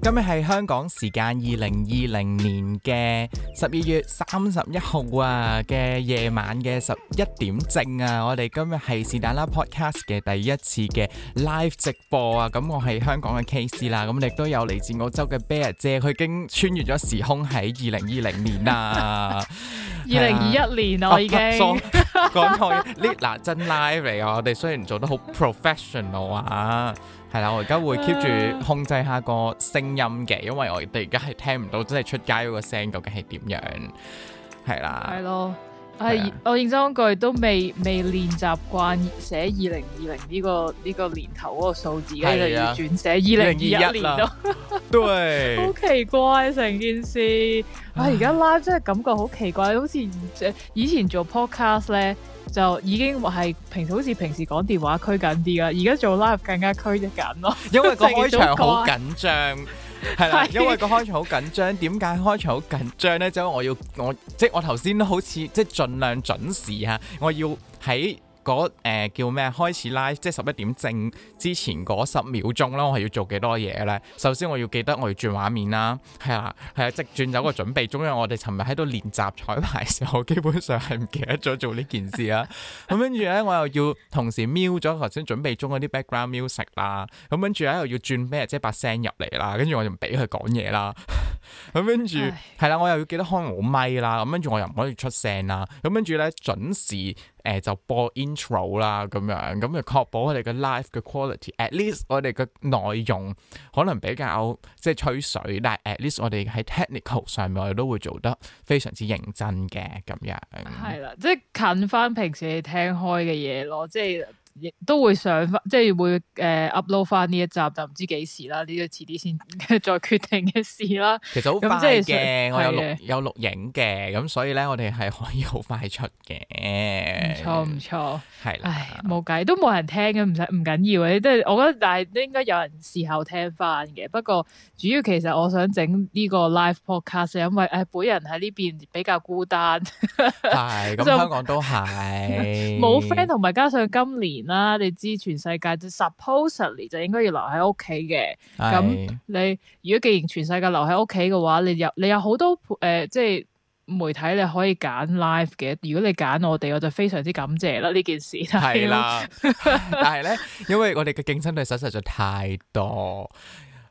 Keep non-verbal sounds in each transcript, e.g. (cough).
今日係香港時間二零二零年嘅十二月三十一號啊，嘅夜晚嘅十一點正啊，我哋今日係是但啦 Podcast 嘅第一次嘅 live 直播啊，咁我係香港嘅 KC 啦，咁亦都有嚟自澳洲嘅 bear 姐，佢已經穿越咗時空喺二零二零年啊，二零二一年我已經講錯呢，嗱真 live 嚟啊，我哋雖然做得好 professional 啊。係啦，我而家會 keep 住控制下個聲音嘅，因為我哋而家係聽唔到，真係出街嗰個聲究竟係點樣？係啦，係咯的，我的我認真講句，都未未練習慣寫二零二零呢個呢個年頭嗰個數字，而家的要轉寫二零二一年咯，對，好奇怪成件事，我而家 live 真係感覺好奇怪， (laughs) 啊、奇怪好似以前做 podcast 咧。就已經係平時好似平時講電話拘謹啲啦，而家做 live 更加拘一緊咯。 (laughs) 因為個開場好緊張，係啦，因為個開場好緊張。點解開場好緊張咧？即係我要我即係、就是、我頭先都好似即係盡量準時吓，我要喺。嗰、那個呃、叫咩？開始 Live 即係十一點正之前嗰十秒鐘啦，我係要做幾多嘢咧？首先我要記得我要轉畫面啦，係啊，係啊，即轉走個準備中。因為我哋尋日喺度練習彩排嘅時候，基本上係唔記得咗做呢件事啦。咁跟住咧，我又要同時瞄咗頭先準備中嗰啲 background music 啦。咁跟住咧又要轉咩？即係把聲入嚟啦。跟住我就唔俾佢講嘢啦。咁跟住係啦，我又要記得開我咪啦。咁跟住我又唔可以出聲啦。咁跟住咧準時。誒就播 intro 啦，咁樣咁就確保我哋嘅 live 嘅 quality。 (music) At least 我哋嘅內容可能比較即係、就是、吹水，但係 at least 我哋喺 technical 上面我哋都會做得非常之認真嘅咁樣。係啦，即係近翻平時你聽開嘅嘢咯，即係。都會上翻，即係會誒、呃、upload 翻呢一集，就唔知幾時啦。呢個遲啲先再決定嘅事啦。其實好快嘅，我有錄的有錄影嘅，咁所以咧，我哋係可以好快出嘅。唔錯唔錯，係啦，的唉，冇計，都冇人聽嘅，唔使唔緊要嘅。即係我覺得，但係都應該有人事後聽翻嘅。不過主要其實我想整呢個 live podcast，因為誒、呃、本人喺呢邊比較孤單，係 (laughs) 咁香港都係冇 friend，同埋加上今年。啦，你知全世界就 supposedly 就應該要留喺屋企嘅。咁你如果既然全世界留喺屋企嘅話，你有你有好多誒、呃，即係媒體你可以揀 live 嘅。如果你揀我哋，我就非常之感謝啦呢件事。係啦，但係咧，因為我哋嘅競爭對手實在太多。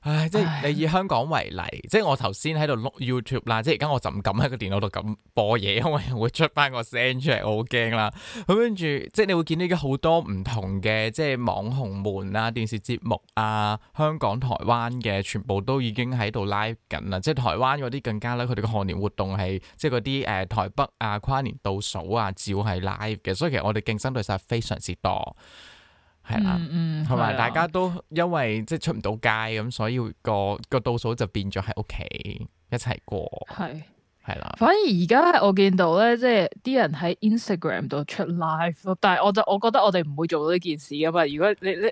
唉，即係你以香港為例，唉即係我頭先喺度碌 YouTube 啦，即係而家我就唔敢喺個電腦度噉播嘢，因為會出翻個聲出嚟，我好驚啦。咁跟住，即係你會見到而家好多唔同嘅即係網紅門啊、電視節目啊、香港、台灣嘅，全部都已經喺度 live 緊啦。即係台灣嗰啲更加啦，佢哋嘅跨年活動係即係嗰啲誒台北啊跨年倒數啊，照係 live 嘅。所以其實我哋競爭對手係非常之多。係啦，同埋、嗯嗯、大家都因為，的因為即係出唔到街咁，所以個個倒數就變咗喺屋企一齊過，係係啦。的反而而家我見到咧，即係啲人喺 Instagram 度出 live 咯，但係我就我覺得我哋唔會做呢件事噶嘛。如果你你。你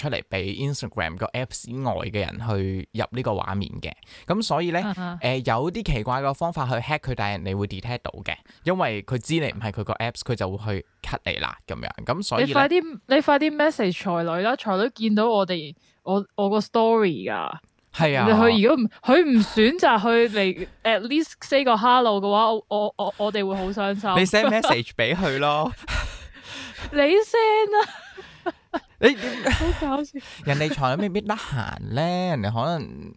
出嚟俾 Instagram 個 apps 以外嘅人去入呢個畫面嘅，咁所以咧，誒、啊呃、有啲奇怪嘅方法去 hack 佢，但係人哋會 detect 到嘅，因為佢知你唔係佢個 apps，佢就會去 cut 你啦，咁樣。咁所以你快啲，你快啲 message 才女啦，才女見到我哋，我我個 story 噶，係啊，佢如果唔，佢唔選擇去嚟 at least say 個 hello 嘅話， (laughs) 我我我我哋會好傷心。你 send message 俾佢 (laughs) 咯， (laughs) 你 send 啦。 (laughs) 誒，好搞笑，人未必！人哋床上未必得閒咧，人哋可能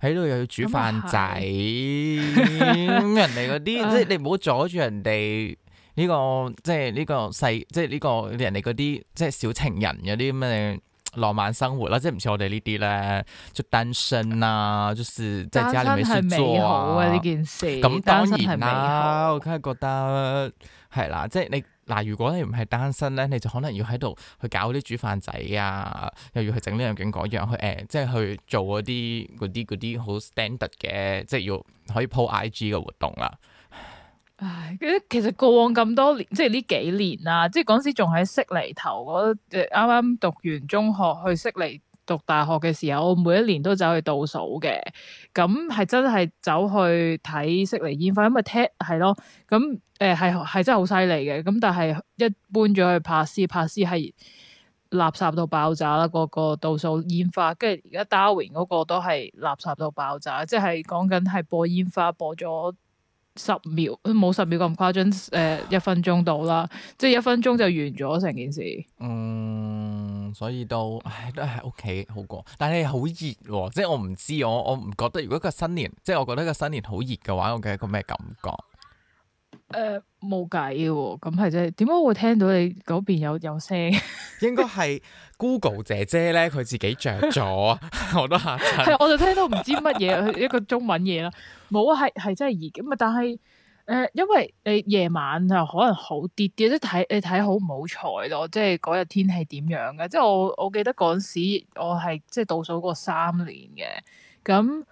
喺度又要煮飯仔，麼 (laughs) 人哋嗰啲即係你唔好阻住人哋呢個即係呢個細即係呢個人哋嗰啲即係小情人嗰啲咁嘅浪漫生活啦，即係唔似我哋呢啲咧，即係單身啊，就是在家裏面、啊、好啊呢件事。咁當然啦，我梗係覺得係啦，即係你。嗱，如果你唔係單身咧，你就可能要喺度去搞啲煮飯仔啊，又要去整呢樣嗰樣去誒、呃、即係去做嗰啲嗰啲嗰啲好 standard 嘅，即係要可以 po IG 嘅活動啦。唉，其實過往咁多年，即係呢幾年啊，即係嗰陣時仲喺悉尼頭嗰度，誒啱啱讀完中學去悉尼。讀大學嘅時候，我每一年都走去倒數嘅，咁係真係走去睇悉尼煙花，咁啊，聽係咯，咁誒係係真係好犀利嘅。咁但係一搬咗去帕斯，帕斯係垃圾到爆炸啦，個、嗰個倒數煙花，跟住而家 Darwin 嗰個都係垃圾到爆炸，即係講緊係播煙花播咗。十秒，冇十秒咁誇張，誒、呃，一分鐘到啦，即係一分鐘就完咗成件事。嗯，所以都，唉，都係屋企好過。但係好熱喎，即係我唔知，我我唔覺得。如果個新年，即係我覺得個新年好熱嘅話，我嘅一個咩感覺？誒，冇計嘅，咁係即係點解會聽到你嗰邊有有聲？應該係 Google 姐姐咧，佢自己着咗， (laughs) 我都嚇親。係我就聽到唔知乜嘢 (laughs) 一個中文嘢啦，冇啊，係係真係熱咁啊！但係誒、呃，因為你夜晚就可能好啲啲，即係睇你睇好唔好彩咯，即係嗰日天氣點樣嘅。即係我我記得嗰陣時我，我係即係倒數過三年嘅，咁。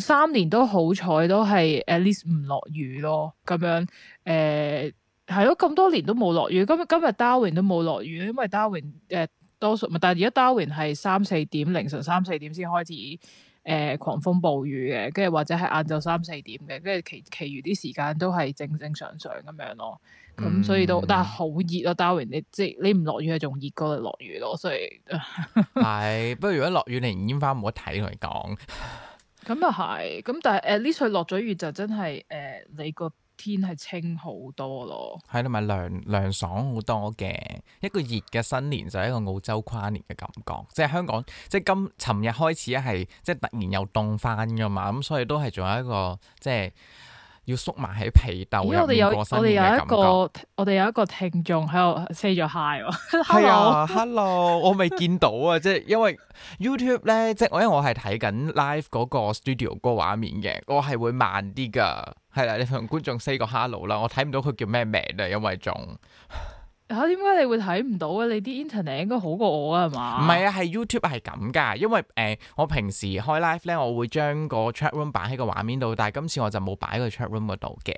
三年都好彩，都係 at least 唔落雨咯，咁樣誒，係、呃、咯，咁多年都冇落雨，今今日 Darwin 都冇落雨，因為 Darwin 誒、呃、多數，但係而家 Darwin 係三四點凌晨三四點先開始誒、呃、狂風暴雨嘅，跟住或者係晏晝三四點嘅，跟住其其餘啲時間都係正正常常咁樣咯，咁所以都但係好熱啊，Darwin 你即係你唔落雨係仲熱過落雨咯，所以係， (laughs) 不過如果落雨連煙花冇得睇同你講。咁又係，咁、就是、但係誒呢次落咗雨就真係誒你個天係清好多咯、嗯，係同埋涼涼爽好多嘅一個熱嘅新年就係一個澳洲跨年嘅感覺，即、就、係、是、香港即係今尋日開始咧係即係突然又凍翻㗎嘛，咁所以都係仲有一個即係。要縮埋喺被竇，因為我哋有我哋有一個我哋有一個聽眾喺度 say 咗 hi，hello，hello，我未見到啊，即係因為 YouTube 咧，即係我因為我係睇緊 live 嗰個 studio 嗰個畫面嘅，我係會慢啲㗎，係啦，你同觀眾 say 個 hello 啦，我睇唔到佢叫咩名啊？因為仲。嚇點解你會睇唔到嘅？你啲 internet 應該好過我啊，係嘛？唔係啊，係 YouTube 係咁㗎，因為誒、呃、我平時開 live 咧，我會將個 chat room 擺喺個畫面度，但係今次我就冇擺個 chat room 嗰度嘅，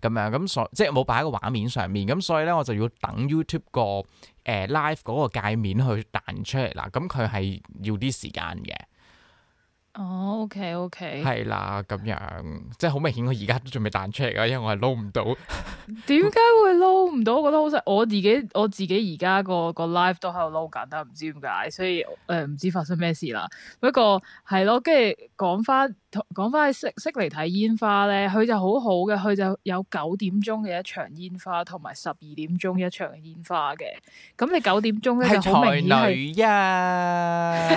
咁樣咁所即係冇擺喺個畫面上面，咁所以咧我就要等 YouTube、個誒、呃、live 嗰個界面去彈出嚟嗱，咁佢係要啲時間嘅。哦，OK，OK，係啦，咁、oh, okay, okay. 樣，即係好明顯我而家都仲未彈出嚟㗎，因為我係撈唔到，點解會撈唔到？我覺得好想我自己我自己而家個個 live 都喺度撈緊啊，唔知點解，所以誒唔、呃、知發生咩事啦。不過係咯，跟住講翻。講翻去識識嚟睇煙花咧，佢就好好嘅，佢就有九點鐘嘅一場煙花，同埋十二點鐘一場煙花嘅。咁你九點鐘咧就財女呀、啊，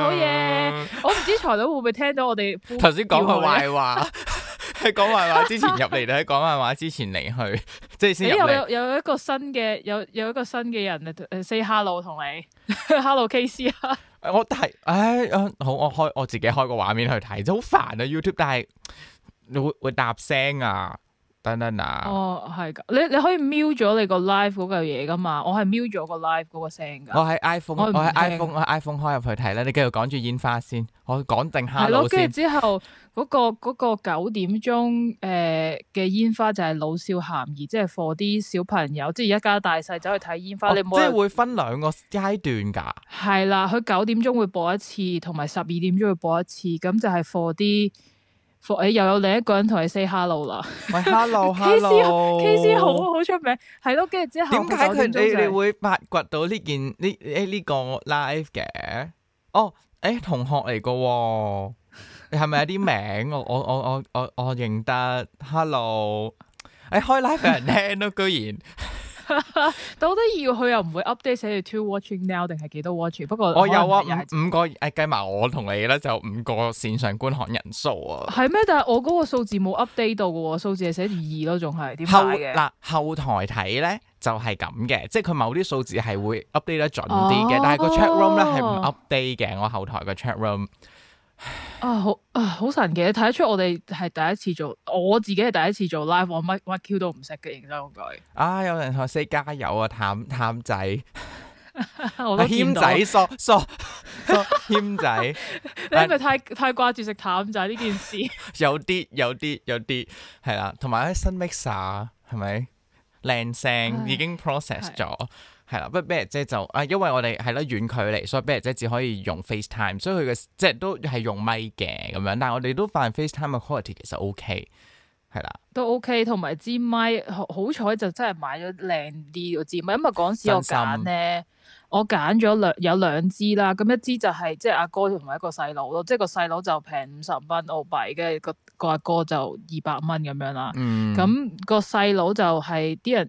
好嘢！ (laughs) (laughs) 我唔知財女會唔會聽到我哋頭先講個壞話。喺講壞話之前入嚟，喺講壞話之前離去，即係先。有有有一個新嘅有有一個新嘅人嚟 say hello 同 (laughs) 你，hello KC 啊！我睇，唉、哎啊，好，我開我自己開個畫面去睇，真係好煩啊 YouTube，但係你會會搭聲啊。哦，係噶，你你可以瞄咗你個 live 嗰嚿嘢噶嘛？我係瞄咗個 live 嗰個聲噶。我喺 iPhone，我喺 iPhone，我 iPhone 開入去睇啦。你繼續講住煙花先，我講定下。係咯，跟住之後嗰、 (laughs) 嗰個、嗰個九點鐘誒嘅煙花就係老少咸宜，即係 for 啲小朋友，即係 (laughs) 一家大細走去睇煙花。哦、你即係會分兩個階段噶。係啦，佢九點鐘會播一次，同埋十二點鐘會播一次，咁就係 for 啲。伏、哎、又有另一個人同你 say hello 啦，喂 hello h k, C, KC 好好出名，係咯，跟住之後點解佢哋你會發掘到呢件呢誒呢個 live 嘅？哦，誒同學嚟噶、哦，你係咪有啲名 (laughs) 我？我我我我我認得 hello，誒開 live 俾人聽咯， (laughs) 居然。好得意，佢 (laughs) 又唔會 update 寫住 two watching now 定係幾多 watch，不過我有啊，五個誒，計、啊、埋我同你咧就五個線上觀看人數、就是、啊。係咩？但係我嗰個數字冇 update 到嘅，數字係寫住二咯，仲係點解嘅？嗱後台睇咧就係咁嘅，即係佢某啲數字係會 update 得準啲嘅，但係個 chat room 咧係唔 update 嘅，我後台個 chat room。啊好啊好神奇，睇得出我哋係第一次做，我自己係第一次做 live，我乜乜 Q 都唔識嘅形容。工具、啊。啊有人學識加油啊，譚譚仔，謙仔索索，謙仔， (laughs) 仔 (laughs) 你係咪太太掛住食譚仔呢件事？ (laughs) 有啲有啲有啲係啦，同埋啲新 mixer 係咪靚聲，哎、 (laughs) 已經 process 咗 (laughs) 了。係啦，不過比如姐就啊，因為我哋係咯遠距離，所以比如姐只可以用 FaceTime，所以佢嘅即係都係用咪嘅咁樣。但係我哋都發現 FaceTime 嘅 quality 其實 OK，係啦，都 OK。同埋支咪，好彩就真係買咗靚啲個支咪，因為嗰時我揀咧，心我揀咗兩有兩支啦。咁一支就係，即係阿哥同埋一個細佬咯，即係個細佬就平五十蚊澳幣嘅，個個阿哥就二百蚊咁樣啦。嗯，咁個細佬就係，啲人。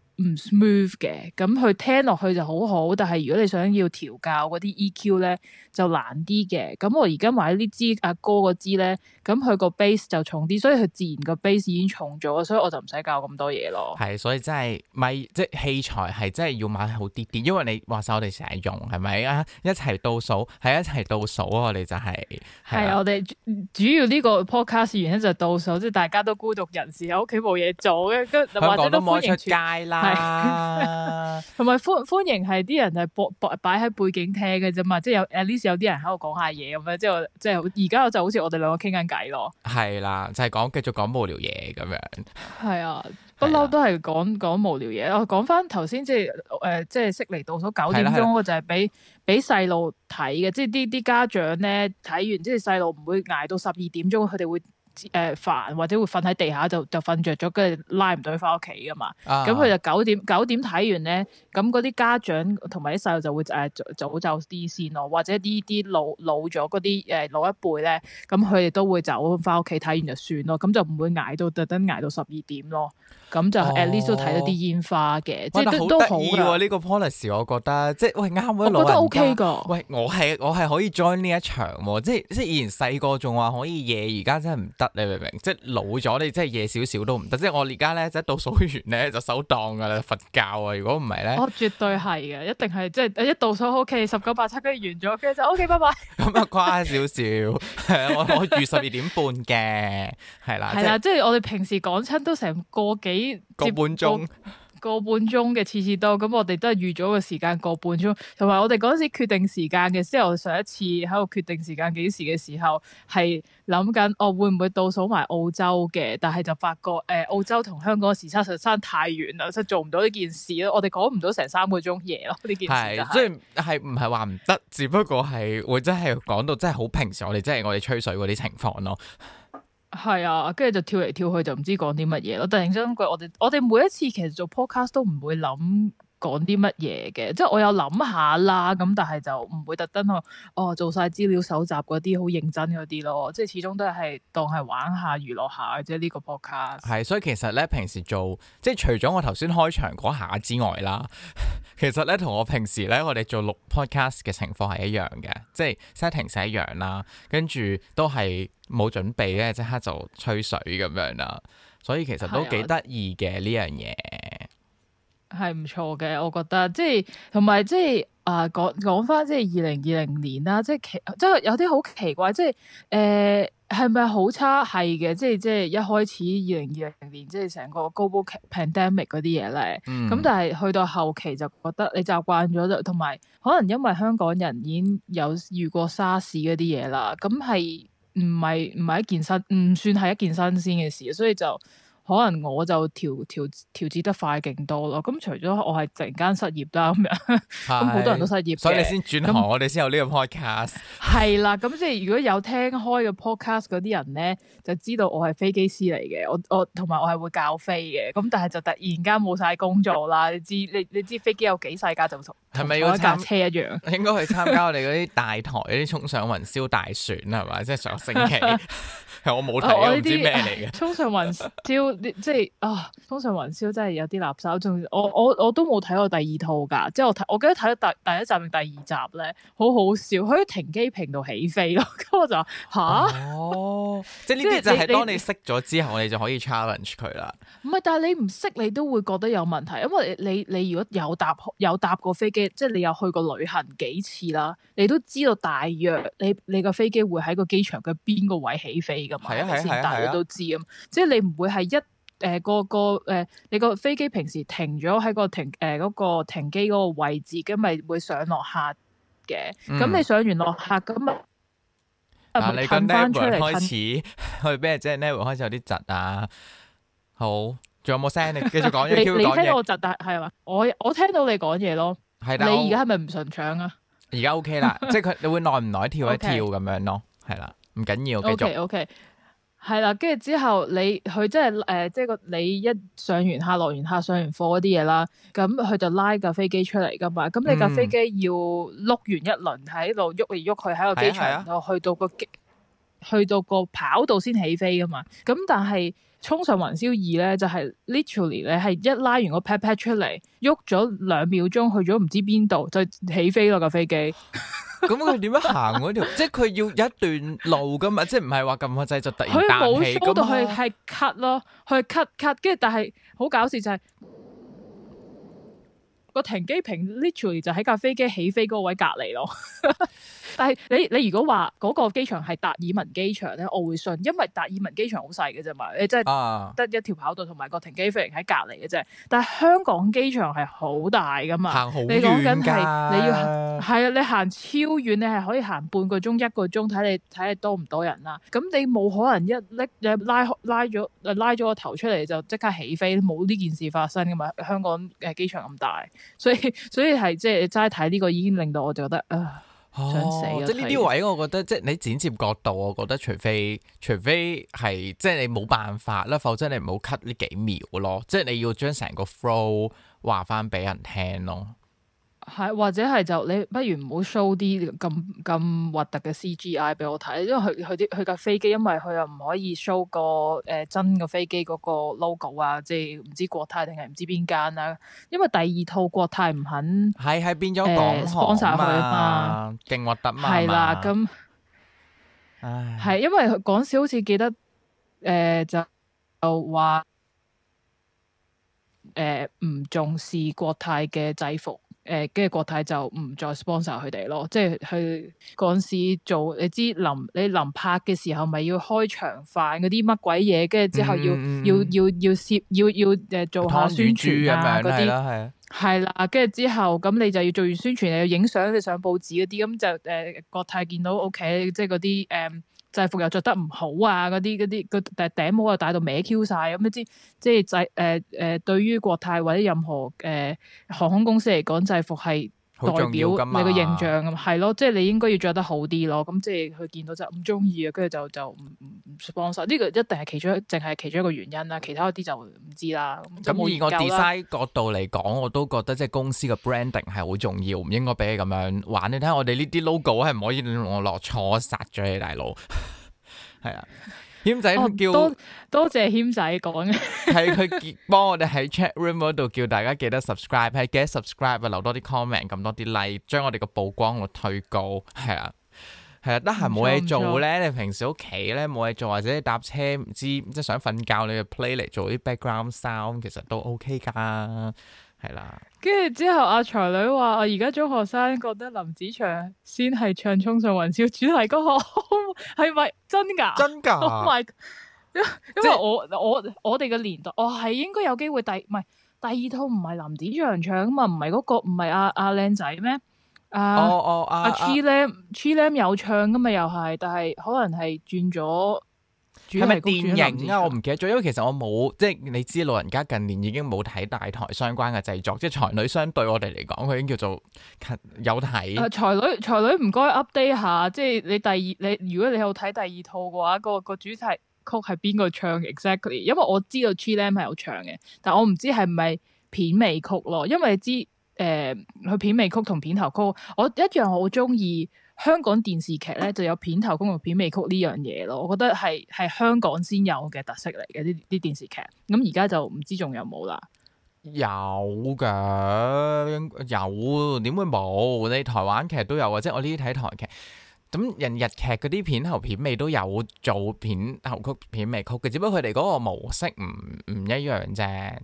唔 smooth 嘅，咁佢聽落去就好好，但係如果你想要調教嗰啲 EQ 咧，就難啲嘅。咁我而家買呢支阿哥嗰支咧，咁佢個 base 就重啲，所以佢自然個 base 已經重咗，所以我就唔使教咁多嘢咯。係，所以真係咪即係器材係真係要買好啲啲，因為你話晒我哋成日用係咪啊？一齊倒數係一齊倒數啊！我哋就係係啊！我哋主要呢個 podcast 原因就係倒數，即係大家都孤獨人士喺屋企冇嘢做嘅，跟或者都歡迎都街啦。同埋、啊、 (laughs) 歡歡迎係啲人係播擺喺背景聽嘅啫嘛，即係有 at least 有啲人喺度講下嘢咁樣，即係即係而家就好似我哋兩個傾緊偈咯。係啦，就係講繼續講無聊嘢咁樣。係啊，不嬲、 (laughs) 啊、都係講講無聊嘢。我講翻頭先，即係誒、啊啊，即係悉尼到咗九點鐘，我就係俾俾細路睇嘅，即係啲啲家長咧睇完，即係細路唔會挨到十二點鐘，佢哋會。誒煩、呃、或者會瞓喺地下，就就瞓着咗，跟住拉唔到佢翻屋企㗎嘛。咁佢就九點九點睇完咧，咁嗰啲家長同埋啲細路就會誒早走啲先咯，或者呢啲老老咗嗰啲誒老一輩咧，咁佢哋都會走翻屋企，睇完就算咯，咁就唔會捱到特登捱到十二點咯。咁就 at least 都睇到啲煙花嘅，即係都好啊！呢個 policy 我覺得，即係喂啱咗兩個人。我覺得 OK 噶？喂，我係我係可以 join 呢一場喎，即係即係以前細個仲話可以夜，而家真係唔得你明唔明？即係老咗你真係夜少少都唔得。即係我而家咧一倒數完咧就收檔㗎啦，瞓覺啊！如果唔係咧，我絕對係嘅，一定係即係一倒數 OK，十九八七跟住完咗跟住就 OK 拜拜。咁啊誇少少，我我預十二點半嘅，係啦係啦，即係我哋平時講親都成個幾。個接半鐘，個半鐘嘅，次次都咁，我哋都係預咗個時間個半鐘，同埋我哋嗰陣時決定時間嘅，即係，我上一次喺度決定時間幾時嘅時候，係諗緊我會唔會倒數埋澳洲嘅，但係就發覺誒、呃，澳洲同香港時差實在太遠啦，就做唔到呢件事，欸、咯，我哋講唔到成三個鐘嘢咯，呢件事係、就是，所以係唔係話唔得，只不過係會真係講到真係好平常，就是，我哋真係我哋吹水嗰啲情況咯。係啊，跟住就跳嚟跳去，就就唔知講啲乜嘢咯。但係認真講，我哋我哋每一次其實做 podcast 都唔會諗。講啲乜嘢嘅，即係我有諗下啦，咁但係就唔會特登哦，哦做晒資料搜集嗰啲好認真嗰啲咯，即係始終都係當係玩下、娛樂下，即係呢個 podcast。係。所以其實咧，平時做即係除咗我頭先開場嗰下之外啦，其實咧同我平時咧，我哋做錄 podcast 嘅情況係一樣嘅，即係 setting 係一樣啦，跟住都係冇準備咧，即刻就吹水咁樣啦，所以其實都幾得意嘅呢樣嘢。係唔錯嘅，我覺得即係同埋即係啊，講講翻即係二零二零年啦，即係奇即係有啲好奇怪，即係誒係咪好差？係嘅，即係即係一開始二零二零年即係成個 global pandemic 嗰啲嘢咧，咁、嗯嗯、但係去到後期就覺得你習慣咗就，同埋可能因為香港人已經有遇過沙士嗰啲嘢啦，咁係唔係唔係一件新唔、嗯、算係一件新鮮嘅事，所以就。可能我就調調調節得快勁多咯，咁除咗我係突然間失業啦咁樣，咁 (laughs) 好多人都失業，所以你先轉行，我哋先有呢個 podcast。係啦，咁即係如果有聽開嘅 podcast 嗰啲人咧，就知道我係飛機師嚟嘅，我我同埋我係會教飛嘅，咁但係就突然間冇晒工作啦，你知你你知飛機有幾細架就同係咪要一架車一樣？應該去參加我哋嗰啲大台嗰啲衝上雲霄大船係咪？即係、就是、上星期。 (laughs) 係我冇睇，哦、我唔知咩嚟嘅。衝上雲霄，即係啊！衝上雲霄真係有啲垃圾。仲我我我都冇睇過第二套噶。即係我睇，我記得睇第第一集定第二集咧，好好笑。佢喺停機坪度起飛咯。咁 (laughs) 我就話吓，啊哦、 (laughs) 即係呢啲就係當你識咗之後，你，你，你就可以 challenge 佢啦。唔係，但係你唔識，你都會覺得有問題，因為你你，你如果有搭有搭過飛機，即係你有去過旅行幾次啦，你都知道大約你你個飛機會喺個機場嘅邊個位起飛。係啊係啊知，啊！即係你唔會係一誒、呃、個個誒、呃、你個飛機平時停咗喺個停誒嗰、呃、個停機個位置，咁咪會上落客嘅。咁、嗯、你上完落客咁啊，啊你跟 n a 開始去咩？即係吞、啊、n a r 開始有啲窒啊！好，仲有冇聲？你繼續講。 (laughs) 你話你聽到我窒但係係嘛？我我聽到你講嘢咯。係你而家係咪唔順暢啊？而家 OK 啦，即係佢你會耐唔耐跳一跳咁樣咯，係啦。唔緊要，繼續。O K O K，係啦，跟住，okay, okay. 之後你佢即係誒，即係個你一上完客落完客上完課嗰啲嘢啦，咁佢就拉架飛機出嚟噶嘛，咁你架飛機要碌完一輪喺度喐嚟喐去喺個機場度，的去到個機，去到個跑道先起飛噶嘛，咁但係衝上雲霄二咧就係、是、literally 你係一拉完個 pat pat 出嚟，喐咗兩秒鐘去咗唔知邊度就起飛咯架飛機。 (laughs) 咁佢點樣行嗰條？即係佢要有一段路噶嘛，即係唔係話撳個掣就突然彈起㗎嘛？佢冇，嗰度係係 cut 咯，佢係 cut cut，跟住但係好搞笑就係、是。個停機坪 literally 就喺架飛機起飛嗰個位隔離咯。但係你你如果話嗰個機場係達爾文機場咧，我會信，因為達爾文機場好細嘅啫嘛，你即係得一條跑道同埋個停機坪喺隔籬嘅啫。但係香港機場係好大噶嘛，你講緊係你要係啊，你行超遠，你係可以行半個鐘、一個鐘，睇你睇你多唔多人啦。咁你冇可能一拎拉拉咗拉咗個頭出嚟就即刻起飛，冇呢件事發生噶嘛？香港誒機場咁大。所以所以係即係齋睇呢個已經令到我就覺得啊、呃哦、想死啊！哦、睇即係呢啲位，我覺得即係你剪接角度，我覺得除非除非係即係你冇辦法啦，否則你唔好 cut 呢幾秒咯。即係你要將成個 flow 話返俾人聽咯。係，或者係就你不如唔好 show 啲咁咁核突嘅 CGI 俾我睇，因為佢佢啲佢架飛機，因為佢又唔可以 show 個誒、呃、真嘅飛機嗰個 logo 啊，即係唔知國泰定係唔知邊間啊。因為第二套國泰唔肯，係係變咗港航啊嘛，勁核突嘛。係啦，咁、嗯、係唉因為港史好似記得誒、呃、就就話誒唔重視國泰嘅制服。誒，跟住、呃、國泰就唔再 sponsor 佢哋咯，即係去嗰陣時做你知臨你臨拍嘅時候，咪要開場飯嗰啲乜鬼嘢，跟住之後要、嗯嗯、要要要攝要要誒做下宣傳啊嗰啲，係啦，跟住些、啊啊啊、之後咁你就要做完宣傳，又要影相，你上報紙嗰啲，咁就誒、呃、國泰見到 OK，即係嗰啲誒。嗯制服又着得唔好啊！嗰啲嗰啲個頂頂帽又戴到歪 Q 晒，咁一啲即係，制、呃、誒，誒、呃，對於國泰或者任何誒、呃、航空公司嚟講，制服係。代表你個形象咁，係咯，即係、就是、你應該要着得好啲咯。咁即係佢見到就唔中意啊，跟住就就唔唔幫手。呢、這個一定係其中一，淨係其中一個原因啦。其他嗰啲就唔知啦。咁我以我 design 角度嚟講，我都覺得即係公司嘅 branding 係好重要，唔應該俾你咁樣玩。你睇下我哋呢啲 logo 係唔可以令我落錯殺咗你大佬，係 (laughs) 啊。謙仔我叫多多謝謙仔講嘅，係佢結幫我哋喺 chat room 度叫大家記得 subscribe，係記得 subscribe 啊，留多啲 comment 咁多啲 like，將我哋個曝光率推高，係啊，係啊，得閒冇嘢做咧，你平時屋企咧冇嘢做，或者你搭車唔知即係想瞓覺，你嘅 play 嚟做啲 background sound，其實都 OK 噶，係啦。跟住之後，阿、啊、才女話：，而家中學生覺得林子祥先係唱《衝上雲霄》主題歌、那個，係咪真㗎？真㗎？真是 oh、my God, 因為即我，我我我哋嘅年代，我、哦、係應該有機會第唔係第二套唔係林子祥唱㗎嘛？唔係嗰個唔係阿阿靚仔咩？阿阿阿 George Lam，George Lam 有唱㗎嘛？又係，但係可能係轉咗。係咪電影啊？我唔記得咗，因為其實我冇即係你知老人家近年已經冇睇大台相關嘅製作，即係《才女》相對我哋嚟講，佢已經叫做有睇。啊，《才女》《才女》唔該 update 下，即係你第二你如果你有睇第二套嘅話，個個主題曲係邊個唱 exactly？因為我知道 Chilam 係有唱嘅，但我唔知係咪片尾曲咯。因為你知誒，佢、呃、片尾曲同片頭曲，我一樣好中意。香港電視劇咧就有片頭、公錄、片尾曲呢樣嘢咯，我覺得係係香港先有嘅特色嚟嘅呢啲電視劇。咁而家就唔知仲有冇啦。有噶，有，點會冇？你台灣劇都有啊，即我呢啲睇台劇，咁人日劇嗰啲片頭片尾都有做片頭曲、片尾曲嘅，只不過佢哋嗰個模式唔唔一樣啫。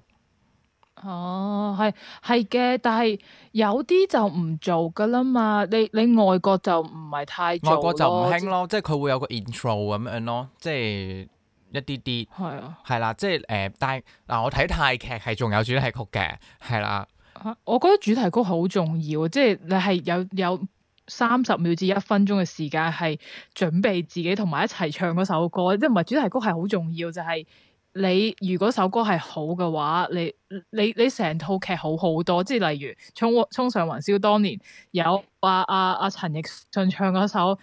哦，係係嘅，但係有啲就唔做㗎啦嘛。你你外國就唔係太外國就唔興咯，即係佢會有個 intro 咁樣咯，即係一啲啲係啊，係啦，即係誒、呃，但係嗱、呃，我睇泰劇係仲有主題曲嘅，係啦、啊。我覺得主題曲好重要，即係你係有有三十秒至一分鐘嘅時間係準備自己同埋一齊唱嗰首歌，即係唔係主題曲係好重要，就係、是。你如果首歌係好嘅話，你你你成套劇好好多。即係例如《衝衝上雲霄》當年有阿阿阿陳奕迅唱嗰首，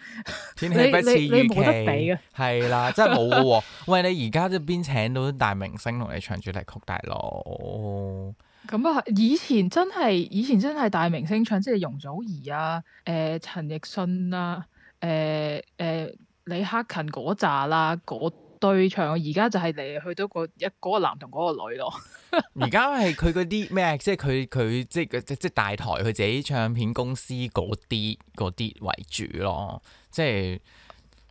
天氣不似預期，係 (laughs) (laughs) 啦，真係冇嘅喎。喂，你而家邊請到大明星同你唱主題曲，大佬？咁啊，以前真係以前真係大明星唱，即係容祖兒啊、誒、呃、陳奕迅啊、誒、呃、誒、呃、李克勤嗰扎啦對唱，而家 (laughs) 就係你去到個一嗰個男同嗰個女咯。而家係佢嗰啲咩即係佢佢即係即係大台，佢自己唱片公司嗰啲嗰啲為主咯。即係誒、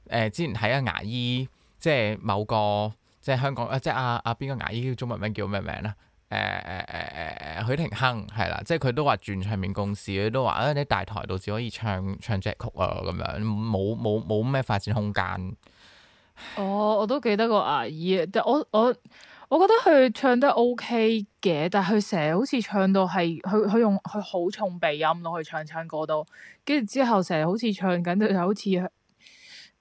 呃、之前睇阿牙醫，即係某個即係香港啊，即係阿阿邊個牙醫？中文名叫咩名咧？誒誒誒誒誒許廷鏗係啦。即係佢都話轉唱片公司，佢都話你大台度只可以唱唱 J 曲啊咁樣，冇冇冇咩發展空間。哦，我都記得個牙醫，但係我我我覺得佢唱得 OK 嘅，但佢成日好似唱到係，佢佢用佢好重鼻音咯，去唱唱歌都，跟住之後成日好似唱緊佢就好似。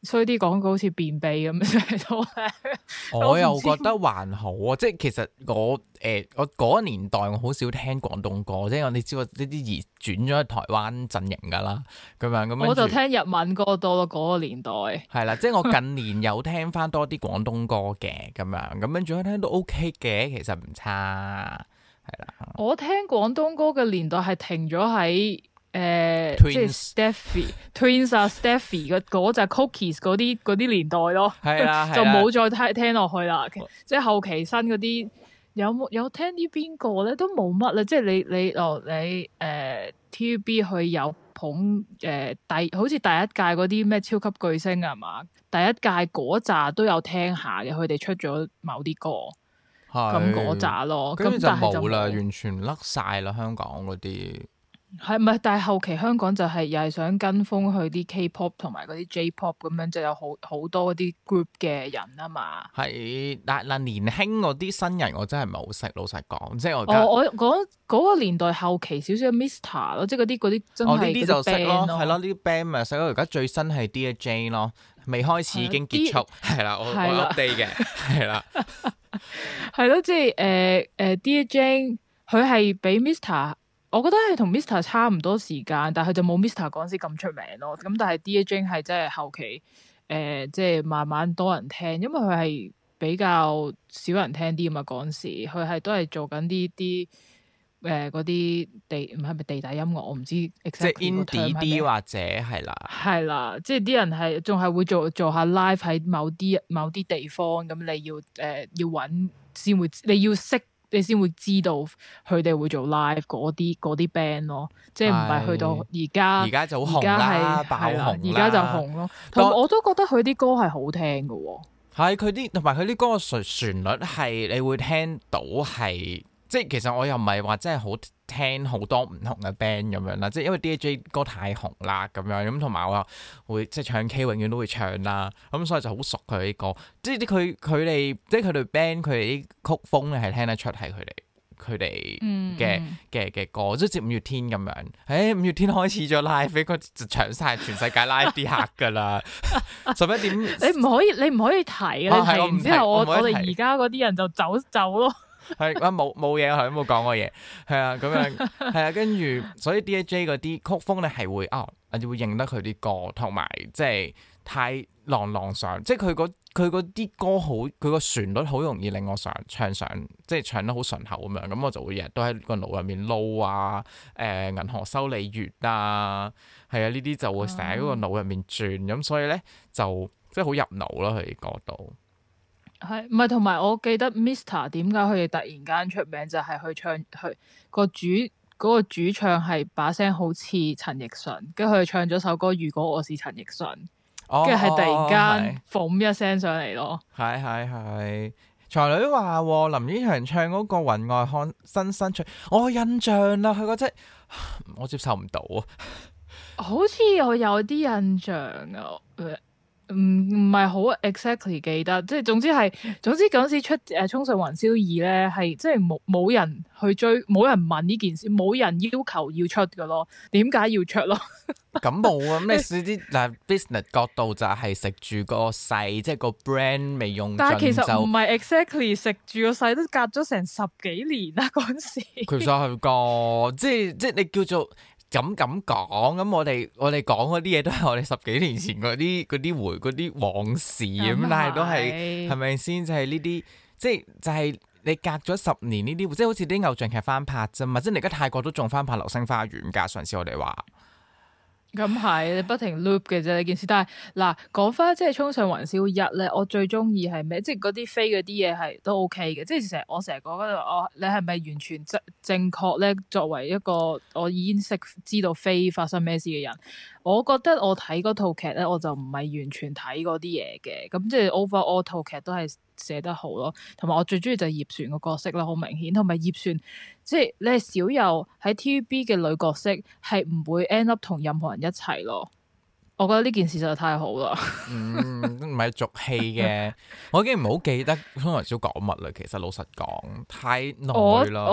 所以啲廣告好似便秘咁樣， (laughs) (laughs) 我，知我又覺得還好啊！ (laughs) 即係其實我誒、欸、我嗰年代我好少聽廣東歌，即係你知我呢啲移轉咗去台灣陣營噶啦咁樣咁樣，我就聽日文歌多咯嗰個年代。係 (laughs) 啦，即係我近年有聽翻多啲廣東歌嘅咁樣咁樣，總之聽都 OK 嘅，其實唔差係啦。我聽廣東歌嘅年代係停咗喺。誒，即係 Stephy Twins 啊 (laughs) ，Stephy 嗰嗰隻 Cookies 嗰啲啲年代咯，係、啊啊、 (laughs) 就冇再聽聽落去啦。即係後期新嗰啲有冇有，有聽啲邊個咧？都冇乜啦。即係你你落、哦、你誒、呃、TVB 去有捧誒第、呃，好似第一屆嗰啲咩超級巨星係嘛？第一屆嗰扎都有聽下嘅，佢哋出咗某啲歌，咁嗰扎咯，咁、啊、就冇啦，完全甩晒啦，香港嗰啲。係唔係？但係後期香港就係又係想跟風去啲 K-pop 同埋嗰啲 J-pop 咁樣，pop, 就有好好多嗰啲 group 嘅人啊嘛。係，但嗱年輕嗰啲新人，我真係唔係好識。老實講，即係我。哦，我嗰、那個那個嗰個嗰個年代後期少少 Mr. 咯，即係嗰啲嗰啲真係。我呢啲就識咯，係咯些、哦，呢啲 band 咪識咯。而家最新係 Dear Jane 咯，未開始已經結束，係啦、uh, D，我我 update 嘅，係啦，係咯，即係誒誒 Dear Jane，佢係比 Mr.。呃呃呃呃我覺得係同 Mr. 差唔多時間，但係就冇 Mr. 嗰時咁出名咯。咁但係 Dear Jane 係真係後期，誒、呃、即係慢慢多人聽，因為佢係比較少人聽啲嘛。嗰時佢係都係做緊啲啲誒嗰啲地唔係咪地底音樂？我唔知即係 indie 啲或者係啦，係啦，即係啲人係仲係會做做下 live 喺某啲某啲地方咁、呃，你要誒要揾先會你要識。你先會知道佢哋會做 live 嗰啲啲 band 咯，即係唔係去到而家而家就好紅啦，係爆紅，而家就紅咯。同我都覺得佢啲歌係好聽嘅喎，係佢啲同埋佢啲歌嘅旋律係你會聽到係，即係其實我又唔係話真係好。聽好多唔同嘅 band 咁樣啦，即係因為 D J 歌太紅啦咁樣，咁同埋我又會即係唱 K，永遠都會唱啦，咁所以就好熟佢啲歌，即係佢佢哋即係佢哋 band，佢哋啲曲風咧係聽得出係佢哋佢哋嘅嘅嘅歌，嗯嗯、即係似五月天咁樣。誒、哎，五月天開始咗 live，佢就唱晒全世界 live 啲客噶啦。十一 (laughs) (laughs) 點，你唔可以，你唔可以睇啊！然提之後我我哋而家嗰啲人就走走咯。係 (laughs) 啊，冇冇嘢，係都冇講過嘢，係啊咁樣，係啊，跟住所以 D J 嗰啲曲風咧係會啊，你、哦、就會認得佢啲歌，同埋即係太朗朗上，即係佢嗰佢啲歌好，佢個旋律好容易令我想唱上，即係唱得好順口咁樣，咁我就會日日都喺個腦入面撈、呃、啊，誒銀河修理員啊，係啊呢啲就會成日喺個腦入面轉，咁、嗯嗯、所以咧就即係好入腦啦、啊，係嗰度。係，唔係同埋，我記得 Mr 點解佢哋突然間出名就係、是、佢唱佢個主、嗰個主唱係把聲好似陳奕迅，跟住佢唱咗首歌《如果我是陳奕迅》，跟住係突然間諷一聲上嚟咯。係係係，才女話林依祥唱嗰個《雲外看新新出，我、哦、印象啦，佢嗰隻我接受唔到啊， (laughs) 好似我有啲印象啊。唔唔係好 exactly 記得，即係總之係總之嗰陣時出誒、呃《沖上雲霄二》咧，係即係冇冇人去追，冇人問呢件事，冇人要求要出嘅咯。點解要出咯？咁冇啊咩事啲嗱 business 角度就係食住個勢，即係個 brand 未用。但係其實唔係 exactly 食住個勢，都隔咗成十幾年啦嗰陣時。佢所去個即係即係你叫做。咁咁講咁，我哋我哋講嗰啲嘢都係我哋十幾年前嗰啲啲回嗰啲往事咁， (laughs) 但係都係係咪先？就係呢啲即係就係你隔咗十年呢啲，即係好似啲偶像劇翻拍啫嘛。即係你而家泰國都仲翻拍《流星花園》噶，上次我哋話。咁係，你不停 loop 嘅啫呢件事。但係嗱，講翻即係衝上雲霄一咧，我最中意係咩？即係嗰啲飛嗰啲嘢係都 OK 嘅。即係成日我成日講嗰度，我、哦、你係咪完全正正確咧？作為一個我已經識知道飛發生咩事嘅人，我覺得我睇嗰套劇咧，我就唔係完全睇嗰啲嘢嘅。咁即係 over all 套劇都係寫得好咯，同埋我最中意就係葉璇個角色啦，好明顯，同埋葉璇即係你係少有喺 TVB 嘅女角色係唔會 end up 同任何人一齊咯。我覺得呢件事實在太好啦。唔 (laughs) 係、嗯、俗氣嘅。 (laughs) 我已經唔好記得，可能少講物啦。其實老實講，太耐咯。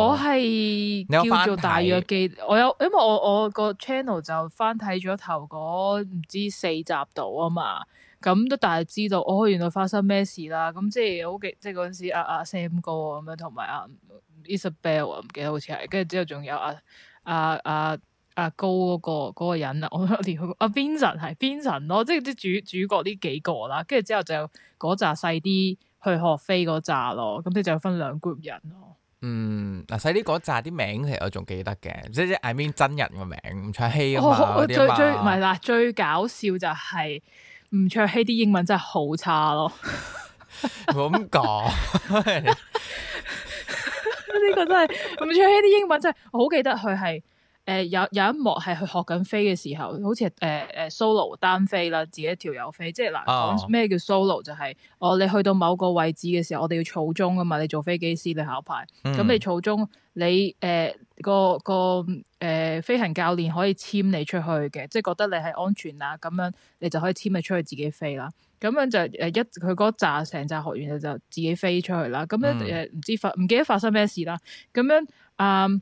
我我係叫做大約記，有我有因為我我個 channel 就翻睇咗頭嗰唔知四集度啊嘛。咁都大係知道哦，原來發生咩事啦？咁即係好幾即係嗰陣時啊啊 Sam 哥咁樣，同埋阿 Isabel 啊，唔記得好似係。跟住之後仲有啊啊啊啊高嗰、那個嗰、那個人啦，我連佢阿、啊、Vincent 係 Vincent 咯，即係啲主主角呢幾個啦。跟住之後就嗰紮細啲去學飛嗰扎咯。咁即係要分兩 g 人咯。嗯，嗱、啊、細啲嗰紮啲名其實我仲記得嘅，即係即 a n 真人嘅名唔卓羲啊最最唔係嗱，最搞笑就係。吳卓羲啲英文真係好差咯，咁講呢個真係吳 (laughs) 卓羲啲英文真係， (laughs) 我好記得佢係。誒有、呃、有一幕係佢學緊飛嘅時候，好似誒誒 solo 單飛啦，自己一條友飛。即係嗱，oh。講咩叫 solo 就係、是，哦，你去到某個位置嘅時候，我哋要儲鐘㗎嘛。你做飛機師，你考牌，咁、嗯、你儲鐘，你誒、呃、個個誒、呃、飛行教練可以簽你出去嘅，即係覺得你係安全啊咁樣，你就可以簽你出去自己飛啦。咁樣就誒、呃、一佢嗰紮成紮學員就自己飛出去啦。咁樣誒唔、嗯、知發唔記得發生咩事啦。咁樣嗯。嗯嗯嗯嗯。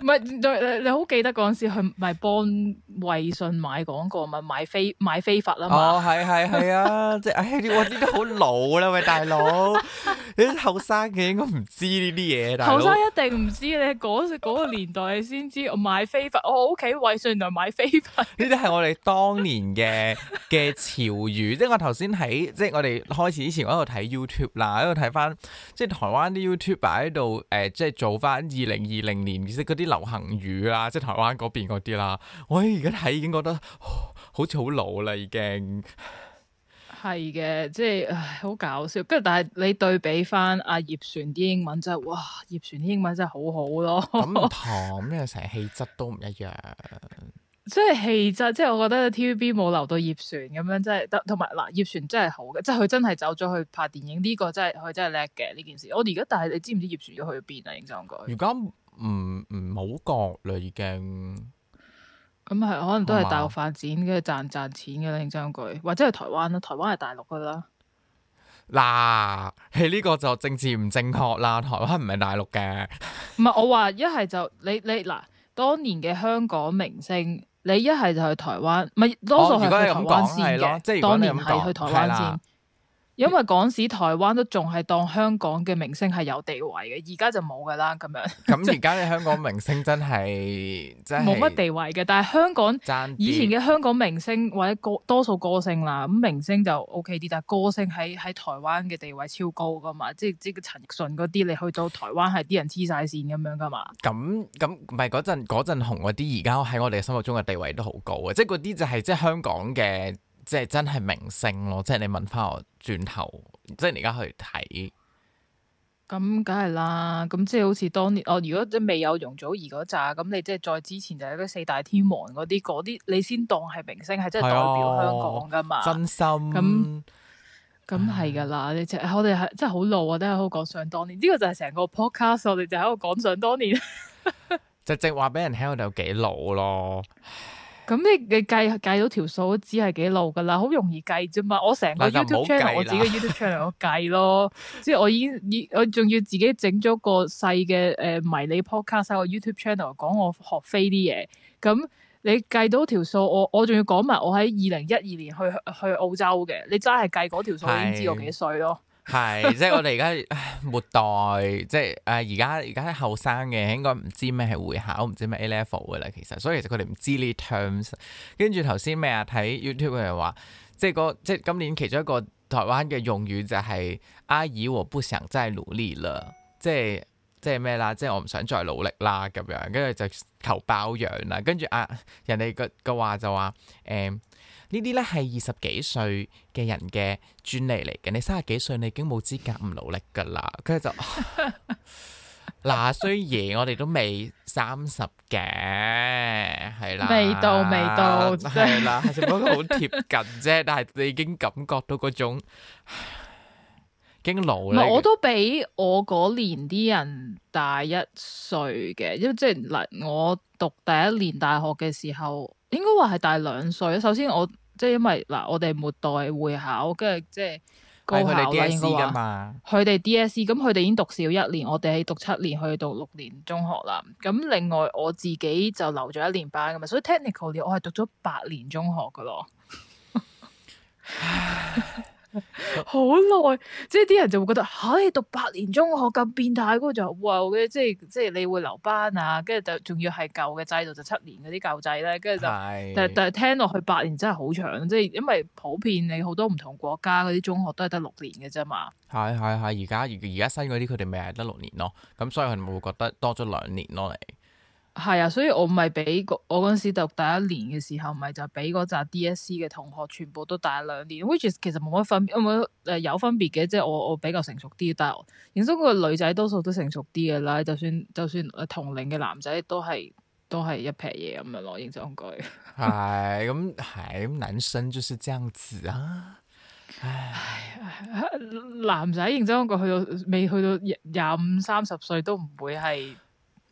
唔係，你你你好記得嗰陣時去唔係幫惠信買廣告，咪係買飛買飛佛啊嘛？哦，係係係啊！ (laughs) 即係呢啲都好老啦，喂大佬， (laughs) 你啲後生嘅應該唔知呢啲嘢，大佬。後生一定唔知，你嗰嗰個年代先知 (laughs) favorite，哦。我買飛佛， (laughs) 我屋企惠信就買飛佛。呢啲係我哋當年嘅嘅潮語， (laughs) 即係我頭先喺即係我哋開始之前，我喺度睇 YouTube 啦，喺度睇翻即係台灣啲 YouTuber 喺度誒，即、呃、係、呃、做翻二零二零年，即係啲，流行語啦，即係台灣嗰邊嗰啲啦，我而家睇已經覺得好似好老啦，已經係嘅，即係唉，好搞笑。跟住但係你對比翻阿葉璇啲英文，真係哇，葉璇啲英文真係好好咯。咁唐呢成氣質都唔一樣， (laughs) 即係氣質，即係我覺得 TVB 冇留到葉璇咁樣，即係同同埋嗱，葉璇真係好嘅，即係佢真係走咗去拍電影呢、呢個真係佢真係叻嘅呢件事。我而家但係你知唔知葉璇而家去咗邊啊？應該。唔唔好講啦，已經咁係可能都係大陸發展，跟住賺賺錢嘅啦，張句或者係台灣啦，台灣係大陸噶啦。嗱，你、這、呢個就政治唔正確啦，台灣唔係大陸嘅。唔 (laughs) 係我話一係就你你嗱，當年嘅香港明星，你一係就去台灣，唔係多數係去台灣、哦、先嘅的，即係當年係去台灣先。因為當時台灣都仲係當香港嘅明星係有地位嘅，而家就冇噶啦咁樣。咁而家嘅香港明星真係真係冇乜地位嘅，但係香港以前嘅香港明星或者歌多數歌星啦，咁明星就 O K 啲，但係歌星喺喺台灣嘅地位超高噶嘛，即係即係陳奕迅嗰啲，你去到台灣係啲人黐晒線咁樣噶嘛。咁咁唔係嗰陣嗰陣紅嗰啲，而家喺我哋心目中嘅地位都好高啊！即係嗰啲就係、是、即係香港嘅。即係真係明星咯！即係你問翻我，轉頭即係你而家去睇，咁梗係啦。咁、嗯、即係好似當年，哦，如果即未有容祖兒嗰扎，咁你即係再之前就係嗰四大天王嗰啲，嗰啲你先當係明星，係真係代表香港噶嘛、哦？真心咁咁係噶啦！我哋係真係好老啊，都係喺度講想當年。呢個就係成個 podcast，我哋就喺度講上當年，直直話俾人聽我哋有幾老咯。咁你你計計到條數只係幾路噶啦，好容易計啫嘛。我成個 YouTube channel 我自己 YouTube channel 我計咯， (laughs) 即係我已已我仲要自己整咗個細嘅誒迷你 podcast 個 YouTube channel 講我學飛啲嘢。咁你計到條數，我我仲要講埋我喺二零一二年去去澳洲嘅。你真係計嗰條數已經知我幾歲咯。係，即係我哋而家末代，即係誒而家而家係後生嘅應該唔知咩係會考，唔知咩 A level 嘅啦。其實，所以其實佢哋唔知呢啲 terms。跟住頭先咩啊？睇 YouTube 佢人話，即係個即係今年其中一個台灣嘅用語就係阿姨我唔想再努力啦，即係即係咩啦？即係我唔想再努力啦咁樣，跟住就求包養啦。跟住啊，人哋個個話就話誒。呢啲呢係二十幾歲嘅人嘅專利嚟嘅，你三十幾歲你已經冇資格唔努力噶 (laughs) (laughs) 啦，跟住就嗱，雖然我哋都未三十嘅，係啦，未到未到，係 (laughs) 啦，只不過好貼近啫，但係你已經感覺到嗰種。 (laughs) 唔係，我都比我嗰年啲人大一歲嘅，因為即係嗱，我讀第一年大學嘅時候，應該話係大兩歲。首先我即係因為嗱，我哋末代會考，跟住即係高考啦。應該嘛？佢哋 DSE，咁佢哋已經讀少一年，我哋喺讀七年去到六年中學啦。咁另外我自己就留咗一年班㗎嘛。所以 technically 我係讀咗八年中學噶咯。 (laughs) 寒冷凍好耐， (laughs) 即係啲人就會覺得，唉、啊，讀八年中學咁變態嗰個就哇，即係即係你會留班啊，跟住就仲要係舊嘅制度就七年嗰啲舊制咧，跟住就，但但係聽落去八年真係好長，即係因為普遍你好多唔同國家嗰啲中學都係得六年嘅啫嘛。係係係，而家而而家新嗰啲佢哋咪係得六年咯，咁所以佢哋會覺得多咗兩年咯嚟。係啊，所以我咪俾我嗰時讀大一年嘅時候，咪就俾嗰扎 DSE 嘅同學全部都大兩年，which is 其實冇乜分別、呃，有冇誒有分別嘅？即係我我比較成熟啲，但係認識個女仔多數都成熟啲嘅啦。就算就算同齡嘅男仔都係都係一撇嘢，咁樣咯。認真講句，係咁係咁，男生就是這樣子啊。唉，唉男仔認真講句，去到未去到廿五三十歲都唔會係。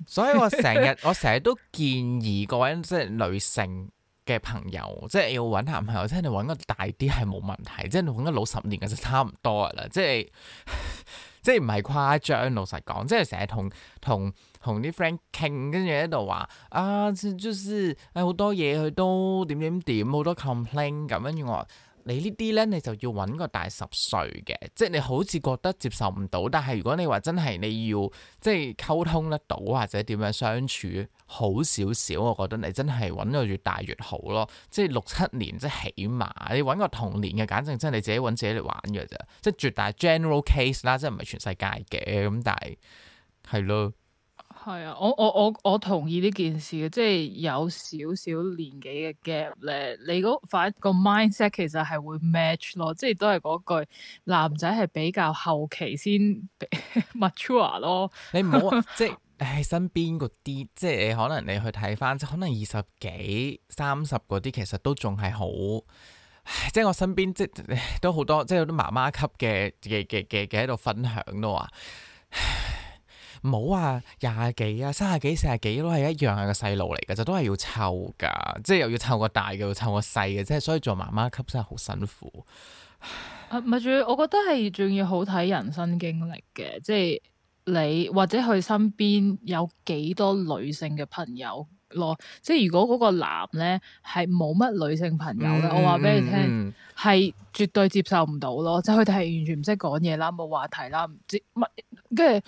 所以我成日 (laughs) 我成日都建議各位即係女性嘅朋友，即係要揾男朋友，即係你揾個大啲係冇問題，即係你揾個老十年嘅就差唔多啦，即係即係唔係誇張，老實講，即係成日同同同啲 friend 傾，跟住喺度話啊，即係好多嘢佢都點點點，好多 complain 咁，跟住、啊就是、我。你呢啲咧，你就要揾個大十歲嘅，即係你好似覺得接受唔到，但係如果你話真係你要即係溝通得到，或者點樣相處好少少，我覺得你真係揾個越大越好咯。即係六七年，即係起碼你揾個同年嘅，簡正，真係你自己揾自己嚟玩嘅啫。即係絕大 general case 啦，即係唔係全世界嘅咁，但係係咯。係啊，我我我我同意呢件事嘅，即係有少少年紀嘅 gap 咧，你嗰反個 mindset 其實係會 match 咯，即係都係嗰句，男仔係比較後期先 maturing 咯。 (laughs) 呵呵，你唔好即係喺身邊個啲，即係可能你去睇翻，可能二十幾三十嗰啲，其實都仲係好，即係我身邊即係都好多，即係有啲媽媽級嘅嘅嘅嘅喺度分享咯。冇話廿幾啊，三十幾、四十幾都係一樣，係個細路嚟嘅，就都係要湊㗎，即係又要湊個大嘅，要湊個細嘅，即係所以做媽媽級真係好辛苦啊。唔係仲要，我覺得係仲要好睇人生經歷嘅，即係你或者佢身邊有幾多女性嘅朋友咯。即係如果嗰個男咧係冇乜女性朋友咧，嗯、我話俾你聽係、嗯嗯、絕對接受唔到咯。即係佢哋係完全唔識講嘢啦，冇話題啦，唔知乜跟住。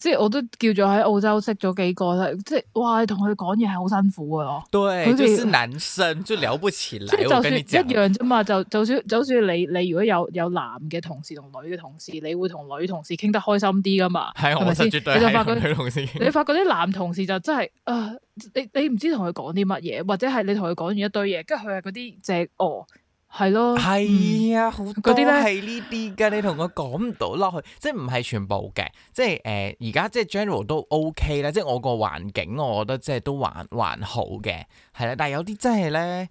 即係我都叫做喺澳洲識咗幾個啦，即係哇，你同佢哋講嘢係好辛苦噶咯。對，佢哋們男生就聊不起來。即係 (laughs) 就算一樣啫嘛，就就算就好似你你如果有有男嘅同事同女嘅同事，你會同女同事傾得開心啲噶嘛？係啊， (laughs) 我咪先絕對係女同事。 (laughs) 你發覺啲男同事就真係啊、呃，你你唔知同佢講啲乜嘢，或者係你同佢講完一堆嘢，跟住佢係嗰啲正哦。係咯，係啊，好、嗯、多係呢啲噶，你同我講唔到落去，即係唔係全部嘅，即係誒而家即係 general 都 OK 啦，即係我個環境，我覺得即係都還還好嘅，係啦，但係有啲真係咧。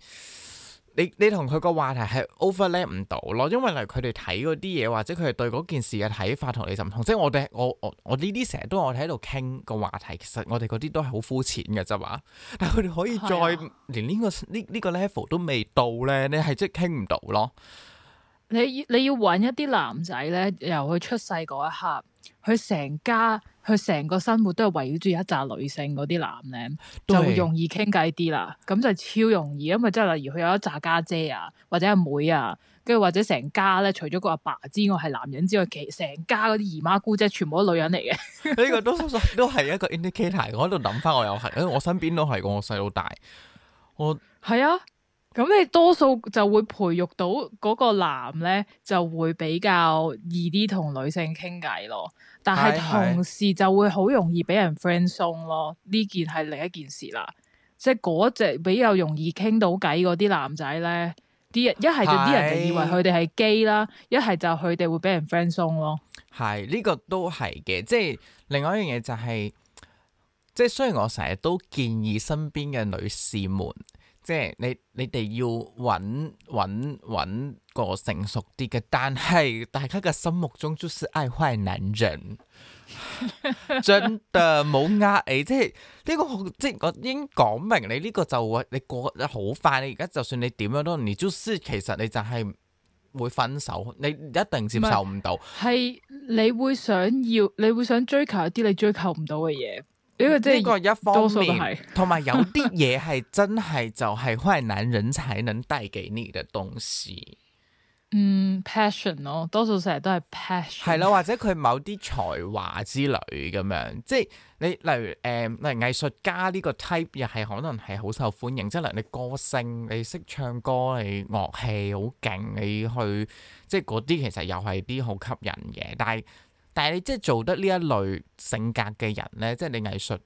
你你同佢個話題係 overlap 唔到咯，因為嚟佢哋睇嗰啲嘢，或者佢哋對嗰件事嘅睇法同你就唔同，即係我哋我我我呢啲成日都我哋喺度傾個話題，其實我哋嗰啲都係好膚淺嘅啫嘛，但係佢哋可以再、啊、連呢、呢個呢呢、呢個 level 都未到咧，你係即係傾唔到咯。你你要揾一啲男仔咧，由佢出世嗰一刻，佢成家，佢成個生活都係圍繞住一紮女性嗰啲男咧，就，是、就會容易傾偈啲啦。咁就超容易，因為即係例如佢有一紮家姐，姐啊，或者阿妹啊，跟住或者成家咧，除咗個阿爸之外係男人之外，其成家嗰啲姨媽姑姐全部都女人嚟嘅。呢 (laughs) (laughs) 個都都係一個 indicator。我喺度諗翻，我又係，我身邊都係我細佬大。我係啊。咁你多數就會培育到嗰個男咧，就會比較易啲同女性傾偈咯。但係同時就會好容易俾人 friend 松咯。呢件係另一件事啦。即係嗰隻比較容易傾到偈嗰啲男仔咧，啲是人一係就啲人就以為佢哋係基啦，一係就佢哋會俾人 friend 松咯。係呢、呢個都係嘅，即係另外一樣嘢就係、是，即係雖然我成日都建議身邊嘅女士們。即係你你哋要揾揾揾個成熟啲嘅，但係大家嘅心目中就是愛壞男人，真嘅冇呃你，即係呢、這個即係我，我已經講明，你呢個就你過得好快，你而家就算你點樣都，你就是其實你就係會分手，你一定接受唔到，係你會想要，你會想追求一啲你追求唔到嘅嘢。呢個即、就、係、是、多數都係，同 (laughs) 埋有啲嘢係真係就係壞男人才能帶給你嘅東西。嗯，passion 咯、哦，多數成日都係 passion。係啦 (laughs) 或者佢某啲才華之類咁樣，即係你例如誒，例如藝術、呃、家呢個 type 又係可能係好受歡迎，即係例如你歌聲，你識唱歌，你樂器好勁，你去即係嗰啲，其實又係啲好吸引嘅，但係。但係你即係做得呢一類性格嘅人咧，即係你藝術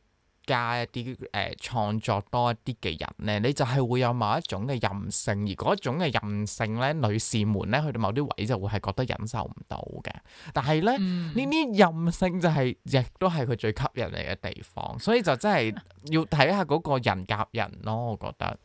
家一啲誒創作多一啲嘅人咧，你就係會有某一種嘅任性，而嗰種嘅任性咧，女士們咧去到某啲位就會係覺得忍受唔到嘅。但係咧呢啲、嗯、任性就係、是、亦都係佢最吸引你嘅地方，所以就真係要睇下嗰個人夾人咯。我覺得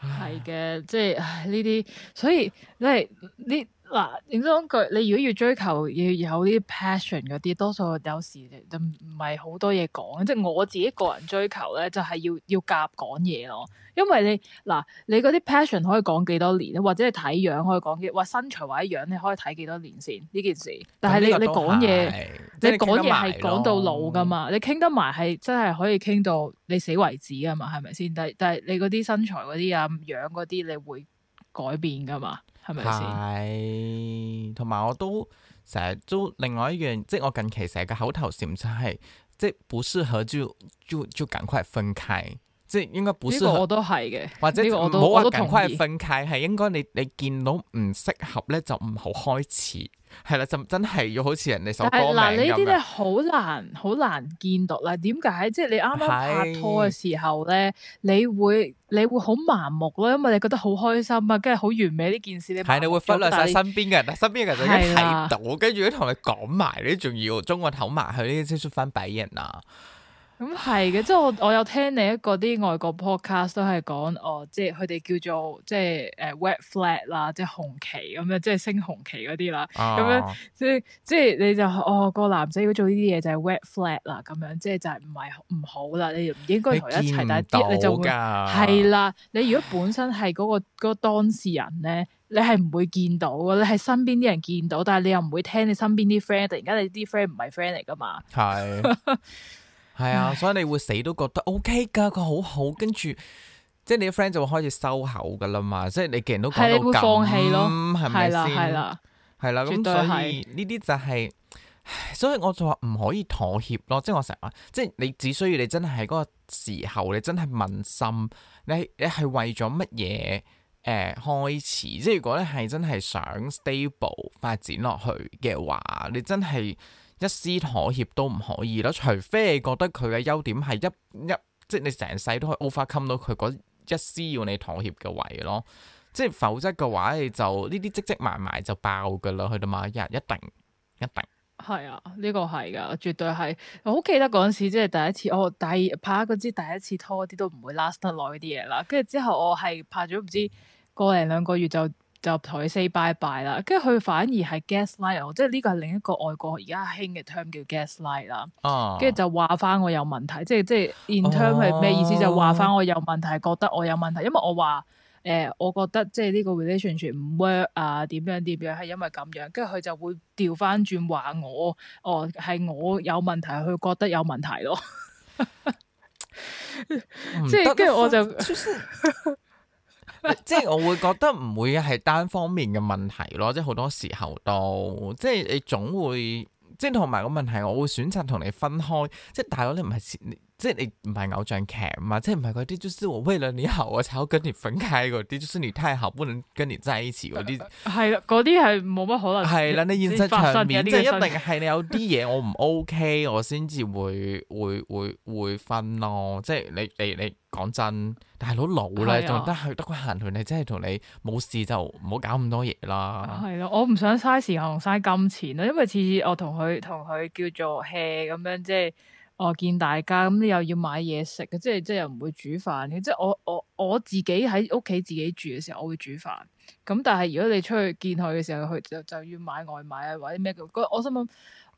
係嘅，即係呢啲，所以即係呢？嗱，認真講句，你如果要追求要有啲 passion 嗰啲，多數有時就唔係好多嘢講。即係我自己個人追求咧，就係要要夾講嘢咯。因為你嗱，你嗰啲 passion 可以講幾多年咧，或者係睇樣可以講幾，或身材或者樣你可以睇幾多年先呢件事。但係你你講嘢，你講嘢係講到老噶嘛？嗯、你傾得埋係真係可以傾到你死為止噶嘛？係咪先？但係，但係你嗰啲身材嗰啲啊、樣嗰啲，你會改變噶嘛？係，咪係同埋我都成日都另外一樣，即係我近期成日嘅口頭禪就係，即係不適合就就就趕快分開。即係應該唔適合我都係嘅。或者唔好話緊關係分界，係應該你你見到唔適合咧，就唔好開始。係啦，就真係要好似人哋首歌嗱，呢啲咧好難好難見到啦。點解？即係你啱啱拍拖嘅時候咧，的你會的你會好盲目咯，因為你覺得好開心啊，跟住好完美呢件事咧。係，你會忽略晒身邊嘅人，但身邊嘅人就已經睇到，的跟住一同你講埋，你仲要中我唞埋佢，呢啲先算翻白人啊！咁係嘅，即係我我有聽你一個啲外國 podcast 都係講哦，即係佢哋叫做即係誒 red flag 啦，即係、uh, 紅旗咁、啊、樣，即係升紅旗嗰啲啦，咁樣即係即係你就哦、嗰個男仔要做呢啲嘢就係、是、red flag 啦，咁樣即係就係唔係唔好啦，你唔應該同佢一齊，但係啲你就會係啦是的。你如果本身係嗰、嗰個嗰、嗰個當事人咧，你係唔會見到嘅，你係身邊啲人見到，但係你又唔會聽你身邊啲 friend，突然間你啲 friend 唔係 friend 嚟噶嘛？係。係啊，所以你會死都覺得 OK 噶，佢好好，跟住即係你啲 friend 就會開始收口噶啦嘛，即係你既然都講到咁，放棄囉，係咪先？係啦，係啦、啊，係啦、啊。咁、啊、所以呢啲就係、是，所以我就話唔可以妥協咯。即係我成日話，即係你只需要你真係喺嗰個時候，你真係問心，你你係為咗乜嘢誒開始？即係如果你係真係想 stable 發展落去嘅話，你真係。一絲妥協都唔可以咯，除非你覺得佢嘅優點係一一，即係你成世都可以 overcome 到佢嗰一絲要你妥協嘅位咯。即係否則嘅話你就，就呢啲積積埋埋就爆㗎啦，去到某一日一定一定。係啊，呢、呢個係噶，絕對係。我好記得嗰陣時，即係第一次，我第二拍嗰支第一次拖啲都唔會 last 得耐啲嘢啦。跟住之後我，我係拍咗唔知、嗯、個零兩個月就。就同佢 say bye bye 啦，跟住佢反而係 gaslight 我，即係呢個係另一個外國而家興嘅 term 叫 gaslight 啦、啊。跟住就話翻我有問題，即係即係 intern 係咩意思？啊、就話翻我有問題，覺得我有問題，因為我話誒、呃，我覺得即係呢個 relationship 唔 work 啊，點樣點樣係因為咁樣，跟住佢就會調翻轉話我，哦係我有問題，佢覺得有問題咯。 (laughs) 即係跟住我就。 (laughs) 即係我會覺得唔會係單方面嘅問題咯，即係好多時候都即係你總會即係同埋個問題，我會選擇同你分開，即係大佬你唔係。即係唔係偶像劇嘛？即係唔係嗰啲，就是我為了你好，我才要跟你分開嗰啲，就是你太好，不能跟你在一起嗰啲。係啦，嗰啲係冇乜可能。係啦，你現實場面即係一定係你有啲嘢我唔 OK， (laughs) 我先至會會會會分咯。即係你你你講真，大佬老老啦仲的得去得鬼閒同你，真係同你冇事就唔好搞咁多嘢啦。係咯，我唔想嘥時間嘥金錢咯，因為次次我同佢同佢叫做 hea 咁樣即係。我見大家咁，你又要買嘢食嘅，即係即係又唔會煮飯嘅，即係我我我自己喺屋企自己住嘅時候，我會煮飯。咁但係如果你出去見佢嘅時候，佢就就要買外賣啊，或者咩，我心諗，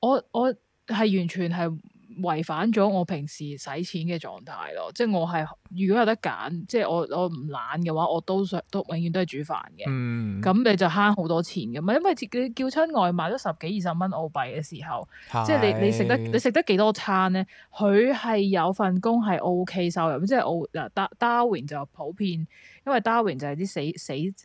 我我係完全係。違反咗我平時使錢嘅狀態咯，即係我係如果有得揀，即係我我唔懶嘅話，我都想都永遠都係煮飯嘅。咁、嗯、你就慳好多錢㗎嘛！係因為你叫親外賣都十幾二十蚊澳幣嘅時候，的即係你你食得你食得幾多餐咧？佢係有份工係 OK 收入，即係澳嗱 Darwin 就普遍。因為 Darwin 就係啲死死誒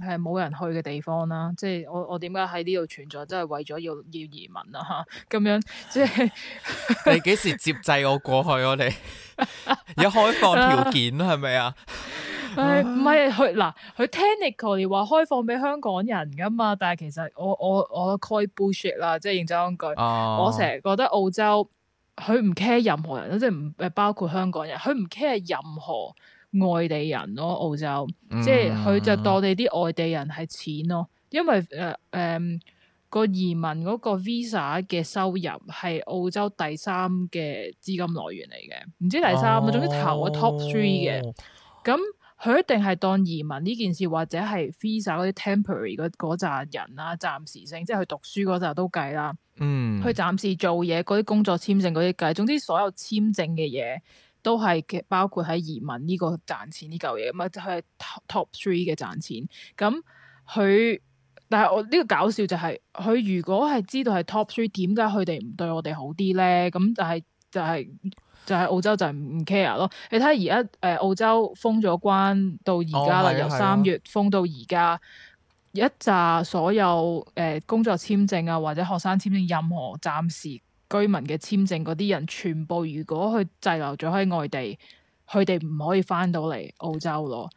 係冇人去嘅地方啦，即係我我點解喺呢度存在，真、就、係、是、為咗要要移民啊吓，咁樣即係 (laughs) 你幾時接濟我過去我、啊、哋？有 (laughs) 開放條件係咪啊？誒唔係佢嗱 (laughs) 佢 technically 話開放俾香港人噶嘛，但係其實我我我 quite bullshit 啦，即係認真講句，哦、我成日覺得澳洲佢唔 care 任何人，即係唔包括香港人，佢唔 care 任何。外地人咯，澳洲、嗯、即係佢就當你啲外地人係錢咯，嗯、因為誒誒個移民嗰個 visa 嘅收入係澳洲第三嘅資金來源嚟嘅，唔知第三啊，哦、總之頭啊 top three 嘅。咁佢、哦、一定係當移民呢件事，或者係 visa 嗰啲 temporary 嗰嗰扎人啦、啊，暫時性即係去讀書嗰扎都計啦。嗯，去暫時做嘢嗰啲工作簽證嗰啲計，總之所有簽證嘅嘢。都係其實包括喺移民呢個賺錢呢嚿嘢，咪就係、是、top three 嘅賺錢，咁佢，但係我呢、這個搞笑就係、是，佢如果係知道係 top three，點解佢哋唔對我哋好啲咧？咁但係就係、是、就係、是就是、澳洲就唔 care 咯。你睇下而家誒澳洲封咗關到而家啦，哦啊、由三月封到而家，啊、一扎所有誒工作簽證啊，或者學生簽證任何暫時。居民嘅簽證嗰啲人全部如果佢滯留咗喺外地，佢哋唔可以翻到嚟澳洲咯。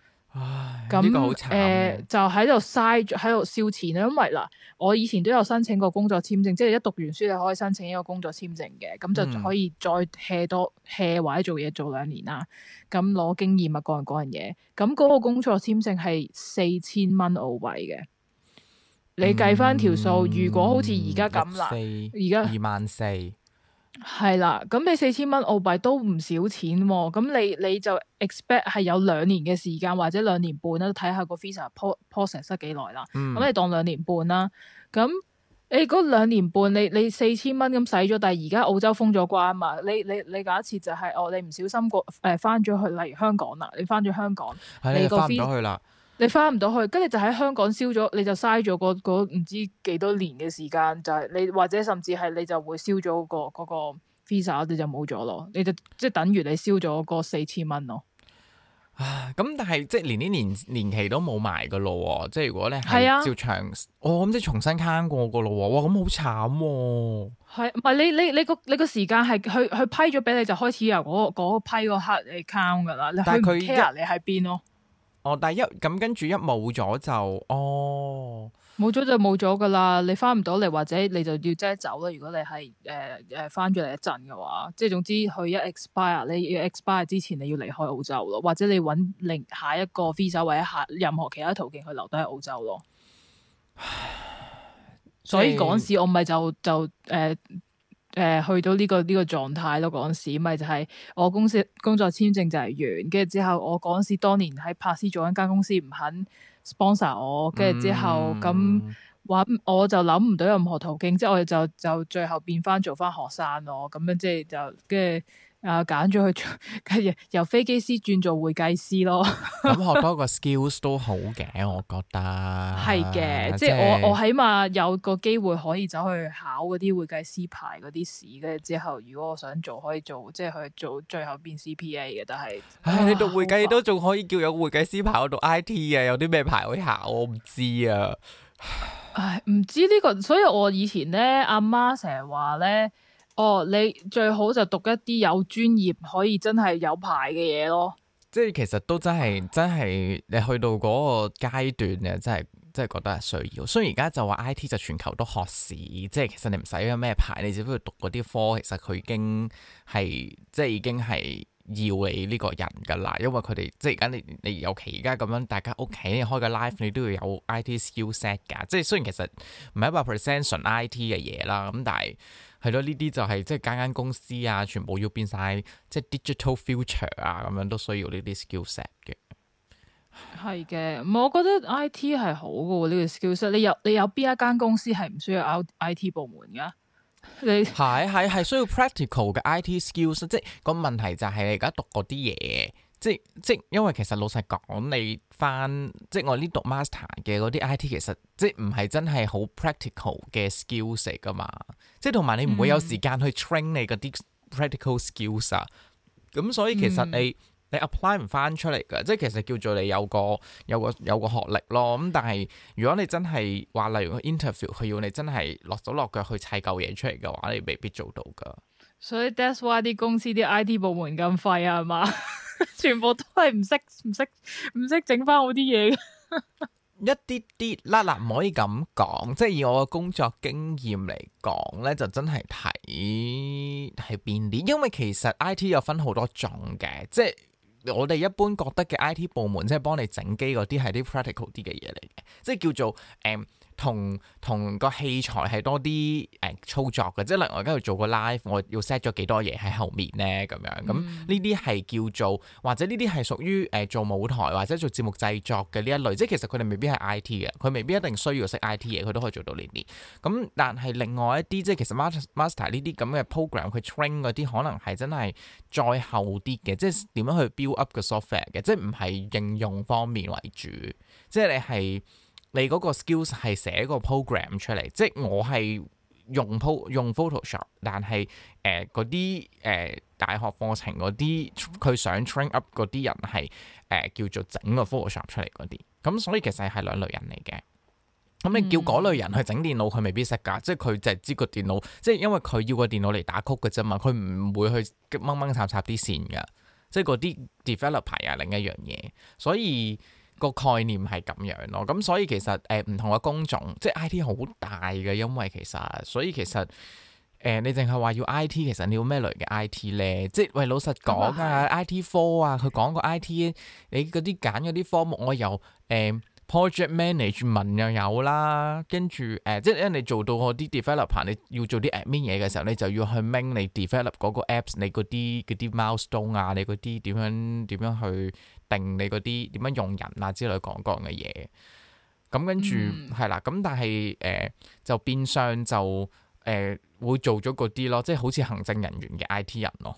咁誒就喺度嘥喺度燒錢啊！因為嗱，我以前都有申請過工作簽證，即係一讀完書就可以申請呢個工作簽證嘅，咁就可以再 hea 多 hea、嗯、或者做嘢做兩年啦。咁攞經驗啊，個人個人嘢，咁嗰個工作簽證係四千蚊澳幣嘅。你計翻條數，如果好似而家咁啦，而家二萬四，係啦 24,，咁你四千蚊澳幣都唔少錢喎、啊。咁你你就 expect 係有兩年嘅時間，或者兩年半啦，睇下個 visa process、嗯、s 得幾耐啦。咁你當兩年半啦。咁你嗰兩年半，你你四千蚊咁使咗，但係而家澳洲封咗關啊嘛。你你你假設就係、是、哦，你唔小心過誒翻咗去例如香港啦，你翻咗香港，的你翻唔到去啦。你翻唔到去，跟住就喺香港燒咗，你就嘥咗嗰唔知幾多年嘅時間，就係、是、你或者甚至係你就會燒咗、那個嗰、那個 visa，你就冇咗咯，你就，就於你即係等於你燒咗個四千蚊咯。啊，咁但係即係連呢年年期都冇埋噶咯，即係如果你係照長，我咁即係重新 count 過噶咯，哇，咁好慘。係，唔係你你你個你個時間係佢佢批咗俾你，你你你你你就開始由嗰、那個、批嗰刻嚟 count 噶啦，但係佢 care 你喺邊咯。哦，但一咁跟住一冇咗就哦，冇咗就冇咗噶啦，你翻唔到嚟或者你就要即走啦。如果你係誒誒翻咗嚟一陣嘅話，即係總之去一 expire 你要 expire 之前你要離開澳洲咯，或者你搵另下一個 visa 或者下任何其他途徑去留低喺澳洲咯。唉所以嗰時我咪就就誒。呃誒、呃、去到呢、這個呢、這個狀態咯，嗰陣時咪就係我公司工作簽證就係完，跟住之後我嗰陣時當年喺珀斯做緊間公司唔肯 sponsor 我，跟住之後咁揾我就諗唔到任何途徑，之後我哋就就最後變翻做翻學生咯，咁樣即係就跟住。啊！揀咗、呃、去做，跟住由飛機師轉做會計師咯。咁、 (laughs) 嗯、學多個 skills 都好嘅，我覺得係嘅。 (laughs) 即係是我我起碼有個機會可以走去考嗰啲會計師牌嗰啲試，跟住之後如果我想做可以做，即係去做最後變 C P A 嘅。但係唉，唉你讀會計都仲快可以叫有會計師牌，我讀 I T 嘅。啊，有啲咩牌可以考？我唔知啊。唉，唔知呢、這個，所以我以前咧，阿媽成日話咧。 (laughs) 哦，oh, 你最好就讀一啲有專業可以真係有牌嘅嘢咯。即係其實都真係真係你去到嗰個階段嘅，真係真係覺得係需要。雖然而家就話 IT 就全球都學士，即係其實你唔使咩咩牌，你只不過讀嗰啲科，其實佢已經係即係已經係要你呢個人噶啦。因為佢哋即係而家你你尤其而家咁樣，大家屋企開個 live 你都要有 IT skill set 噶。即係雖然其實唔係一百 percent 純 IT 嘅嘢啦，咁但係。係咯，呢啲就係即係間間公司啊，全部要變晒即係 digital future 啊，咁樣都需要呢啲 skills set 嘅。係嘅，我覺得 IT 係好嘅，呢個 skills 你有你有邊一間公司係唔需要 IT 部門噶你係係係需要 practical 嘅 IT skills，即係個問題就係你而家讀嗰啲嘢。即即因為其實老實講，你翻即我呢讀 master 嘅嗰啲 IT 其實即唔係真係好 practical 嘅 skills 嚟噶嘛，即同埋你唔會有時間去 train 你嗰啲 practical skills 啊，咁、嗯、所以其實你你 apply 唔翻出嚟噶，即其實叫做你有個有個有個學歷咯，咁但係如果你真係話例如 interview，佢要你真係落手落腳去砌嚿嘢出嚟嘅話，你未必做到噶。所以 that's why 啲公司啲 I T 部門咁廢啊，係嘛？ (laughs) 全部都係唔識唔識唔識整翻好啲嘢。 (laughs) 一啲啲啦，嗱唔可以咁講，即係以我嘅工作經驗嚟講咧，就真係睇係邊啲。因為其實 I T 有分好多種嘅，即係我哋一般覺得嘅 I T 部門，即係幫你整機嗰啲，係啲 practical 啲嘅嘢嚟嘅，即係叫做誒。嗯同同個器材係多啲誒、嗯、操作嘅，例如我喺度做個 live，我要 set 咗幾多嘢喺後面咧咁樣。咁呢啲係叫做，或者呢啲係屬於誒、呃、做舞台或者做節目製作嘅呢一類。即係其實佢哋未必係 IT 嘅，佢未必一定需要識 IT 嘢，佢都可以做到呢啲。咁但係另外一啲，即係其實 master master 呢啲咁嘅 program，佢 train 嗰啲可能係真係再後啲嘅，嗯、即係點樣去 build up 個 software 嘅，即係唔係應用方面為主，即係你係。你嗰個 skills 係寫個 program 出嚟，即係我係用 p o，用 Photoshop，但係誒嗰啲誒大學課程嗰啲，佢想 train up 嗰啲人係誒、呃、叫做整個 Photoshop 出嚟嗰啲，咁所以其實係兩類人嚟嘅。咁你叫嗰類人去整電腦，佢未必識噶，嗯、即係佢就係知個電腦，即係因為佢要個電腦嚟打曲嘅啫嘛，佢唔會去掹掹插插啲線嘅，即係嗰啲 developer 啊另一樣嘢，所以。個概念係咁樣咯，咁所以其實誒唔、呃、同嘅工種，即係 I T 好大嘅，因為其實所以其實誒、呃、你淨係話要 I T，其實你要咩類嘅 I T 咧？即係喂，老實講啊，I T 科啊，佢講個 I T，你嗰啲揀嗰啲科目，我有誒、呃、project management 又有啦，跟住誒即係因為你做到我啲 developer 你要做啲 admin 嘢嘅時候，你就要去 manage 你 develop 嗰個 apps，你嗰啲嗰啲 milestone 啊，你嗰啲點樣點樣去？定你嗰啲點樣用人啊之類講講嘅嘢，咁跟住係啦，咁、嗯、但係誒、呃、就變相就誒、呃、會做咗嗰啲咯，即係好似行政人員嘅 IT 人咯。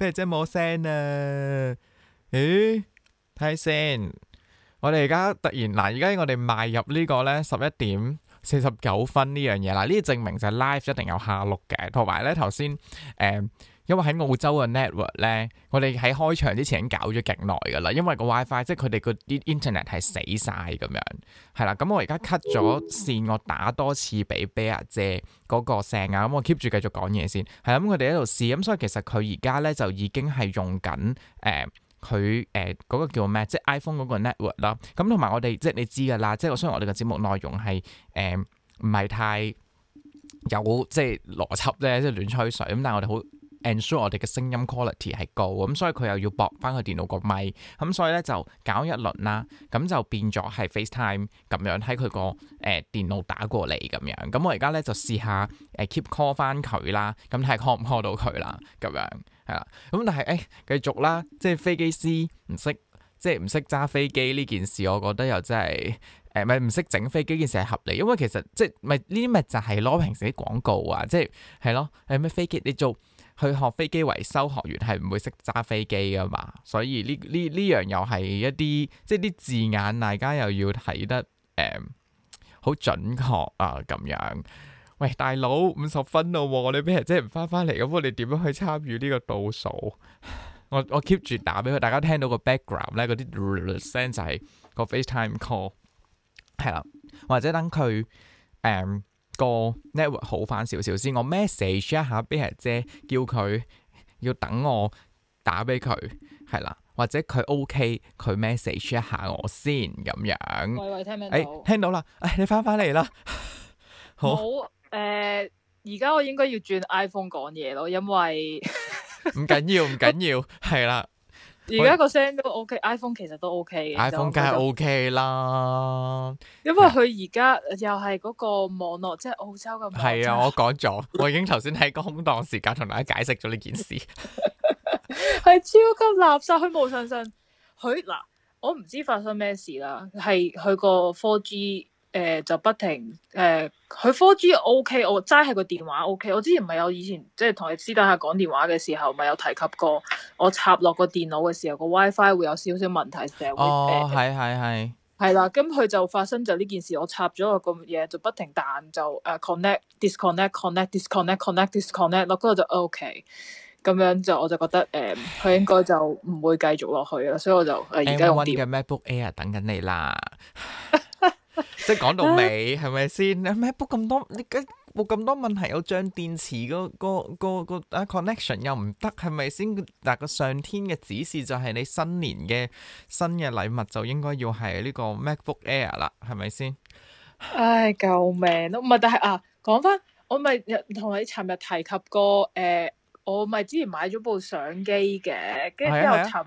咩真冇聲啊？誒，睇先，我哋而家突然嗱，而家我哋買入呢個咧，十一點四十九分呢樣嘢嗱，呢個證明就係 live 一定有下落嘅，同埋咧頭先誒。因為喺澳洲嘅 network 咧，我哋喺開場之前已經搞咗勁耐噶啦，因為個 WiFi 即係佢哋個啲 internet 係死晒咁樣，係啦。咁、嗯、我而家 cut 咗線，我打多次俾 bear 姐嗰個聲啊，咁、嗯、我 keep 住繼續講嘢先。係啦，咁佢哋喺度試，咁、嗯、所以其實佢而家咧就已經係用緊誒佢誒嗰個叫咩，即係 iPhone 嗰個 network 啦。咁同埋我哋即係你知噶啦，即係我雖然我哋嘅節目內容係誒唔係太有即係邏輯咧，即係亂吹水咁，但係我哋好 ensure 我哋嘅聲音 quality 係高，咁所以佢又要駁翻佢電腦個咪，咁所以咧就搞一輪啦，咁就變咗係 FaceTime 咁樣，睇佢個誒電腦打過嚟咁樣，咁我而家咧就試下誒、呃、keep call 翻佢啦，咁睇下 call 唔 call 到佢啦，咁樣啊，咁但係誒、欸、繼續啦，即係飛機師唔識，即係唔識揸飛機呢件事，我覺得又真係誒咪唔識整飛機件事係合理，因為其實即係咪呢啲咪就係攞平時啲廣告啊，即係係咯，係咩、欸、飛機你做？去學飛機維修學員係唔會識揸飛機㗎嘛，所以呢呢呢樣又係一啲即係啲字眼，大家又要睇得誒好準確啊咁樣。喂，大佬五十分咯，你咩啫唔翻翻嚟咁？我哋點樣去參與呢個倒數？我我 keep 住打俾佢，大家聽到個 background 咧嗰啲聲就係個 FaceTime call。係啦，或者等佢誒。個 network 好翻少少先，我 message 一下俾阿姐叫，叫佢要等我打俾佢，係啦，或者佢 OK，佢 message 一下我先咁樣。喂喂，聽唔聽到？誒、欸，聽到啦，誒、欸，你翻翻嚟啦。好，誒，而、呃、家我應該要轉 iPhone 講嘢咯，因為唔緊要，唔緊要，係啦。 (laughs) 而家個聲都 OK，iPhone、OK, 他其實都 OK，iPhone、OK、梗係 OK 啦，因為佢而家又係嗰個網絡即係、就是、澳洲咁係啊，我講咗， (laughs) 我已經頭先喺個空檔時間同大家解釋咗呢件事，係 (laughs) 超級垃圾，佢無信信，佢嗱，我唔知發生咩事啦，係佢個 4G 誒、呃，就不停，誒、呃，佢 4G O K，我齋係個電話 O K。我之前唔係有以前，即係同你私底下講電話嘅時候，咪有提及過我插落個電腦嘅時候，個 WiFi 會有少少問題，成日會誒，係係係，係、嗯、啦，咁佢就發生就呢件事，我插咗個嘢就不停彈，就誒、uh, connect disconnect connect disconnect connect disconnect，落嗰度就 O K，咁樣就我就覺得誒，佢、嗯、 (laughs) 應該就唔會繼續落去啦，所以我就而家用 M1 嘅 MacBook Air 等緊你啦。即係講到尾係咪先？MacBook 咁多，你梗冇咁多問題，又脹電池，個個個個啊 connection 又唔得，係咪先？嗱個上天嘅指示就係你新年嘅新嘅禮物就應該要係呢個 MacBook Air 啦，係咪先？唉，救命咯！唔係，但係啊，講翻我咪同你尋日提及過，誒，我咪之前買咗部相機嘅，跟住之後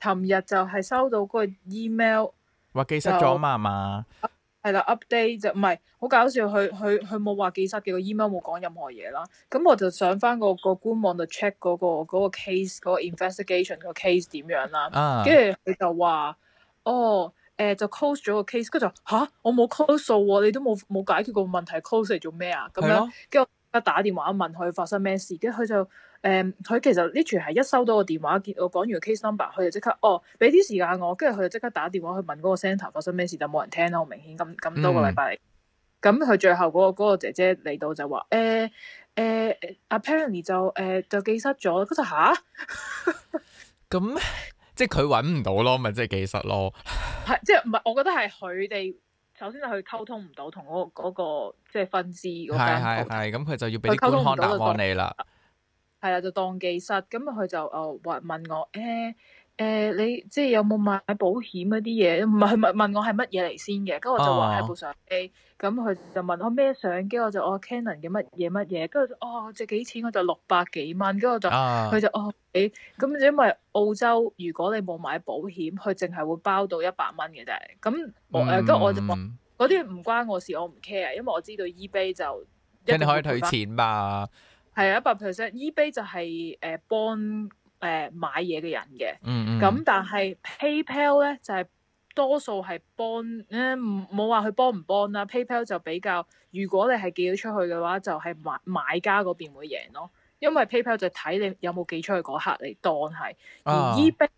尋日就係收到嗰個 email。話寄失咗啊嘛嘛，係啦 update 就唔係好搞笑，佢佢佢冇話寄失嘅，嗰個 email 冇講任何嘢啦，咁我就上翻個個官網就 check 嗰個，嗰個 case 嗰個 investigation 個 case 點樣啦，跟住佢就話，哦，誒、呃、就 close 咗個 case，跟住就吓、啊，我冇 close 數，你都冇冇解決個問題，close 嚟做咩啊？咁樣，跟住嗎。一打電話問佢發生咩事，跟住佢就誒佢、嗯、其實呢條係一收到個電話，見我講完 case number，佢就即刻哦俾啲時間我，跟住佢就即刻打電話去問嗰個 centre e 發生咩事，就冇人聽咯，好明顯咁咁多個禮拜，咁佢、嗯、最後嗰、嗰個嗰個姐姐嚟到就話誒誒，apparently 就誒、欸、就記失咗，佢就嚇，咁、啊 (laughs) 嗯、即係佢揾唔到咯，咪即係記失咯，係 (laughs) 即係唔係？我覺得係佢哋。首先係佢溝通唔到，同嗰個即係分支嗰單，係咁，佢就要俾啲溝通答案你啦。係啊，就當技失咁啊，佢就誒問我誒。誒你即係有冇買保險嗰啲嘢？唔係佢問問我係乜嘢嚟先嘅，咁我就話係部相機。咁佢就問我咩相機，我就話 Canon 嘅乜嘢乜嘢。跟住哦，值幾錢？我就六百幾蚊。跟住我就，佢就哦，你咁因為澳洲如果你冇買保險，佢淨係會包到一百蚊嘅啫。咁我誒，咁我就冇嗰啲唔關我事，我唔 care，因為我知道 eBay 就，跟住可以退錢嘛。係一百 percent，eBay 就係誒幫。誒、呃、買嘢嘅人嘅，咁、嗯嗯嗯、但係 PayPal 咧就係、是、多數係幫，唔冇話佢幫唔幫啦。PayPal 就比較，如果你係寄咗出去嘅話，就係、是、買買家嗰邊會贏咯，因為 PayPal 就睇你有冇寄出去嗰刻，你當係、哦、而 eBay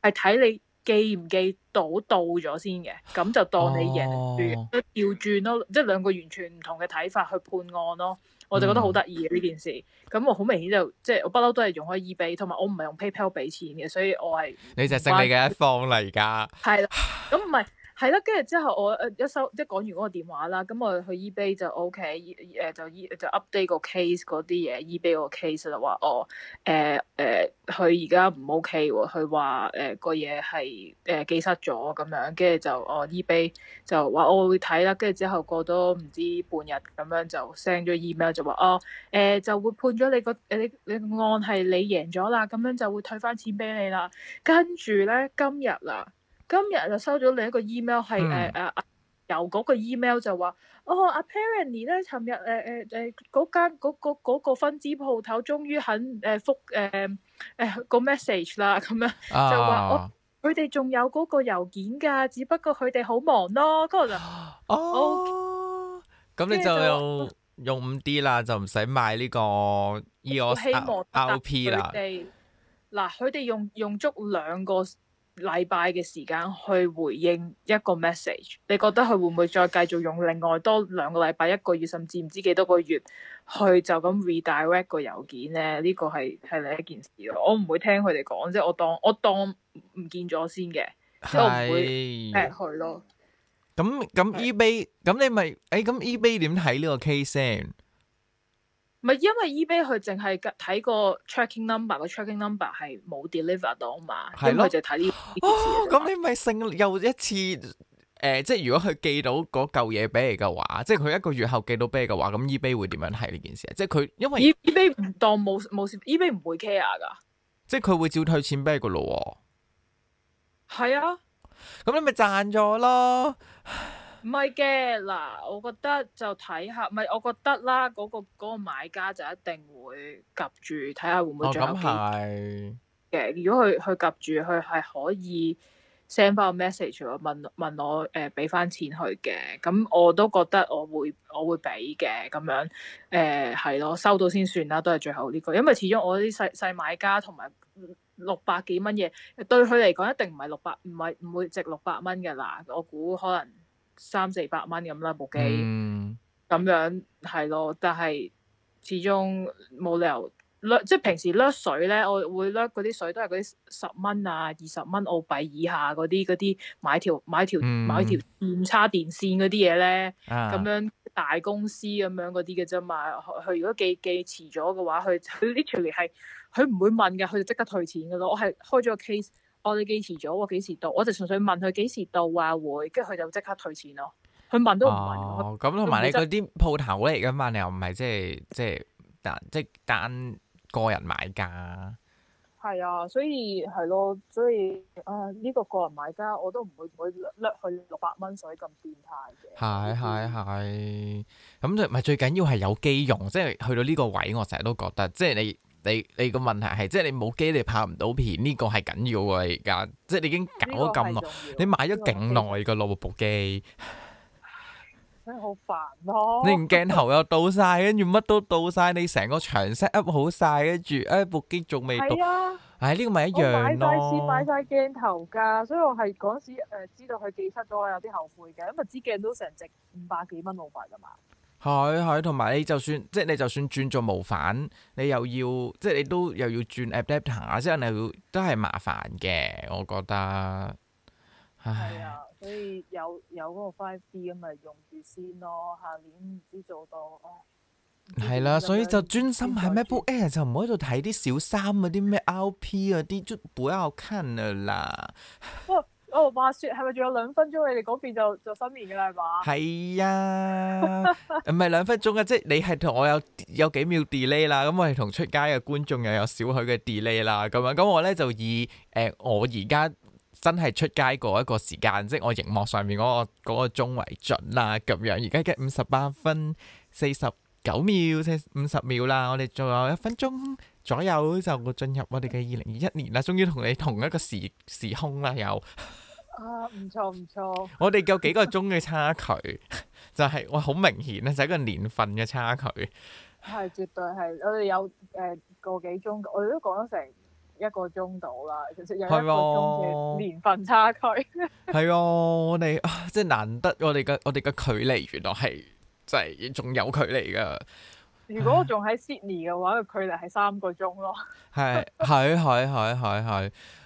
係睇你寄唔寄到到咗先嘅，咁就當你贏住，調轉、哦、咯，即係兩個完全唔同嘅睇法去判案咯。我就覺得好得意嘅呢件事，咁我好明顯就即係、就是我, e、我不嬲都係用開 eBay，同埋我唔係用 PayPal 俾錢嘅，所以我係你就勝利嘅一方啦而家，係啦， (laughs) 咁唔係。係啦，跟住之後我一收即講完嗰個電話啦，咁我去 eBay 就 O K，誒就 e 就 update 個 case 嗰啲嘢，eBay 個 case 就話哦，誒誒佢而家唔 O K 佢話誒個嘢係誒寄失咗咁樣，跟住就我、哦、eBay 就話、哦、我會睇啦，跟住之後過多唔知半日咁樣就 send 咗 email 就話哦誒、呃、就會判咗你個你案你案係你贏咗啦，咁樣就會退翻錢俾你啦。跟住咧今日啊～今日就收咗另一個 email，係誒誒，郵局個 email 就話哦，Apparently 咧，尋日誒誒誒，嗰間嗰個嗰個分支鋪頭終於肯誒覆誒誒個 message 啦，咁樣就話我佢哋仲有嗰個郵件噶，只不過佢哋好忙咯。嗰個就哦，咁你就用用五 D 啦，就唔使買呢個 EOS RP 啦。嗱，佢哋用用足兩個禮拜嘅時間去回應一個 message，你覺得佢會唔會再繼續用另外多兩個禮拜一個月，甚至唔知幾多個月去就咁 redirect 個郵件咧？呢個係係另一件事咯。我唔會聽佢哋講，即係我當我當唔見咗先嘅，即係我唔會係佢咯。咁咁 eBay，咁你咪誒咁 eBay 點睇呢個 case 先？唔係，因為 eBay 佢淨係睇個 tracking number，個 tracking number 係冇 deliver 到嘛。係咯的。咁佢就睇呢。哦，咁、嗯、你咪勝又一次。誒、呃，即係如果佢寄到嗰嚿嘢俾你嘅話，即係佢一個月後寄到俾你嘅話，咁 eBay 會點樣睇呢件事啊？即係佢因為 eBay 唔當冇冇事，eBay 唔會 care 噶。即係佢會照退錢俾你噶的咯。係啊。咁你咪賺咗咯。唔係嘅，嗱，我覺得就睇下，唔係我覺得啦，嗰個嗰個買家就一定會及住睇下會唔會最後嘅。哦、如果佢佢及住，佢係可以 send 翻個 message 問問我誒俾翻錢佢嘅，咁我都覺得我會我會俾嘅咁樣誒，係、呃、咯，收到先算啦，都係最後呢個，因為始終我啲細細買家同埋六百幾蚊嘢，對佢嚟講一定唔係六百，唔係唔會值六百蚊嘅喇，我估可能。三四百蚊咁啦部機，咁、嗯、樣係咯，但係始終冇理由，甩即係平時甩水咧，我會甩嗰啲水都係嗰啲十蚊啊二十蚊澳幣以下嗰啲嗰啲買條買條、嗯、買條電叉電線嗰啲嘢咧，咁、啊、樣大公司咁樣嗰啲嘅啫嘛，佢如果寄寄遲咗嘅話，佢佢啲處理係佢唔會問嘅，佢就即刻退錢噶啦，我係開咗個 case。我哋幾遲咗？我幾時到？我就純粹問佢幾時到啊，會跟住佢就即刻退錢咯。佢問都唔問。哦，咁同埋你嗰啲鋪頭嚟嘅嘛？你又唔係即係即係單即，即單個人買家。係啊，所以係咯，所以啊呢、呃呢個個人買家我都唔會唔會略略去六百蚊所以咁變態嘅。係係係。咁就唔係最緊要係有機用，即係去到呢個位，我成日都覺得即係你。你你個問題係，即係你冇機你拍唔到片，呢個係緊要喎，而家，即係你已經搞咗咁耐，你買咗勁耐㗎喇部機，真係好煩咯。你連鏡頭又到晒，跟住乜都到晒，你成個場 set up 好晒，跟住誒部機仲未到。係啊，唉呢個咪一樣咯。我買曬攝買曬鏡頭㗎，所以我係嗰時知道佢寄出咗，我有啲後悔嘅，因為支鏡都成隻五百幾蚊澳幣㗎嘛。係係，同埋你就算即係，你就算轉做模反，你又要即係你都又要轉 Adapter 下，即係你都係麻煩嘅，我覺得。係啊，所以有有嗰個 five D 咁咪用住先咯，下年唔知做到。係、哦、啦、啊，所以就專心喺 MacBook Air 轉就唔好喺度睇啲小三啊啲咩 R P 啊啲，就不要看了啦。哦，話説係咪仲有兩分鐘？你哋嗰邊就就新年嘅啦，係嘛？係啊，唔係兩分鐘嘅。 (laughs) 即係你係同我有有幾秒 delay 啦。咁我係同出街嘅觀眾又有少許嘅 delay 啦。咁樣咁我咧就以誒、呃、我而家真係出街過一個時間，即係我熒幕上面嗰個嗰個鐘為準啦。咁樣而家嘅五十八分四十九秒即五十秒啦。我哋仲有一分鐘左右就會進入我哋嘅二零二一年啦。終於同你同一個時時空啦，又～啊，唔錯唔錯！錯我哋有幾個鐘嘅差距， (laughs) 就係我好明顯啊，就係一個年份嘅差距。係絕對係，我哋有誒、呃、個幾鐘，我哋都講咗成一個鐘度啦，其實係有年份差距。係哦, (laughs) 哦，我哋即係難得，我哋嘅我哋嘅距離原來係即係仲有距離噶。如果我仲喺 Sydney 嘅話，個距離係三個鐘咯。係係係係係係。 (laughs)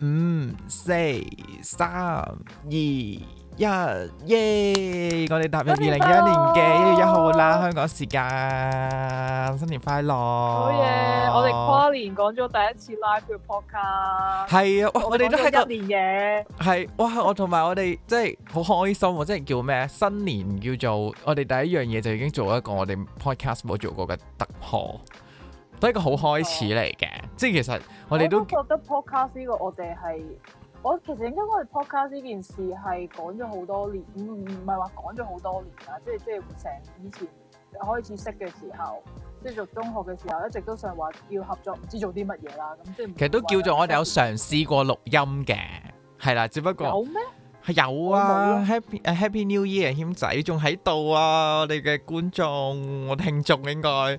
五、四、三、二、一，耶！我哋踏入二零二一年嘅一月一號啦，香港時間，新年快樂！好嘢，我哋跨年講咗第一次 live 嘅 podcast，係啊，我哋都係一年嘅，係哇！我同埋我哋即係好開心、啊，即係叫咩？新年叫做我哋第一樣嘢就已經做一個我哋 podcast 冇做過嘅突破。都係一個好開始嚟嘅，即係其實我哋都覺得 podcast 呢個我哋係我其實應該講，podcast 呢件事係講咗好多年，唔唔係話講咗好多年啦，即係即係成以前開始識嘅時候，即係做中學嘅時候，一直都想話要合作，唔知做啲乜嘢啦。咁即係其實都叫做我哋有嘗試過錄音嘅，係啦，只不過有咩係有啊？Happy 誒 Happy New Year，謙仔仲喺度啊！我哋嘅觀眾，我聽眾應該。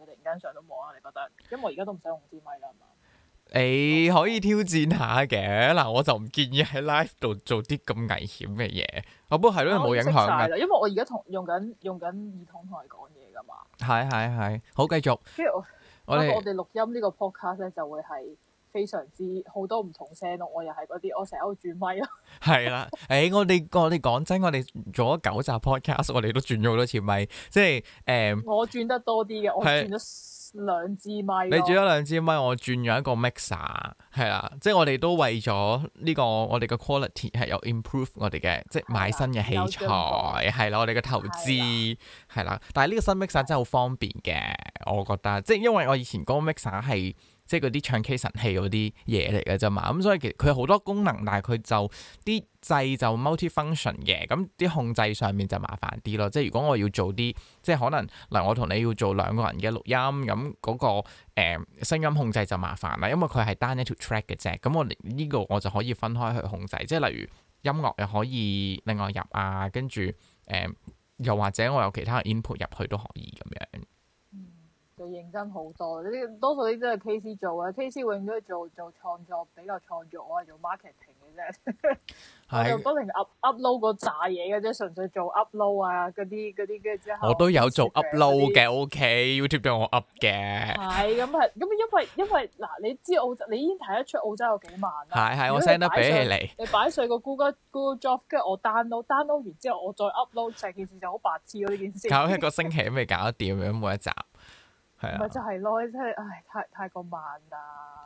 你突然間上都冇啊！你覺得？因為我而家都唔使用支咪啦嘛。你可以挑戰下嘅。嗱，我就唔建議喺 live 度做啲咁危險嘅嘢。哦，不過係咯，冇影響噶。因為我而家同用緊用緊耳筒同你講嘢噶嘛。係係係，好繼續。我哋我哋錄音呢個 podcast 咧就會係。非常之好多唔同聲咯，我又係嗰啲，我成日、 (laughs) 欸、都轉咪咯。係啦，誒，我哋我哋講真，我哋做咗九集 Podcast，我哋都轉咗好多次咪。即係誒。嗯、我轉得多啲嘅，是我轉咗兩支咪、喔。你轉咗兩支咪，我轉咗一個 mixer，係啦，即係我哋都為咗呢、呢個我哋嘅 quality 係有 improve 我哋嘅，即係買新嘅器材係啦，啦，我哋嘅投資係啦，啦，但係呢個新 mixer 真係好方便嘅，我覺得，即係因為我以前嗰個 mixer 係。即係嗰啲唱 K 神器嗰啲嘢嚟嘅啫嘛，咁、嗯、所以其實佢好多功能，但係佢就啲掣就 multi-function 嘅，咁啲控制上面就麻煩啲咯。即係如果我要做啲，即係可能嗱，我同你要做兩個人嘅錄音，咁嗰、嗰個誒、呃、聲音控制就麻煩啦，因為佢係單一條 track 嘅啫。咁我呢、呢個我就可以分開去控制，即係例如音樂又可以另外入啊，跟住誒又或者我有其他 input 入去都可以咁樣。就認真好多，呢啲多數呢啲都係 KC 做啊，KC 永遠都係做做創作比較創作，我係做 marketing 嘅啫，就不停 up upload 個炸嘢嘅啫，純粹做 upload 啊，嗰啲嗰啲跟住之後我都有做 upload 嘅，OK，YouTube 俾我 upload 嘅，係咁係咁，因為因為嗱，你知澳洲，你已經睇得出澳洲有幾慢啦，係係，我 send 得俾你嚟，你擺上個 Google Google Drive 跟住我 download download 完之後我再 upload 成件事就好白痴咯呢件事，搞一個星期都未搞掂，每每一集。係咪就係咯？即係、啊，唉，太太過慢啦。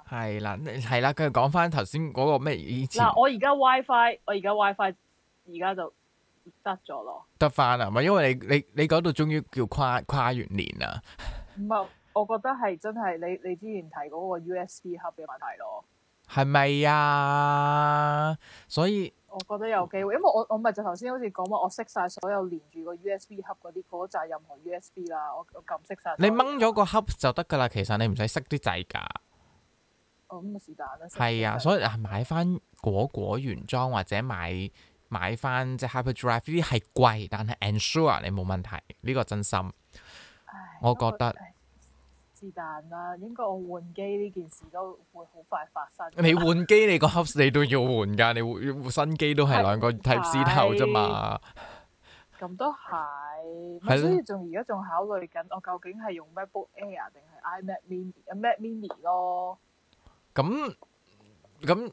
係啦、啊，係啦、啊，佢講翻頭先嗰個咩意思？嗱，我而家 WiFi，我而家 WiFi，而家就得咗咯。得翻啦？係咪，因為你你你嗰度終於叫跨跨完年啦。唔 (laughs) 係，我覺得係真係，你你之前提嗰個 USB 盒嘅問題咯。係咪啊？所以。我覺得有機會，因為我我咪就頭先好似講話，我熄晒所有連住個 USB 盒嗰啲嗰就係任何 USB 啦，我我撳熄晒，你掹咗個盒就得噶啦，其實你唔使熄啲掣噶。哦咁、嗯、是但啦。係啊，所以係買翻果果原裝或者買買翻隻 Hyperdrive 呢啲係貴，但係 ensure 你冇問題，呢、呢個真心，唉我覺得。但啦，應該我換機呢件事都會好快發生。你換機，你個 Hub 你都要換噶，你換新機都係兩個 type C 頭啫嘛。咁都係，所以仲而家仲考慮緊，我究竟係用 MacBook Air 定係 iMac Mini、啊、Mac Mini 咯？咁咁。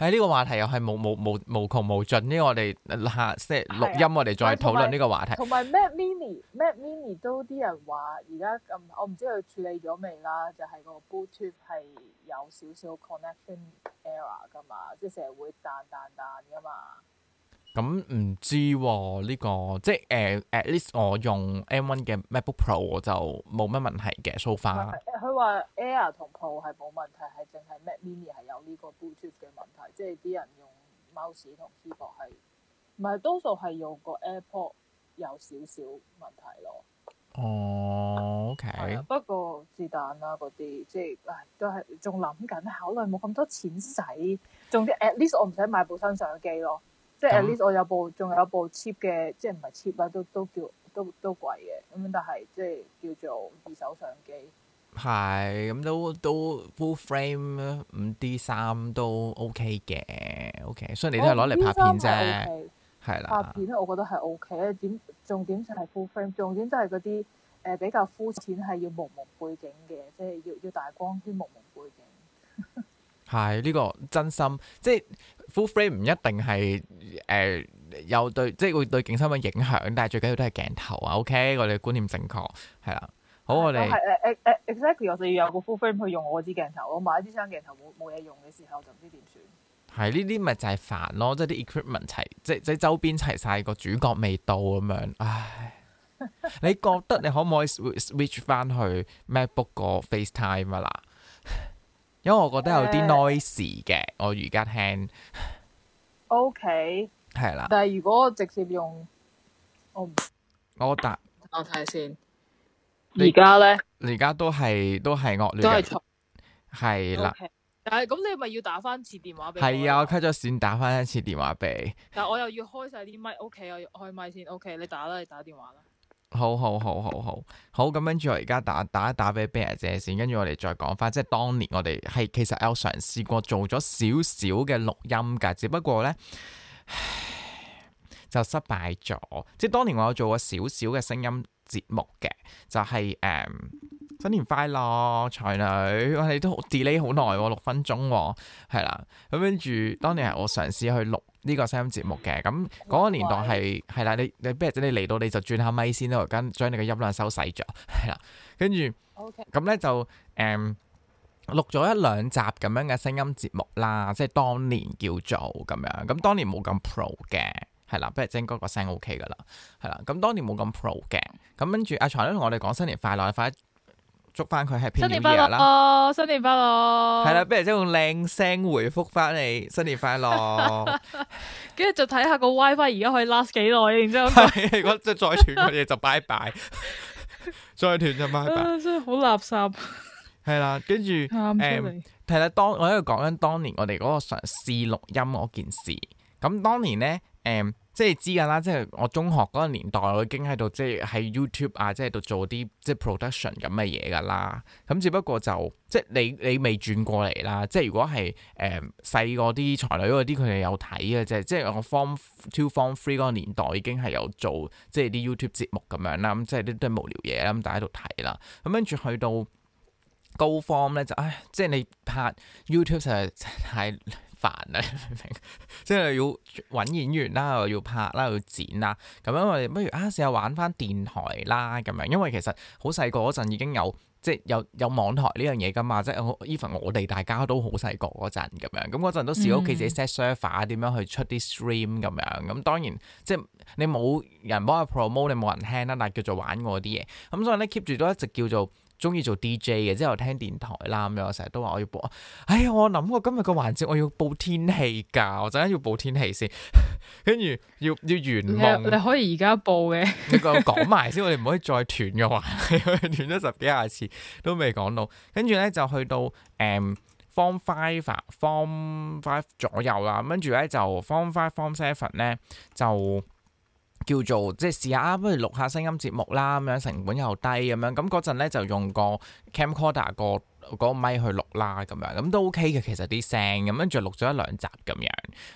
喺呢、哎呢個話題又係無無無無窮無盡，因為我哋下即係錄音，我哋再討論呢個話題。同埋、哎、Mac Mini，Mac Mini 都啲人話而家咁，我唔知佢處理咗未啦。就係、是、個 Bluetooth 係有少少 connecting error 㗎嘛，即係成日會彈彈彈㗎嘛。咁唔、嗯、知喎呢、這個，即係誒 at,，at least 我用 M1 嘅 MacBook Pro 我就冇乜問題嘅 So far，佢話 Air 同 Pro 係冇問題，係淨係 Mac Mini 係有呢個 Bluetooth 嘅問題，即係啲人用 mouse 同 keyboard 係，唔係多數係用個 AirPod 有少少問題咯。哦、oh,，OK、啊。不過是但啦，嗰啲即係、啊，都係仲諗緊考慮，冇咁多錢使，總之 at least 我唔使買部新相機咯。即係 at least 我有部，仲有部 cheap 嘅，即係唔係 cheap 啦，都都叫都都貴嘅，咁但係即係叫做二手相機。係，咁都都 full frame 五 D 三都 OK 嘅，OK。所以你都係攞嚟拍片啫。係、okay，啦。拍片咧，我覺得係 OK 咧。重點就係 full frame，重點就係嗰啲誒比較膚淺，係要朦朦背景嘅，即係要要大光圈朦朦背景。係呢個真心，即係 full frame 唔一定係誒、呃、有對，即係會對景深嘅影響，但係最緊要都係鏡頭啊。OK，我哋觀念正確係啦。好，我哋 exactly 我哋要有個 full frame 去用我支鏡頭。我買一支新鏡頭冇冇嘢用嘅時候就，就唔知點算。係呢啲咪就係煩咯，即係啲 equipment 齊，即係即係周邊齊晒個，主角未到咁樣。唉， (laughs) 你覺得你可唔可以 switch 翻去 MacBook 個 FaceTime 啊？嗱。因為我覺得有啲 noise 嘅，我而家聽。OK 係啦，但係如果我直接用，我我打我睇先。而家咧，而家都係都係惡劣，都係嘈，係啦。okay. 但係咁，你咪要打翻次電話俾我。係啊，我 cut 咗線，打翻一次電話俾。但係我又要開晒啲麥，OK，我要開麥先，OK，你打啦，你打電話啦。好好好好好好，咁跟住我而家打打一打俾 bear 姐先，跟住我哋再講返，即係當年我哋係其實有嘗試過做咗少少嘅錄音㗎，只不過咧就失敗咗。即係當年我有做過少少嘅聲音節目嘅，就係、是、誒、嗯、新年快樂，才女、啊哦、我哋都 delay 好耐，六分鐘。係啦。咁跟住當年係我嘗試去錄。呢個聲音節目嘅咁嗰個年代係係啦，你你不如即係你嚟到你就轉下咪先啦，我而家將你嘅音量收細咗，係啦，跟住 OK，咁咧就誒、嗯、錄咗一兩集咁樣嘅聲音節目啦，即係當年叫做咁樣，咁當年冇咁 pro 嘅，係啦，不如整係嗰個聲 OK 㗎啦，係啦，咁當年冇咁 pro 嘅，咁跟住阿財咧同我哋講新年快樂快！捉翻佢係 P. V. 哦，新年快樂，係啦， (laughs) 不如即用靚聲回覆翻你新年快樂。跟住就睇下個 WiFi 而家可以 last 幾耐，然之後係如果即係再斷嘅嘢就拜拜， (laughs) 再斷就拜拜， (laughs) 真係好垃圾。係啦，跟住誒，係啦，嗯、當我喺度講緊當年我哋嗰個嘗試錄音嗰件事。咁當年咧，誒、嗯。即係知㗎啦，即係我中學嗰個年代，我已經喺度即係喺 YouTube 啊，即係度做啲即係 production 咁嘅嘢㗎啦。咁只不過就即係你你未轉過嚟啦。即係如果係誒細個啲才女嗰啲，佢哋有睇嘅啫。即係我 Form Two、Form Three 嗰個年代已經係有做即係啲 YouTube 節目咁樣啦。咁即係啲都係無聊嘢啦。咁大家喺度睇啦。咁跟住去到高 Form 咧就唉，即係你拍 YouTube 就係。煩啊！ (laughs) 即係要搵演員啦，又要拍啦，又要剪啦，咁樣我哋不如啊，試下玩翻電台啦，咁樣，因為其實好細個嗰陣已經有即係有有網台呢樣嘢噶嘛，即係 even 我哋大家都好細個嗰陣咁樣，咁嗰陣都試過屋企自己 set server 點樣去出啲 stream 咁樣，咁當然即係你冇人幫你 promote，你冇人聽啦，但係叫做玩過啲嘢，咁所以呢 keep 住都一直叫做。中意做 DJ 嘅，之後聽電台啦咁樣，我成日都話我要播。哎呀，我諗我今日個環節我要報天氣㗎，我陣間要報天氣先，跟 (laughs) 住要要圓夢。你可以而家報嘅。你講講埋先，我哋唔可以再斷嘅話，斷 (laughs) 咗十幾廿次都未講到。跟住咧就去到誒、嗯、，form five form five 左右啦。跟住咧就 form five form seven 咧就。叫做即係試下，不如錄下聲音節目啦。咁樣成本又低，咁樣咁嗰陣咧就用個 camcorder 個嗰個咪去錄啦。咁樣咁都 OK 嘅，其實啲聲咁跟住錄咗一兩集咁樣，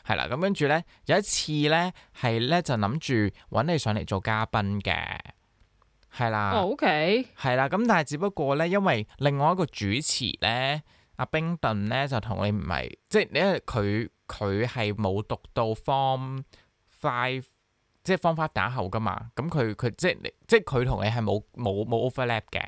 係啦。咁跟住咧有一次咧係咧就諗住揾你上嚟做嘉賓嘅，係啦，OK，係啦。咁、oh, okay. 但係只不過咧，因為另外一個主持咧阿、啊、冰頓咧就同你唔係，即係因為佢佢係冇讀到 form five。即係方法打後噶嘛，咁佢佢即係即係佢同你係冇冇冇 overlap 嘅，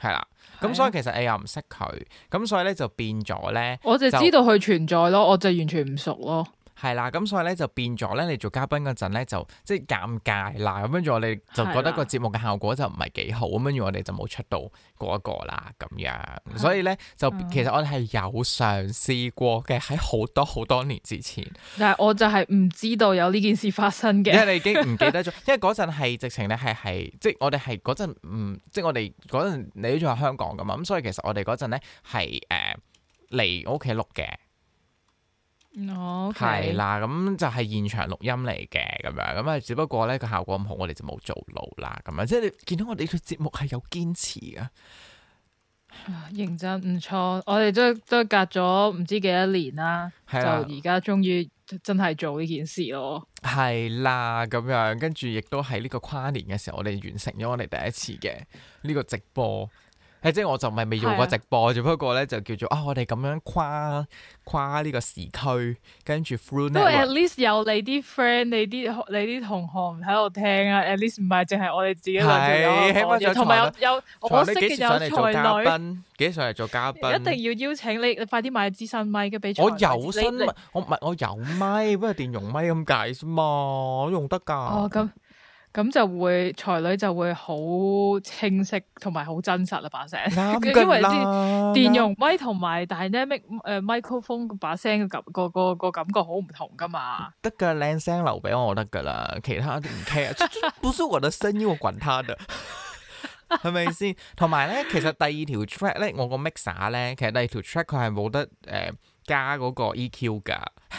係啦。咁所以其實你又唔識佢，咁所以咧就變咗咧。我就知道佢就存在咯，我就完全唔熟咯。係啦，咁所以咧就變咗咧，你做嘉賓嗰陣咧就即係尷尬啦。咁跟住我哋就覺得個節目嘅效果就唔係幾好，咁跟住我哋就冇出到嗰一個啦。咁樣，的所以咧就其實我哋係有嘗試過嘅，喺好多好多年之前。但係我就係唔知道有呢件事發生嘅。 (laughs) 因為你已經唔記得咗，因為嗰陣係直情咧係係，即係、就是、我哋係嗰陣唔，即、嗯、係、就是、我哋嗰陣你都仲喺香港㗎嘛，咁所以其實我哋嗰陣咧係誒嚟屋企錄嘅。係啦，咁、oh, okay。就係現場錄音嚟嘅，咁樣，咁啊，只不過咧個效果唔好，我哋就冇做錄啦，咁樣，即係你見到我哋呢個節目係有堅持噶、啊，認真唔錯，我哋都都隔咗唔知幾多年啦，啊、就而家終於真係做呢件事咯，係啦，咁樣，跟住亦都喺呢個跨年嘅時候，我哋完成咗我哋第一次嘅呢個直播。誒即係我就咪未用過直播，只不過咧就叫做啊，我哋咁樣跨跨呢個時區，跟住 through 因為 at least 有你啲 friend、你啲你啲同學唔喺度聽啊，at least 唔係淨係我哋自己兩條友。係，希望有才女，幾時上嚟做嘉賓？幾時上嚟做嘉賓？一定要邀請你，你快啲買支新咪嘅俾我。我有新我唔，我有咪，不過電容咪咁解，啫嘛，我用得㗎。哦，咁。咁就會才女就會好清晰同埋好真實啦把聲， (laughs) 因為啲電容麥同埋、呃，Dynamic mic 誒 microphone 把聲個感個個個感覺好唔同噶嘛。得噶靚聲留俾我得噶啦，其他都唔 care。 (laughs) 不是我的聲音滾燙啊，係咪先？同埋咧，其實第二條 track 咧，我個 mixer 咧，其實第二條 track 佢係冇得誒、呃、加嗰個 EQ 噶。 (laughs)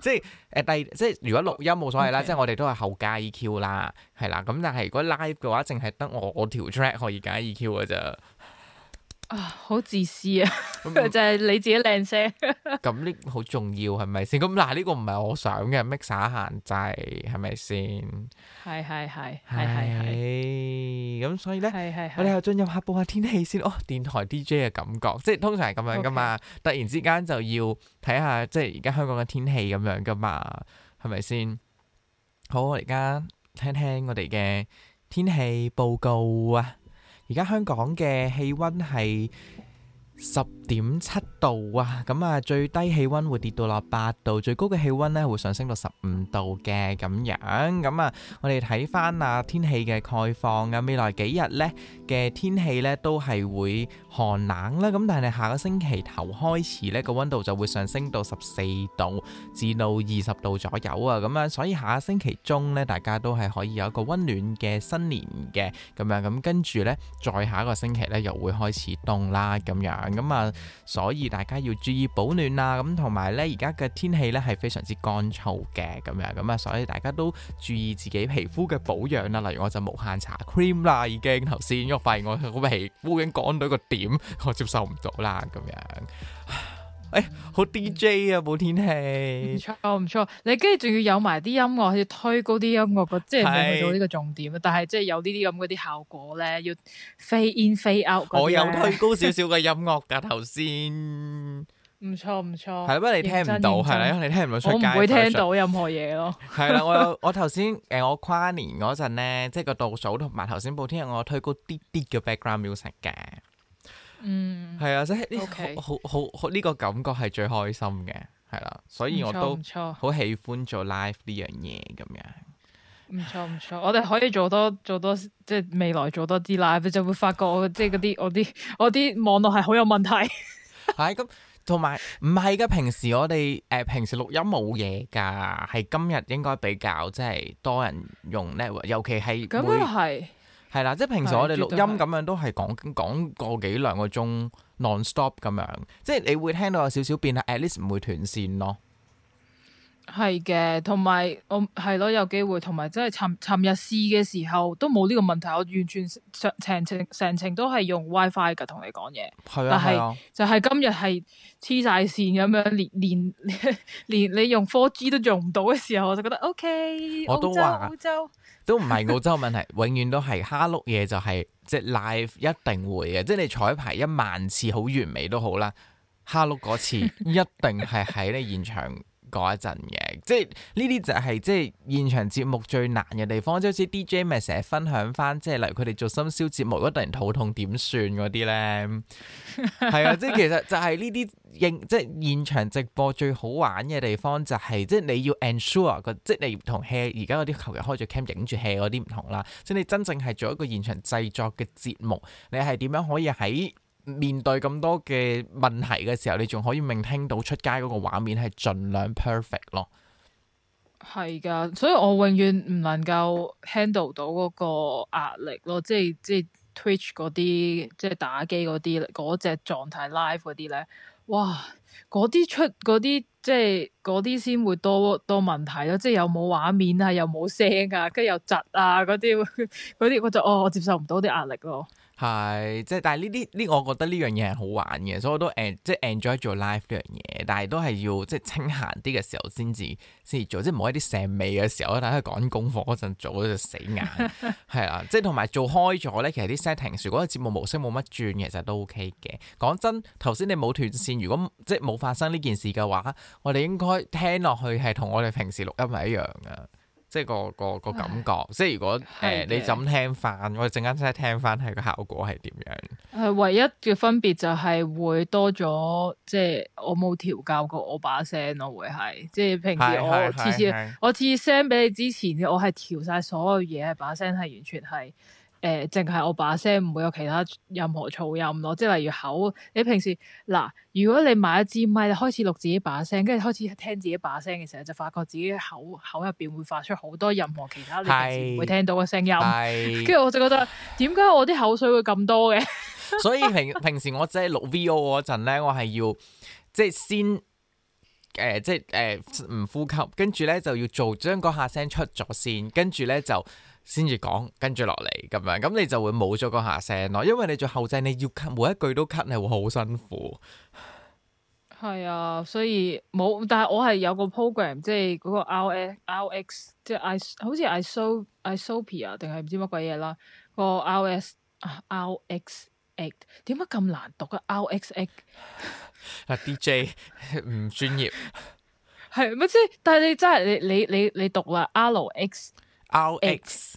即係誒，第、呃、即係如果錄音冇所謂啦，Okay. 即係我哋都係後加 E Q 啦，係啦，咁但係如果 live 嘅話，淨係得我我條 track 可以加 E Q 嘅咋。啊，好自私啊！就係你自己靚聲，咁呢好重要係咪先？咁嗱呢個唔係我想嘅，乜嘢限制係咪先？係係係係係，咁所以咧，我哋又進入下報下天氣先。哦，電台 DJ 嘅感覺，即係通常係咁樣噶嘛。突然之間就要睇下即係而家香港嘅天氣咁樣噶嘛，係咪先？好，我而家聽聽我哋嘅天氣報告啊！而家香港嘅氣溫係，十點七度啊，咁啊最低氣溫會跌到落八度，最高嘅氣溫呢會上升到十五度嘅咁樣，咁啊我哋睇翻啊天氣嘅概況啊，未來幾日呢嘅天氣呢都係會寒冷啦，咁但係下個星期頭開始呢個溫度就會上升到十四度至到二十度左右啊，咁啊所以下個星期中呢，大家都係可以有一個溫暖嘅新年嘅咁樣，咁跟住呢，再下一個星期呢，又會開始凍啦咁樣。咁啊、嗯，所以大家要注意保暖啊，咁同埋呢，而家嘅天氣呢係非常之乾燥嘅，咁樣，咁啊，所以大家都注意自己皮膚嘅保養啦。例如我就無限搽 cream 啦，已經頭先，因為我發現我皮膚，我已經乾到個點，我接受唔到啦，咁樣。誒、哎，好 D J 啊！報天氣，唔錯唔錯。你跟住仲要有埋啲音樂，要推高啲音樂個，即係去到呢個重點。是但係即係有呢啲咁嗰啲效果咧，要 fade in fade out。我有推高少少嘅音樂噶，頭先唔錯唔錯。係咩？你聽唔到？係啦，因為你聽唔到出街。我唔會聽到任何嘢咯。係啦， (laughs) 我有我頭先誒，我跨年嗰陣咧，即係個倒數同埋頭先報天氣，我推高啲啲嘅 background music。嗯，係啊的，即係呢個好好好呢、呢個感覺係最開心嘅，係啦，所以我都好喜歡做 live 呢樣嘢咁樣。唔錯唔錯，錯，我哋可以做多做多，即係未來做多啲 live，就會發覺即係嗰啲我啲 (laughs) 我啲網絡係好有問題。係 (laughs) 咁，同埋唔係噶，平時我哋誒、呃、平時錄音冇嘢噶，係今日應該比較即係多人用 network，尤其係咁係。係啦，即係平時我哋錄音咁樣都係講講個幾兩個鐘 non-stop 咁樣，即係你會聽到有少少變啦。At least 唔會斷線咯。係嘅，同埋我係咯，有機會，同埋真係尋尋日試嘅時候都冇呢個問題，我完全成程成程都係用 WiFi 噶同你講嘢。係啊。但係就係今日係黐晒線咁樣，連連連你用 4G 都用唔到嘅時候，我就覺得 OK。我都話。 (laughs) 都唔係澳洲問題，永遠都係 (laughs) 哈碌嘢就係、是、即係 live 一定會嘅，即係你彩排一萬次好完美都好啦， (laughs) 哈碌嗰次一定係喺你現場。嗰一陣嘅，即係呢啲就係即係現場節目最難嘅地方。即好似 DJ 咪成日分享翻，即係例如佢哋做深宵節目，如果突然肚痛點算嗰啲咧，係啊！即係其實就係呢啲影，即係現場直播最好玩嘅地方就係、是，即係你要 ensure 個，即係你同 hea 而家嗰啲球日開咗 cam 影住 hea 嗰啲唔同啦。即係你真正係做一個現場製作嘅節目，你係點樣可以喺？面對咁多嘅問題嘅時候，你仲可以明聽到出街嗰個畫面係盡量 perfect 咯。係噶，所以我永遠唔能夠 handle 到嗰個壓力咯。即係即係 Twitch 嗰啲，即係打機嗰啲，嗰隻狀態 live 嗰啲咧，哇！嗰啲出嗰啲，即係嗰啲先會多多問題咯。即係又冇畫面啊，又冇聲啊，跟住又窒啊，嗰啲嗰啲我就哦，我接受唔到啲壓力咯。係，即係但係呢啲呢，我覺得呢樣嘢係好玩嘅，所以我都誒，即係 enjoy 做 live 呢樣嘢。但係都係要即係清閒啲嘅時候先至先至做，即係冇一啲石味嘅時候。大家喺趕功課嗰陣做就死眼，係啊！ (laughs) 即係同埋做開咗呢，其實啲 setting 如果個節目模式冇乜轉，其實都 OK 嘅。講真，頭先你冇斷線，如果即係冇發生呢件事嘅話，我哋應該聽落去係同我哋平時錄音係一樣嘅。即係個個個感覺，唉即係如果誒的、呃、你怎聽翻，我哋陣間真係聽翻係個效果係點樣？誒，唯一嘅分別就係會多咗，即係我冇調教過我把聲咯，會係即係平時我次的我次的我次聲俾你之前，我係調晒所有嘢，把聲係完全係。誒，淨係、呃、我把聲，唔會有其他任何噪音咯。即係例如口，你平時嗱，如果你買一支咪，你開始錄自己把聲，跟住開始聽自己把聲嘅時候，就發覺自己口口入邊會發出好多任何其他是你唔會聽到嘅聲音。跟住是我就覺得，點解我啲口水會咁多嘅？ (laughs) 所以平平時我即係錄 VO 嗰陣咧，我係要即係、就是、先，誒、呃，即係誒，唔、呃、呼吸，跟住咧就要做將嗰下聲出咗先，跟住咧就。就先至講跟住落嚟咁樣，咁你就會冇咗嗰下聲咯，因為你做後製，你要 cut 每一句都 cut，你會好辛苦。係啊，所以冇，但係我係有個 program，即係嗰個 RLX，即係 I 好似 ISO ISOPI 啊，定係唔知乜鬼嘢啦，個 RLX RXX 點解咁難讀啊？L X X 啊 DJ 唔專業，係咪即係，但係你真係你你你你讀啦 RLX RX。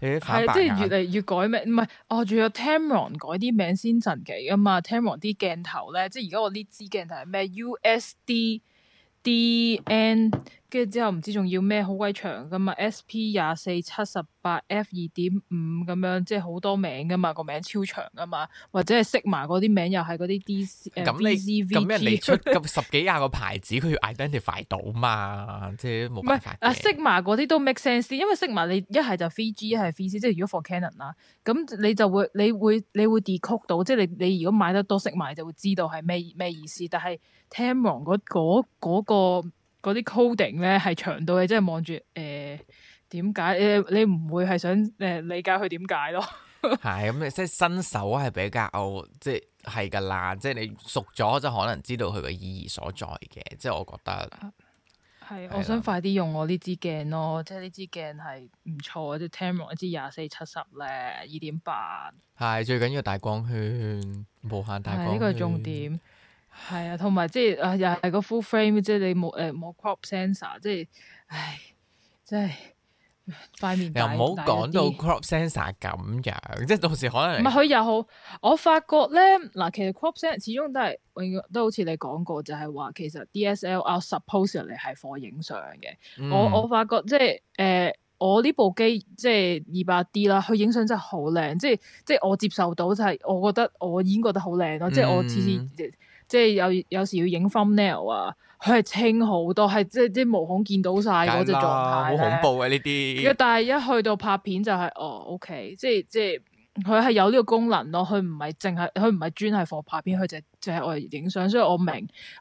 係、哎，即係越嚟越改名，唔係，哦，仲有 Tamron 改啲名先神奇㗎嘛，Tamron 啲鏡頭咧，即係而家我呢支鏡頭係咩 USD DN。USD。跟住之後唔知仲要咩好鬼長噶嘛？S P 廿四七十八 F 二點五咁樣，即係好多名噶嘛，個名超長噶嘛。或者係 Sigma 嗰啲名又係嗰啲 D C 誒、嗯。咁你咁人哋出十幾廿個牌子，佢要 identify 到嘛？即係冇辦法。唔係啊，Sigma 嗰啲都 make sense，因為 Sigma 你一係就 DG，一係 DC，即係如果 for Canon 啦，咁你就會你會你會,會 decode 到，即係你你如果買得多 Sigma 就會知道係咩咩意思。但係 Tamron 嗰嗰、嗰個。嗰個嗰個嗰個嗰啲 coding 咧係長到你真係望住誒點解誒你唔會係想誒、呃、理解佢點解咯？係 (laughs) 咁、嗯，即係新手係比較即係噶啦，即係你熟咗就可能知道佢個意義所在嘅。即係我覺得係，啊、的我想快啲用我呢支鏡咯，即係呢支鏡係唔錯，即係 Tamron 一支廿四七十咧二點八，係最緊要大光圈，無限大光圈呢、這個係重點。係啊，同埋即係又係個 full frame，即係你冇誒冇、呃、crop sensor，即係，唉，真係塊面又唔好講到 crop sensor 咁樣，嗯、即係到時可能唔係佢又好，我發覺咧嗱，其實 crop sensor 始終都係，都好似你講過就係話，其實 DSLR supposedly 係放影相嘅。我我發覺即係誒、呃，我呢部機即係二百 D 啦，佢影相真係好靚，即係即係我接受到就係、是，我覺得我已經覺得好靚咯，即係我次次。嗯即係有有時要影 thumbnail 啊，佢係清好多，係即係啲毛孔見到晒嗰隻狀態，好恐怖啊！呢啲，但係一去到拍片就係、是、哦，OK，即係即係佢係有呢個功能咯，佢唔係淨係佢唔係專係放拍片，佢就就係我嚟影相，所以我明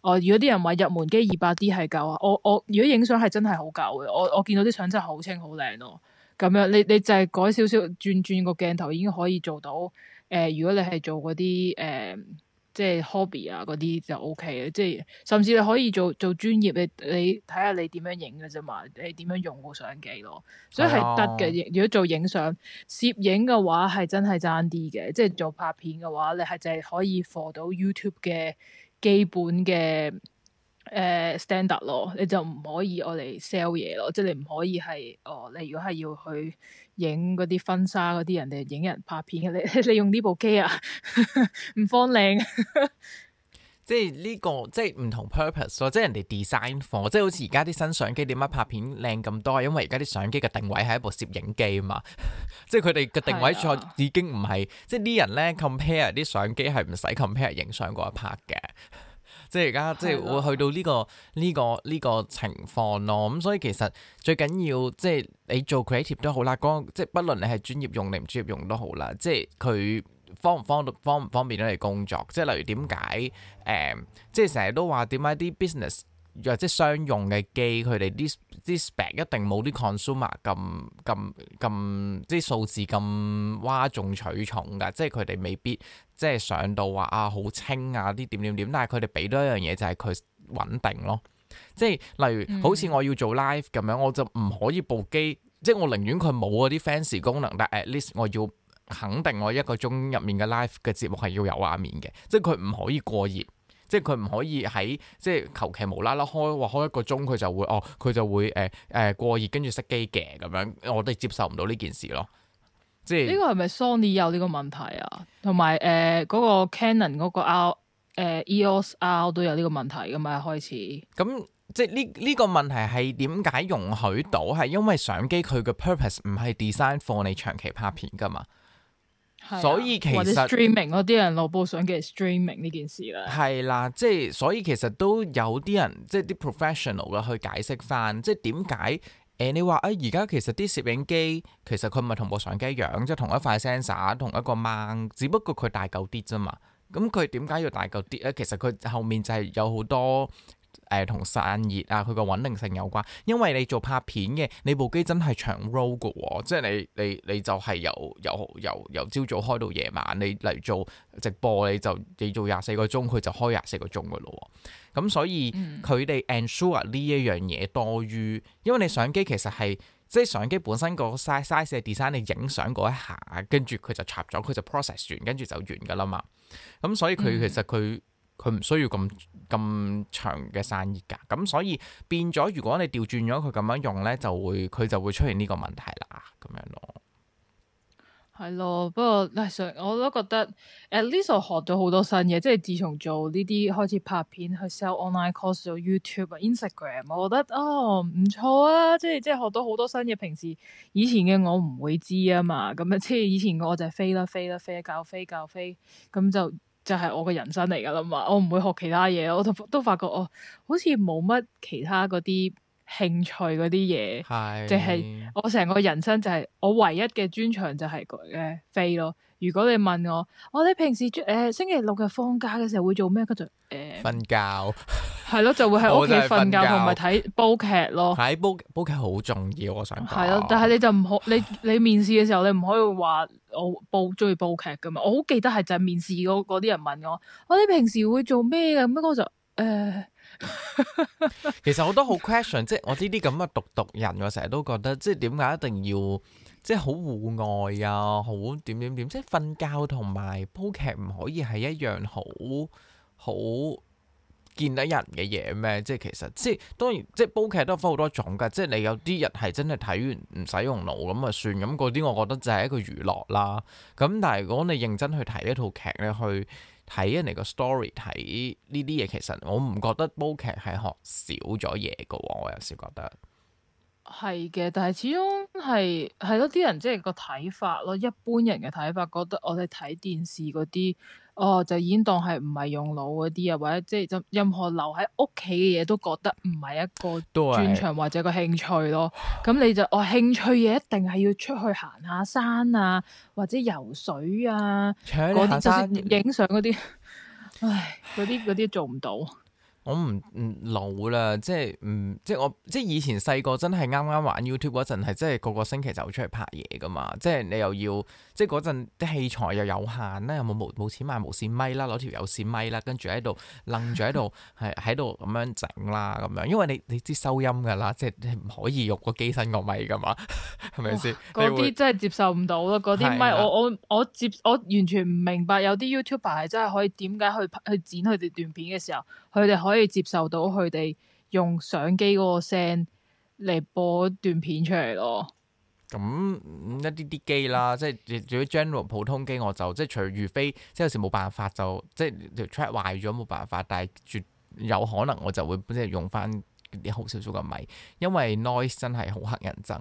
哦。如果啲人話入門機二百 D 係夠啊，我我如果影相係真係好夠嘅，我我見到啲相真係好清好靚咯。咁、啊、樣你你就係改少少轉轉個鏡頭已經可以做到。誒、呃，如果你係做嗰啲誒。呃即係 hobby 啊，嗰啲就 O K 嘅，即係甚至你可以做做專業，你看看你睇下你點樣影嘅啫嘛，你點樣用個相機咯，所以係得嘅。Oh. 如果做影相攝影嘅話，係真係爭啲嘅。即係做拍片嘅話，你係淨係可以 for 到 YouTube 嘅基本嘅誒、呃、standard 咯，你就唔可以我哋 sell 嘢咯，即係你唔可以係哦，你如果係要去。影嗰啲婚紗嗰啲人哋影人拍片，你你用呢部機啊？唔方靚。即係呢個即係唔同 purpose 咯，即係人哋 design for，即係好似而家啲新相機點解拍片靚咁多？因為而家啲相機嘅定位係一部攝影機嘛，即係佢哋嘅定位錯，已經唔係，啊、即係啲人咧 compare 啲相機係唔使 compare 影相嗰一拍嘅。即係而家，的即係會去到呢個呢個呢個情況咯。咁所以其實最緊要，即係你做 creative 都好啦，嗰即係不論你係專業用定唔專業用都好啦。即係佢方唔方方唔方便到你工作。即係例如點解誒，即係成日都話點解啲 business？即係商用嘅機，佢哋啲 spec 一定冇啲 consumer 咁咁咁，啲數字咁嘩眾取寵㗎。即係佢哋未必即係上到話啊好清啊啲點點點。但係佢哋俾多一樣嘢就係、是、佢穩定咯。即係例如好似我要做 live 咁樣，我就唔可以部機，嗯、即係我寧願佢冇嗰啲 fancy 功能，但係 at least 我要肯定我一個鐘入面嘅 live 嘅節目係要有畫面嘅，即係佢唔可以過熱。即係佢唔可以喺即係求其無啦啦開話開一個鐘佢就會哦佢就會誒誒、呃呃、過熱跟住熄機嘅咁樣，我哋接受唔到呢件事咯。即係呢個係咪 Sony 有呢個問題啊？同埋誒嗰個 Canon 嗰個 R、呃、EOS R 都有呢個問題噶嘛？開始咁，嗯、即係呢呢個問題係點解容許到？係因為相機佢嘅 purpose 唔係 design for 你長期拍片噶嘛？所以其實 streaming 嗰啲人攞部相機 streaming 呢件事啦，係啦，即係所以其實都有啲人即係啲 professional 啦去解釋翻，即係點解誒？你話啊，欸，而家其實啲攝影機其實佢唔係同部相機一樣，即係同一塊 sensor 同一個麥，只不過佢大嚿啲啫嘛。咁佢點解要大嚿啲咧？其實佢後面就係有好多。誒同，呃、散熱啊，佢個穩定性有關，因為你做拍片嘅，你部機真係長 road 嘅喎，即係你你你就係由由由由朝早開到夜晚，你嚟做直播，你就你做廿四個鐘，佢就開廿四個鐘嘅咯喎。咁所以佢哋 ensure 呢一樣嘢多於，因為你相機其實係即係相機本身個 size size 嘅 design，你影相嗰一下，跟住佢就插咗，佢就 process 完，跟住就完噶啦嘛。咁所以佢其實佢。嗯嗯佢唔需要咁咁長嘅生意㗎，咁所以變咗，如果你調轉咗佢咁樣用咧，就會佢就會出現呢個問題啦，咁樣咯。係咯，不過嗱，所以我都覺得 at least 我學咗好多新嘢，即係自從做呢啲開始拍片去 sell online course 做 YouTube、Instagram，我覺得哦唔錯啊，即係即係學到好多新嘢，平時以前嘅我唔會知啊嘛，咁啊，即係以前我就係飛啦飛啦飛,飛，教飛教飛，咁就。就係我嘅人生嚟噶啦嘛，我唔會學其他嘢，我都都，都發覺我、哦、好似冇乜其他嗰啲興趣嗰啲嘢，即係係我成個人生就係、是、我唯一嘅專長就係嘅飛咯。如果你問我，我、哦、你平時誒、呃、星期六日放假嘅時候會做咩？跟住誒，瞓、呃、覺係咯，就會喺屋企瞓覺同埋睇煲劇咯。睇煲煲劇好重要，我想講係咯。但係你就唔好，你你面試嘅時候，你唔可以話我煲鍾意煲劇噶嘛？我好記得係就係面試嗰啲人問我，我、哦、哋平時會做咩嘅？咁我就誒，呃、其實我都好 question， (laughs) 即係我呢啲咁嘅讀讀人，我成日都覺得即係點解一定要？即係好戶外啊，好點點點，即係瞓覺同埋煲劇唔可以係一樣好好見得人嘅嘢咩？即係其實，即係當然，即係煲劇都有分好多種噶。即係你有啲人係真係睇完唔使用腦咁就算咁，嗰啲我覺得就係一個娛樂啦。咁但係如果你認真去睇呢套劇咧，去睇人哋個 story，睇呢啲嘢，其實我唔覺得煲劇係學少咗嘢噶。我有時覺得。係嘅，但係始終係係咯，啲人即係個睇法咯。一般人嘅睇法，覺得我哋睇電視嗰啲，哦就已經當係唔係用腦嗰啲啊，或者即係就任何留喺屋企嘅嘢，都覺得唔係一個專長或者個興趣咯。咁對你就哦，興趣嘢一定係要出去行下山啊，或者游水啊，嗰啲，甚至影相嗰啲，唉，嗰啲嗰啲做唔到。我唔唔老啦，即係唔、嗯、即係我即係以前細個真係啱啱玩 YouTube 嗰陣，係即係個個星期就出去拍嘢噶嘛。即係你又要即係嗰陣啲器材又有限啦，有冇冇冇錢買無線咪啦，攞條有線咪啦，跟住喺度楞住喺度係喺度咁樣整啦咁樣。因為你你知收音噶啦，即係你唔可以用個機身個咪噶嘛，係咪先？嗰啲會真係接受唔到咯。嗰啲咪是的 我我我接我完全唔明白，有啲 YouTuber 係真係可以點解去拍去剪佢哋段片嘅時候，佢哋可以。可以接受到佢哋用相機嗰個聲嚟，播段片出嚟咯。咁一啲啲機啦，即係如果 general 普通機，我就即係除除非即係有時冇辦法就即係條 track 壞咗冇辦法，但係絕有可能我就會即係用翻啲好少少嘅米，因爲 noise 真係好乞人憎。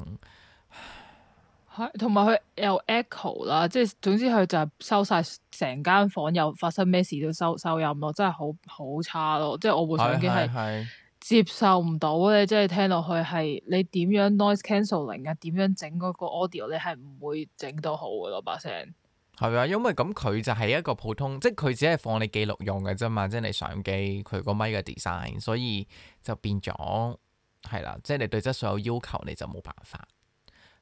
同埋佢有，有 echo 啦，即係總之佢就係收晒成間房，又發生咩事都收收音咯，真係好好差咯。即係我部相機係接受唔到咧，即係聽落去係你點樣 noise canceling 啊，點樣整嗰個 audio，你係唔會整到好嘅咯把聲。係啊，因為咁佢就係一個普通，即係佢只係放你記錄用嘅啫嘛，即係你相機佢個咪嘅 design，所以就變咗係啦。即係你對質素有要求，你就冇辦法。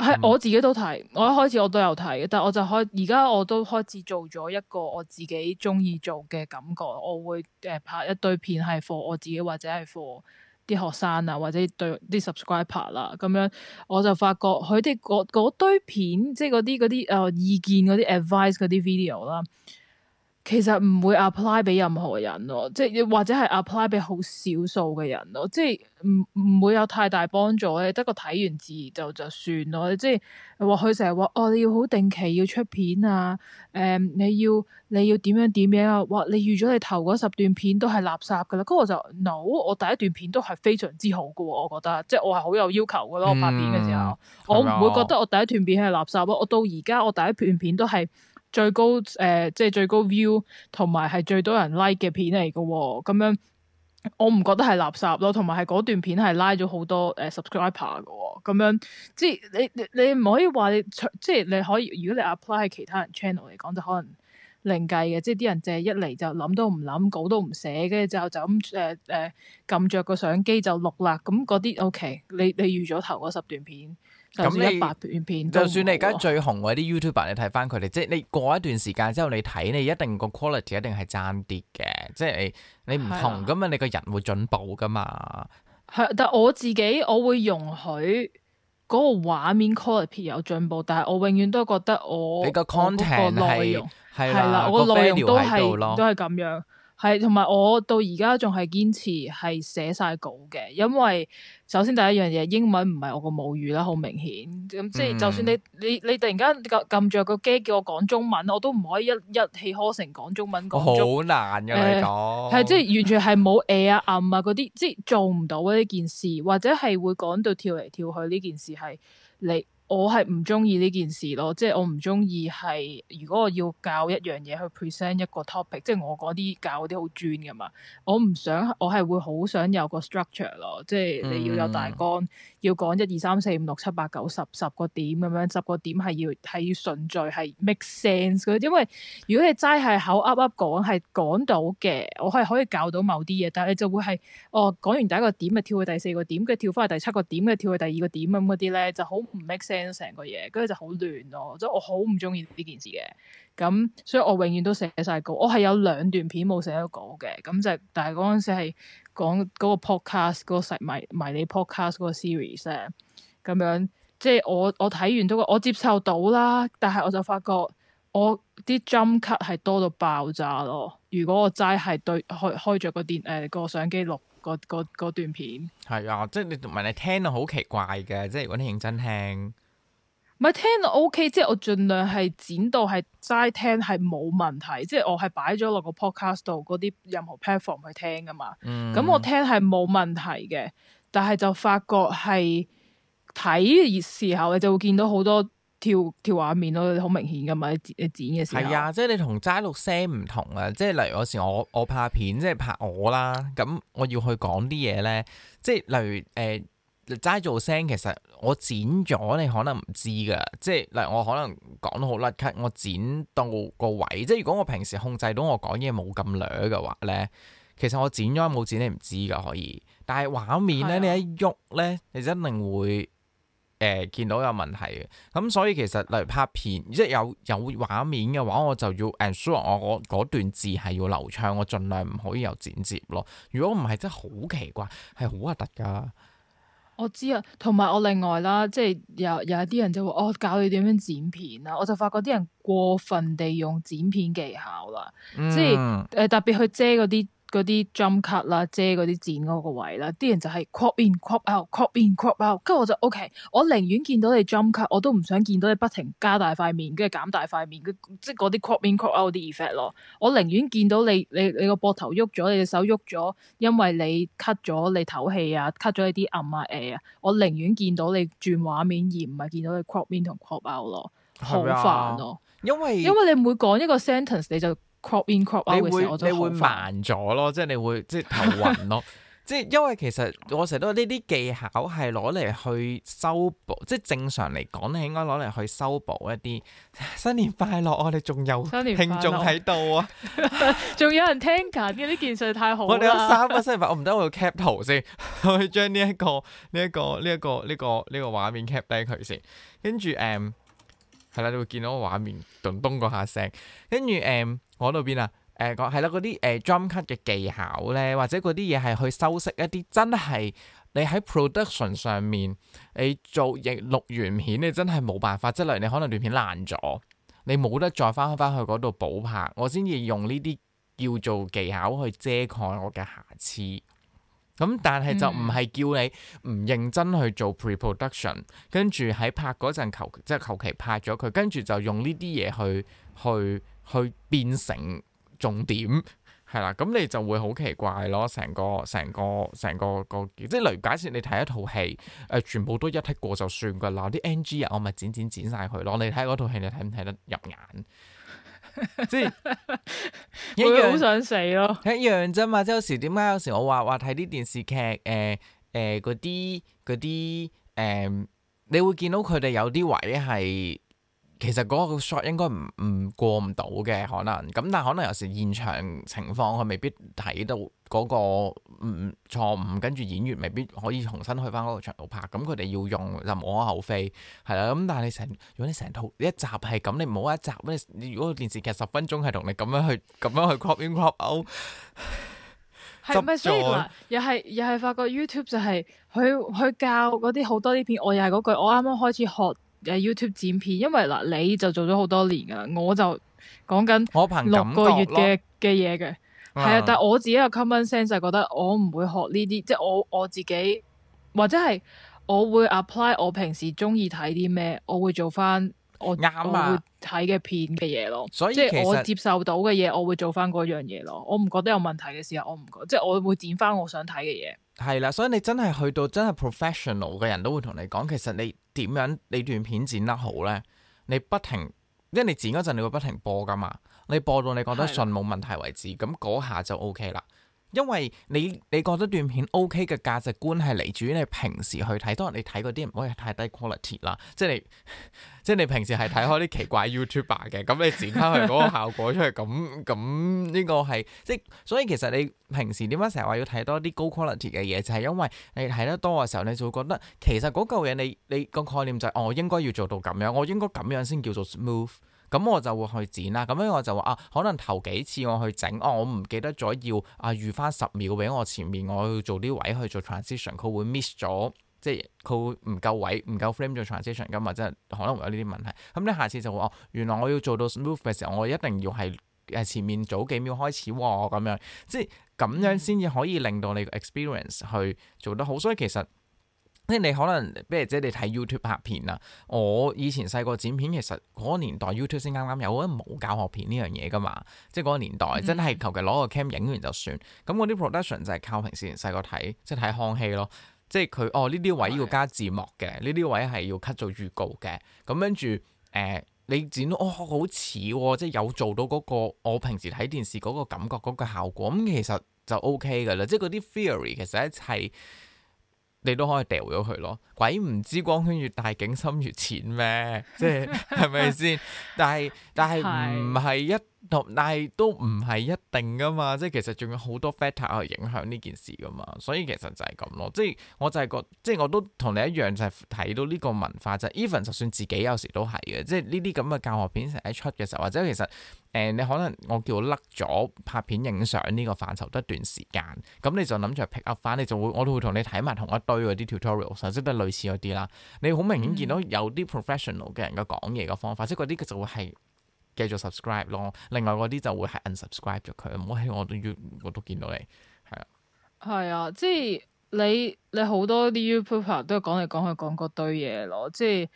係我自己都睇，我一開始我都有睇，但係我就開而家我都開始做咗一個我自己鍾意做嘅感覺，我會誒拍一堆片係 for 我自己或者係 for 啲學生啊，或者對啲 subscriber 啦，咁樣我就發覺佢哋嗰堆片，即係嗰啲嗰啲誒意見、嗰啲 advice、嗰啲 video 啦。其實唔會 apply 俾任何人咯，即係或者係 apply 俾好少數嘅人咯，即係唔唔會有太大幫助咧。得個睇完字就就算咯。即係話佢成日話哦，你要好定期要出片啊，誒、嗯，你要你要點樣點樣啊？話你預咗你頭嗰十段片都係垃圾㗎啦。咁我就 no，我第一段片都係非常之好嘅喎。我覺得即係我係好有要求嘅咯。我拍片嘅時候，嗯、我唔會覺得我第一段片係垃圾咯。吧我到而家我第一段片都係。最高誒、呃，即係最高 view 同埋係最多人 like 嘅片嚟嘅喎，咁樣我唔覺得係垃圾咯，同埋係嗰段片係拉咗好多誒 subscriber 嘅喎，咁、呃哦、樣即係你你你唔可以話你即係你可以，如果你 apply 喺其他人 channel 嚟講，就可能另計嘅，即係啲人淨係一嚟就諗都唔諗，稿都唔寫，跟住之後就咁誒誒撳著個相機就錄啦，咁嗰啲 OK，你你，你預咗頭嗰十段片。咁你片就算你而家最紅嗰啲 YouTuber，你睇翻佢哋，即係你過一段時間之後你睇，你一定個 quality 一定係爭啲嘅。即係你唔紅咁啊，你個人會進步噶嘛。係，但我自己，我會容許嗰個畫面 quality 有進步，但係我永遠都覺得我你個 content 我個 content 係係啦，我個內容，的容都係是都係咁樣。係，同埋我到而家仲係堅持係寫晒稿嘅，因為首先第一樣嘢英文唔係我個母語啦，好明顯。咁即係就算你你你突然間撳撳著個機叫我講中文，我都唔可以一一氣呵成講中文。我好難㗎嚟，講係即係完全係冇 air 暗啊嗰啲，即係做唔到呢件事， (laughs) 或者係會講到跳嚟跳去呢件事係你。我係唔中意呢件事咯，即係我唔中意係如果我要教一樣嘢去 present 一個 topic，即係我講啲教啲好專嘅嘛。我唔想我係會好想有個 structure 咯，即係你要有大綱，要講一二三四五六七八九十十個點咁樣，十個點係要係要順序係 make sense 嘅。因為如果你齋係口噏噏講係講到嘅，我係可以教到某啲嘢，但係你就會係哦講完第一個點咪跳去第四個點，跟住跳翻去第七個點，跟住跳去第二個點咁，嗰啲咧就好唔 make sense。成個嘢，跟住就好亂咯，啊，即係我好唔中意呢件事嘅。咁所以我永遠都寫晒稿，我係有兩段片冇寫到稿嘅，咁就但係嗰陣時係講嗰、嗰個 podcast 嗰個迷迷你 podcast 嗰個 series 啊，咁樣即係我我睇完都我接受到啦，但係我就發覺我啲 jump cut 係多到爆炸咯，如果我齋係對開開著個電誒、呃、個相機錄嗰段片，係啊，即係你同埋你聽到好奇怪嘅，即係如果你認真聽。咪聽到 OK，即係我盡量係剪到係齋聽係冇問題，即係我係擺咗落個 podcast 度嗰啲任何 platform 去聽㗎嘛。咁、嗯、我聽係冇問題嘅，但係就發覺係睇嘅時候，你就會見到好多跳跳畫面咯，好明顯㗎嘛。你剪嘅時候係啊，即係你同齋錄聲唔同啊。即係例如嗰時我我拍片，即係拍我啦，咁我要去講啲嘢咧，即係例如誒。呃齋做聲，其實我剪咗你可能唔知噶，即係嗱，我可能講得好甩咳，我剪到個位，即係如果我平時控制到我講嘢冇咁嘅話咧，其實我剪咗冇剪你唔知噶可以，但係畫面咧、啊、你一喐咧，你一定會誒、呃、見到有問題嘅。咁所以其實例如拍片，即係有有畫面嘅話，我就要 ensure 我我嗰段字係要流暢，我盡量唔可以有剪接咯。如果唔係真係好奇怪，係好核突噶。我知啊，同埋我另外啦，即係有有一啲人就話我、哦、教你點樣剪片啦、啊，我就發覺啲人過分地用剪片技巧啦，嗯、即係誒、呃、特別去遮嗰啲。嗰啲 jump cut 啦，遮嗰啲剪嗰個位啦，啲人就係 crop, crop in crop out，crop in crop out，跟住我就 O、okay, K，我寧願見到你 jump cut，我都唔想見到你不停加大塊面，跟住減大塊面，即係嗰啲 crop in crop out 啲 effect 咯。我寧願見到你你你個膊頭喐咗，你隻手喐咗，因為你 cut 咗你唞氣啊，cut 咗你啲暗啊誒啊，我寧願見到你轉畫面而唔係見到你 crop in 同 crop out 咯，好煩咯，因為因為你每講一個 sentence 你就。In, crop in crop out 你會煩你會慢咗咯，即係你會即係頭暈咯， (laughs) 即係因為其實我成日都話呢啲技巧係攞嚟去修補，即係正常嚟講咧，你應該攞嚟去修補一啲新、啊啊、新年快樂，我哋仲有聽眾喺度啊，仲有人聽緊嘅，呢件事太好啦。 (laughs) 我哋有三個新發，我唔得我要 cap 圖先，我要將呢一個呢一、這個呢一、這個呢、這個呢、這個這個畫面 cap 低佢先，跟住誒。嗯係啦，你會見到個畫面咚咚嗰下聲，跟住誒，講到邊啊？誒、嗯，講，係啦，嗰啲誒 drum cut 嘅技巧咧，或者嗰啲嘢係去修飾一啲真係你喺 production 上面你做亦錄完片，你真係冇辦法，即係例如你可能段片爛咗，你冇得再翻翻去嗰度補拍，我先至用呢啲叫做技巧去遮蓋我嘅瑕疵。咁但係就唔係叫你唔認真去做 pre-production，跟住喺拍嗰陣求即係求其拍咗佢，跟住就用呢啲嘢去去去變成重點，係啦，咁你就會好奇怪咯。成個成個成個個即係例如解，假設你睇一套戲，誒全部都一剔過就算噶啦，啲 NG 啊，我咪剪剪剪晒佢咯。你睇嗰套戲，你睇唔睇得入眼？ (laughs) 即係？一樣好想死咯，啊！一樣啫嘛，即有時點解有時我話話睇啲電視劇，誒誒嗰啲嗰啲誒，你會見到佢哋有啲位係～其實嗰個 shot 應該唔唔過唔到嘅可能，咁但係可能有時現場情況佢未必睇到嗰個嗯錯誤，跟住演員未必可以重新去返嗰個場度拍，咁佢哋要用就無可厚非係啦。咁但係你成如果你成套一集係咁，你唔好一集你如果電視劇十分鐘係同你咁樣去咁樣去 crop in crop out，執又係又係發覺 YouTube 就係佢佢教嗰啲好多啲片，我又係嗰句，我啱啱開始學。誒，YouTube 剪片，因為嗱你就做咗好多年噶啦，我就講緊六個月嘅嘅嘢嘅，係啊、嗯，但係我自己個 common sense 係覺得我唔會學呢啲，即係我我自己或者係我會 apply 我平時中意睇啲咩，我會做翻我啱啊睇嘅片嘅嘢咯，所以即係我接受到嘅嘢，我會做翻嗰樣嘢咯，我唔覺得有問題嘅時候，我唔覺得即係我會剪翻我想睇嘅嘢。係啦，所以你真係去到真係 professional 嘅人都會同你講，其實你點樣你段片剪得好呢？你不停，因為你剪嗰陣你會不停播噶嘛，你播到你覺得順冇問題為止，咁嗰的下就 OK 啦。因為你你覺得段片 OK 嘅價值觀係嚟自你平時去睇，當然你睇嗰啲唔可以太低 quality 啦，即係你。 (laughs) 即係你平時係睇開啲奇怪 YouTuber 嘅，咁你剪翻佢嗰個效果出嚟，咁咁呢個係即所以其實你平時點解成日話要睇多啲高 quality 嘅嘢，就係、是、因為你睇得多嘅時候，你就會覺得其實嗰嚿嘢你你個概念就係、是哦，我應該要做到咁樣，我應該咁樣先叫做 smooth，咁我就會去剪啦。咁樣我就話啊，可能頭幾次我去整，哦、啊，我唔記得咗要啊預翻十秒俾我前面，我要做啲位去做 transition，佢會 miss 咗。即係佢會唔夠位，唔夠 frame 做 transition 㗎嘛，即係可能會有呢啲問題。咁、嗯、你下次就話哦，原來我要做到 smooth 嘅時候，我一定要係係前面早幾秒開始喎、哦，咁樣即係咁樣先至可以令到你個 experience 去做得好。所以其實即係你可能，比如即係你睇 YouTube 拍片啊，我以前細個剪片，其實嗰個年代 YouTube 先啱啱有，嗰陣冇教學片呢樣嘢噶嘛。即係嗰個年代真係求其攞個 cam 影完就算。咁我啲 production 就係靠平時人細個睇，即係睇康熙咯。即係佢哦，呢啲位要加字幕嘅，呢啲位係要 cut 做預告嘅。咁跟住誒，你剪到哦，好似、哦、即係有做到嗰個我平時睇電視嗰個感覺嗰個效果。咁、嗯、其實就 OK 嘅啦。即係嗰啲 theory 其實一切你都可以掉咗佢咯。鬼唔知光圈越大景深越淺咩？即係係咪先？但係但係唔係一。同但係都唔係一定噶嘛，即係其實仲有好多 factor 去影響呢件事噶嘛，所以其實就係咁咯。即係我就係覺得，即係我都同你一樣，就係睇到呢個文化就 even 就算自己有時都係嘅，即係呢啲咁嘅教學片成日出嘅時候，或者其實誒、呃、你可能我叫我甩咗拍片影相呢個範疇得一段時間，咁你就諗住 pick up 翻，你就會我都會同你睇埋同一堆嗰啲 tutorial，實質都係類似嗰啲啦。你好明顯見到有啲 professional 嘅人嘅講嘢嘅方法，嗯、即係嗰啲佢就會係。繼續 subscribe 咯，另外嗰啲就會係 unsubscribe 咗佢，唔好喺我都要，我都見到你，係啊，係啊，即係你你好多啲 YouTuber 都係講嚟講去講嗰堆嘢咯，即係。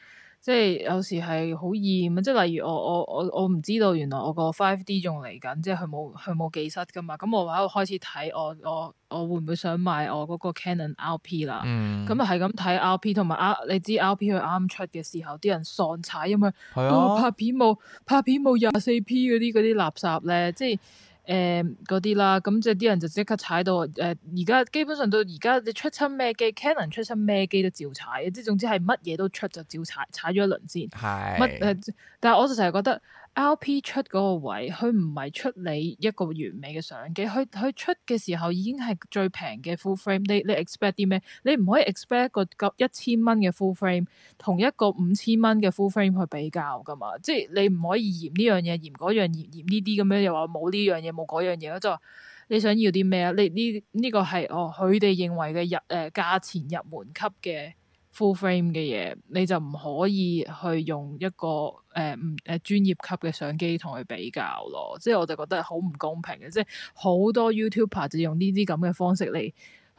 即係有時係好厭啊！即係例如我我我我唔知道原來我個 5D 仲嚟緊，即係佢冇佢冇記失噶嘛。咁我話開始睇，我我我會唔會想買我嗰個 Canon、嗯、RP 啦？咁啊係咁睇 RP 同埋 R，你知 RP 佢啱出嘅時候啲人喪踩，因為的、哦、拍片冇拍片冇廿四 P 嗰啲啲垃圾咧，即係。誒嗰啲啦，咁即係啲人就即刻踩到誒，而家基本上到而家你出親咩機是，Canon 出親咩機都照踩，即係總之係乜嘢都出就照踩，踩咗一輪先。係是。乜誒、呃？但係我就成日覺得。L.P 出嗰個位，佢唔係出你一個完美嘅相機，佢佢出嘅時候已經係最平嘅 full frame 你。你你 expect 啲咩？你唔可以 expect 一個一千蚊嘅 full frame，同一個五千蚊嘅 full frame 去比較噶嘛？即係你唔可以嫌呢樣嘢，嫌嗰樣，嫌嫌呢啲咁樣，又話冇呢樣嘢，冇嗰樣嘢。咁就你想要啲咩啊？你呢呢、這個係哦，佢哋認為嘅入誒價錢入門級嘅。full frame 嘅嘢，你就唔可以去用一個誒唔誒專業級嘅相機同佢比較咯，即係我就覺得好唔公平嘅，即係好多 YouTuber 就用呢啲咁嘅方式嚟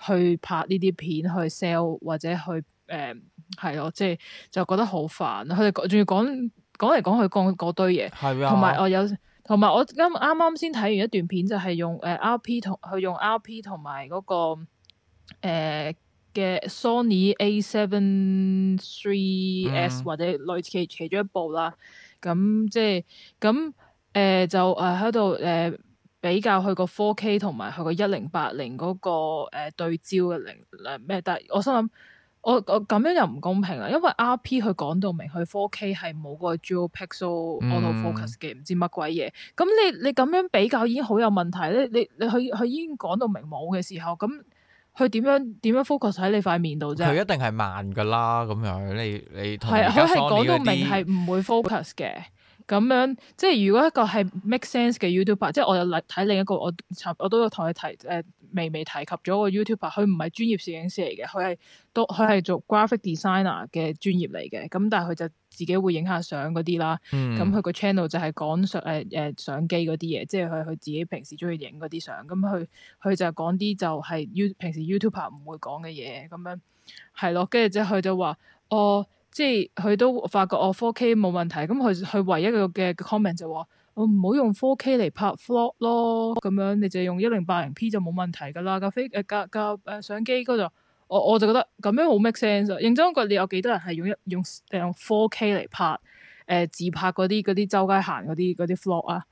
去拍呢啲片去 sell 或者去誒係咯，即係就覺得好煩，佢哋仲要講講嚟講去講嗰堆嘢，係啊，同埋我有同埋我啱啱啱先睇完一段片就係用誒、呃、RP 同佢用 RP 同埋嗰個誒。呃嘅 Sony A7III S, S, A S, S,、嗯、 或者類似其其中一部啦，咁即係咁誒就誒喺度誒比較佢、那個 4K 同埋佢個一零八零嗰個誒對焦嘅零誒咩？但係我心諗我我咁樣又唔公平啦，因為 R P 佢講到明佢 4K 係冇個 dual pixel autofocus 嘅，唔、嗯、知乜鬼嘢。咁你你咁樣比較已經好有問題咧。你你佢佢已經講到明冇嘅時候咁。佢點樣點樣 focus 喺你塊面度啫？佢一定係慢㗎啦，咁樣你你係佢係講到明係唔會 focus 嘅。咁樣即係如果一個係 make sense 嘅 YouTuber，即係我又睇另一個我，我都有同佢提誒、呃、微微提及咗個 YouTuber，佢唔係專業攝影師嚟嘅，佢係都佢係做 graphic designer 嘅專業嚟嘅，咁但係佢就。自己會影下相嗰啲啦，咁佢個 channel 就係講相誒相機嗰啲嘢，即係佢佢自己平時中意影嗰啲相，咁佢佢就講啲就係平時 YouTuber 唔會講嘅嘢，咁樣係咯，跟住之後佢就話哦、呃，即係佢都發覺我 4K 冇問題，咁佢佢唯一個嘅 comment 就話我唔好用 4K 嚟拍 vlog 咯，咁樣你就用一零八零 P 就冇問題噶啦，架飛架架誒相機嗰度。我我就覺得咁樣好 make sense 啊！認真講，你有幾多人係用一用誒用 4K 嚟拍誒、呃、自拍嗰啲啲周街行嗰啲啲 vlog 啊？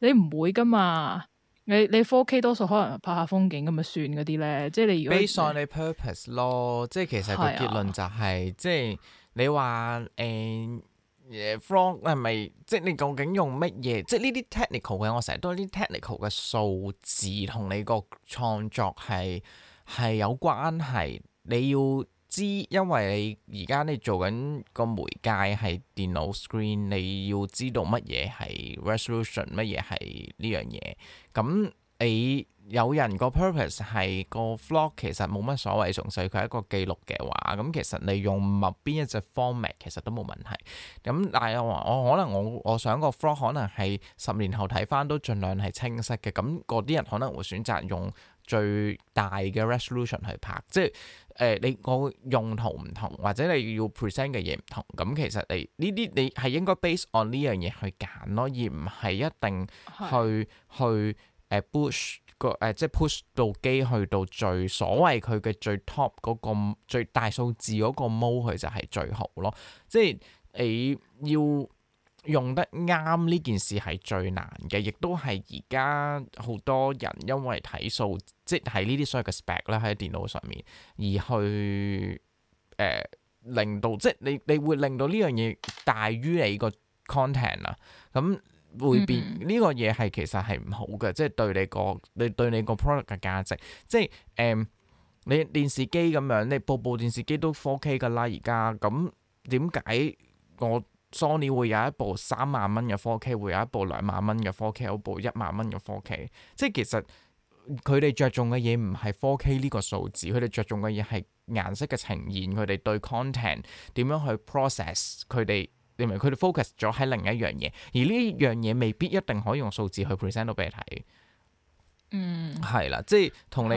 你唔會噶嘛？你你 4K 多數可能拍下風景咁咪算嗰啲咧？即係你如果 base on 你 purpose 咯，即係其實個結論就係、是啊、即係你話誒誒 vlog 係咪？即係你究竟用乜嘢？即係呢啲 technical 嘅，我成日都係啲 technical 嘅數字同你個創作係。係有關係，你要知，因為你而家你做緊個媒介係電腦 screen，你要知道乜嘢係 resolution，乜嘢係呢樣嘢。咁你有人 purpose 個 purpose 係個 vlog，其實冇乜所謂，從細佢係一個記錄嘅話，咁其實你用埋邊一隻 format 其實都冇問題。咁但係我我可能我我想個 vlog 可能係十年後睇返都盡量係清晰嘅。咁嗰啲人可能會選擇用。最大嘅 resolution 去拍，即係誒、呃，你我用途唔同，或者你要 present 嘅嘢唔同，咁其實你呢啲你係應該 base on 呢樣嘢去揀咯，而唔係一定去是去誒、呃、push 個、呃、誒即係 push 到機去到最所謂佢嘅最 top 嗰、那個最大數字嗰個 model 佢就係最好咯。即係你要。用得啱呢件事係最難嘅，亦都係而家好多人因為睇數，即係呢啲所有嘅 spec 啦，喺電腦上面，而去誒、呃、令到即係你，你會令到呢樣嘢大於你個 content 啊，咁會變呢、嗯、哼個嘢係其實係唔好嘅，即係對你個你對你個 product 嘅價值，即係誒、呃、你電視機咁樣，你部部電視機都 4K 噶啦，而家咁點解我？Sony 會有一部三萬蚊嘅 4K，會有一部兩萬蚊嘅 4K，有部一萬蚊嘅 4K。即係其實佢哋着重嘅嘢唔係 4K 呢個數字，佢哋着重嘅嘢係顏色嘅呈現，佢哋對 content 點樣去 process，佢哋認為佢哋 focus 咗喺另一樣嘢，而呢一樣嘢未必一定可以用數字去 present 到俾你睇。嗯，係啦，即係同你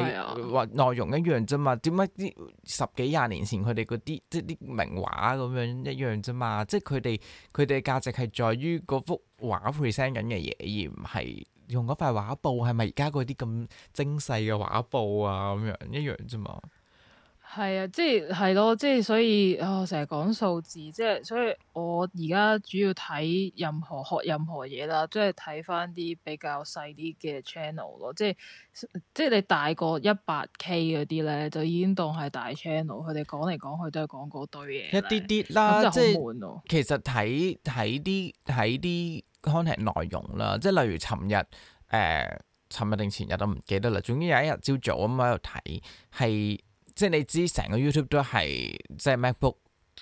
話內容一樣啫嘛。點解啲十幾廿年前佢哋嗰啲即係啲名畫咁樣一樣啫嘛？即係佢哋佢哋價值係在於嗰幅畫 present 緊嘅嘢，而唔係用嗰塊畫布係咪而家嗰啲咁精細嘅畫布啊咁樣一樣啫嘛。係啊，即係係咯，即係所以啊，成日講數字，即係所以我而家主要睇任何學任何嘢啦，即係睇翻啲比較細啲嘅 channel 咯，即係即係你大過一百 K 嗰啲咧，就已經當係大 channel。佢哋講嚟講去都係講嗰堆嘢。一啲啲啦，就悶咯，即係其實睇睇啲睇啲 content 內容啦，即係例如尋日誒，尋日定前日都唔記得啦。總之有一日朝早咁喺度睇係。即係你知，成個 YouTube 都係即係 MacBook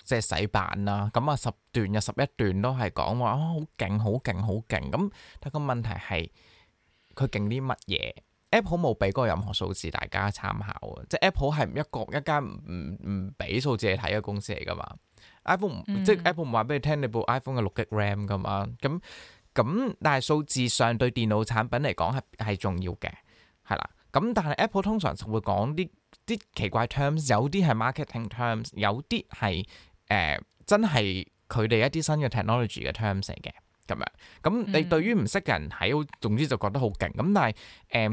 即係洗版啦。咁啊，十段有十一段都係講話好勁，好勁，好勁。咁但個問題係佢勁啲乜嘢？Apple 冇俾過任何數字大家參考啊。即係 Apple 係一個一間唔唔俾數字嚟睇嘅公司嚟噶嘛。iPhone、嗯、即係 Apple 唔話俾你聽你部 iPhone 係六 G RAM 噶嘛。咁咁但係數字上對電腦產品嚟講係係重要嘅係啦。咁但係 Apple 通常就會講啲。啲奇怪 terms，有啲係 marketing terms，有啲係誒真係佢哋一啲新嘅 technology 嘅 terms 嚟嘅咁樣，咁你對於唔識嘅人睇，總之就覺得好勁，咁但係誒、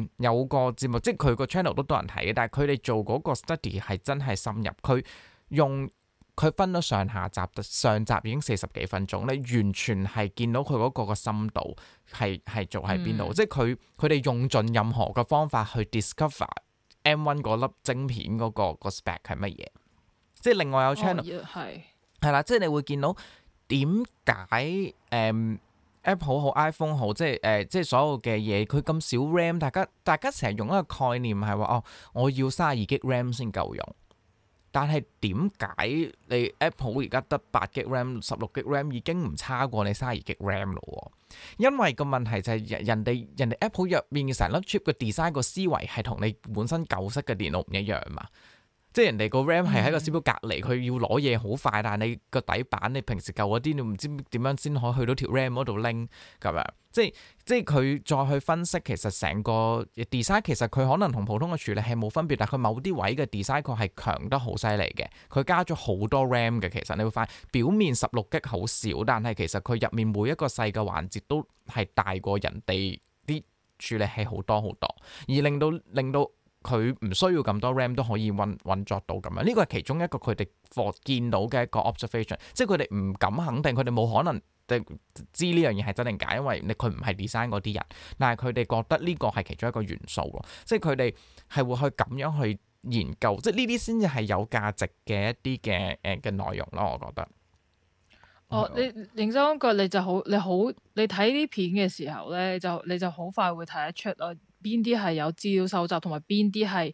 呃、有個節目，即係佢個 channel 都多人睇嘅，但係佢哋做嗰個 study 係真係深入。佢用佢分咗上下集，上集已經四十幾分鐘，你完全係見到佢嗰個深度係係做喺邊度。嗯、即係佢佢哋用盡任何嘅方法去 discover。M1 嗰粒晶片，嗰個，嗰個 spec 係乜嘢？即係另外有 channel 係。係啦，哦，即係你會見到點解誒 Apple 好 iPhone 好，即係誒、呃、即係所有嘅嘢佢咁少 RAM，大家大家成日用一個概念係話哦，我要三十二 G RAM 先夠用。但係點解你 Apple 而家得八 G RAM、十六 G RAM 已經唔差過你卅二 G RAM 咯？因為個問題就係人人哋人哋 Apple 入面嘅成粒 chip 嘅 design 個思維係同你本身舊式嘅電腦唔一樣嘛。即係人哋個 RAM 係喺個 CPU 隔離，佢要攞嘢好快。但係你個底板，你平時舊嗰啲，你唔知點樣先可以去到條 RAM 度拎咁樣，即係即係佢再去分析，其實成個 design 其實佢可能同普通嘅處理器冇分別，但係佢某啲位嘅 design 確係強得好犀利嘅。佢加咗好多 RAM 嘅，其實你會發現表面十六 G 好少，但係其實佢入面每一個細嘅環節都係大過人哋啲處理器好多好多，而令到令到。佢唔需要咁多 RAM 都可以運運作到咁樣，呢個係其中一個佢哋個見到嘅一個 observation，即係佢哋唔敢肯定，佢哋冇可能的知呢樣嘢係真定假，因為你佢唔係 design 嗰啲人，但係佢哋覺得呢個係其中一個元素咯，即係佢哋係會去咁樣去研究，即係呢啲先至係有價值嘅一啲嘅誒嘅內容咯，我覺得。哦，你認真講，你就好，你好，你睇啲片嘅時候咧，就你就好快會睇得出咯。邊啲係有資料蒐集，同埋邊啲係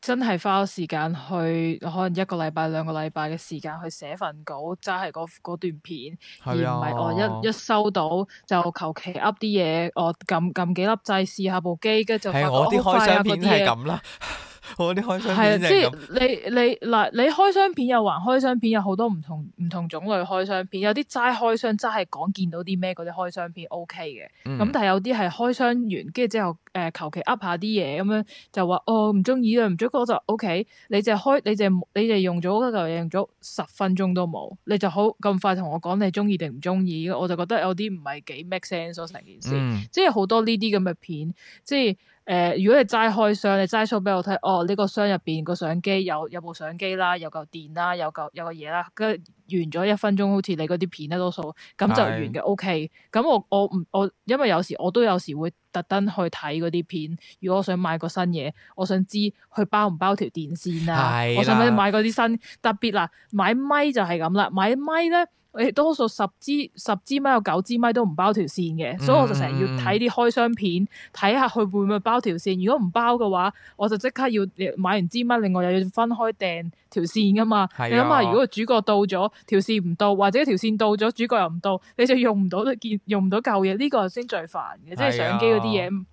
真係花咗時間去，可能一個禮拜兩個禮拜嘅時間去寫份稿，就係嗰段片，啊、而唔係我一一收到就求其噏啲嘢，我撳撳幾粒掣試下部機，跟住就係我啲開箱片都係咁啦。 (laughs) 我啲、哦、開箱係啊，即係你你嗱，你開箱片又還開箱片，有好多唔同唔同種類開箱片，有啲齋開箱齋係講見到啲咩嗰啲開箱片 O K 嘅，咁、嗯、但係有啲係開箱完跟住之後誒求其 Up 下啲嘢咁樣就話哦，唔中意啊，唔中意，就 O、OK, K，你就開你就你就用咗嗰嚿嘢用咗十分鐘都冇，你就好咁快同我講你中意定唔中意，我就覺得有啲唔係幾 make sense 成件事，嗯、即係好多呢啲咁嘅片，即係。誒、呃，如果你齋開箱，你齋 show 畀我睇，哦，呢、這個箱入邊個相機有有部相機啦，有嚿電啦，有嚿有個嘢啦，咁、嗯。完咗一分鐘，好似你嗰啲片咧，多數咁就完嘅。OK，咁我我唔我，因為有時我都有時會特登去睇嗰啲片。如果我想買個新嘢，我想知佢包唔包條電線啊？是的 我想唔想買嗰啲新？特別嗱，買咪就係咁啦。買咪咧，我多數十支十支咪有九支咪都唔包條線嘅，嗯、所以我就成日要睇啲開箱片，睇下佢會唔會包條線。如果唔包嘅話，我就即刻要買完支咪，另外又要分開訂。條線㗎嘛，是的 你諗下如果個主角到咗條線唔到，或者條線到咗主角又唔到，你就用唔到啲見用唔到舊嘢，呢、呢個先最煩嘅，是的 即係相機嗰啲嘢。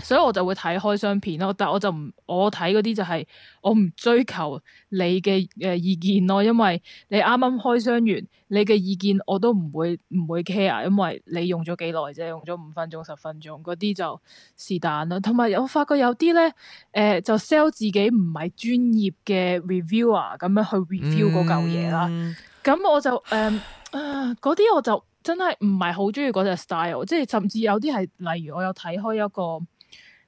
所以我就會睇開箱片咯，但係我就唔我睇嗰啲就係我唔追求你嘅誒意見咯，因為你啱啱開箱完，你嘅意見我都唔會唔會 care，因為你用咗幾耐啫，用咗五分鐘、十分鐘嗰啲就是但啦。同埋我發覺有啲咧誒就 sell 自己唔係專業嘅 reviewer 咁樣去 review 嗰嚿嘢、嗯、啦，咁我就誒嗰啲我就真係唔係好中意嗰隻 style，即係甚至有啲係例如我有睇開一個。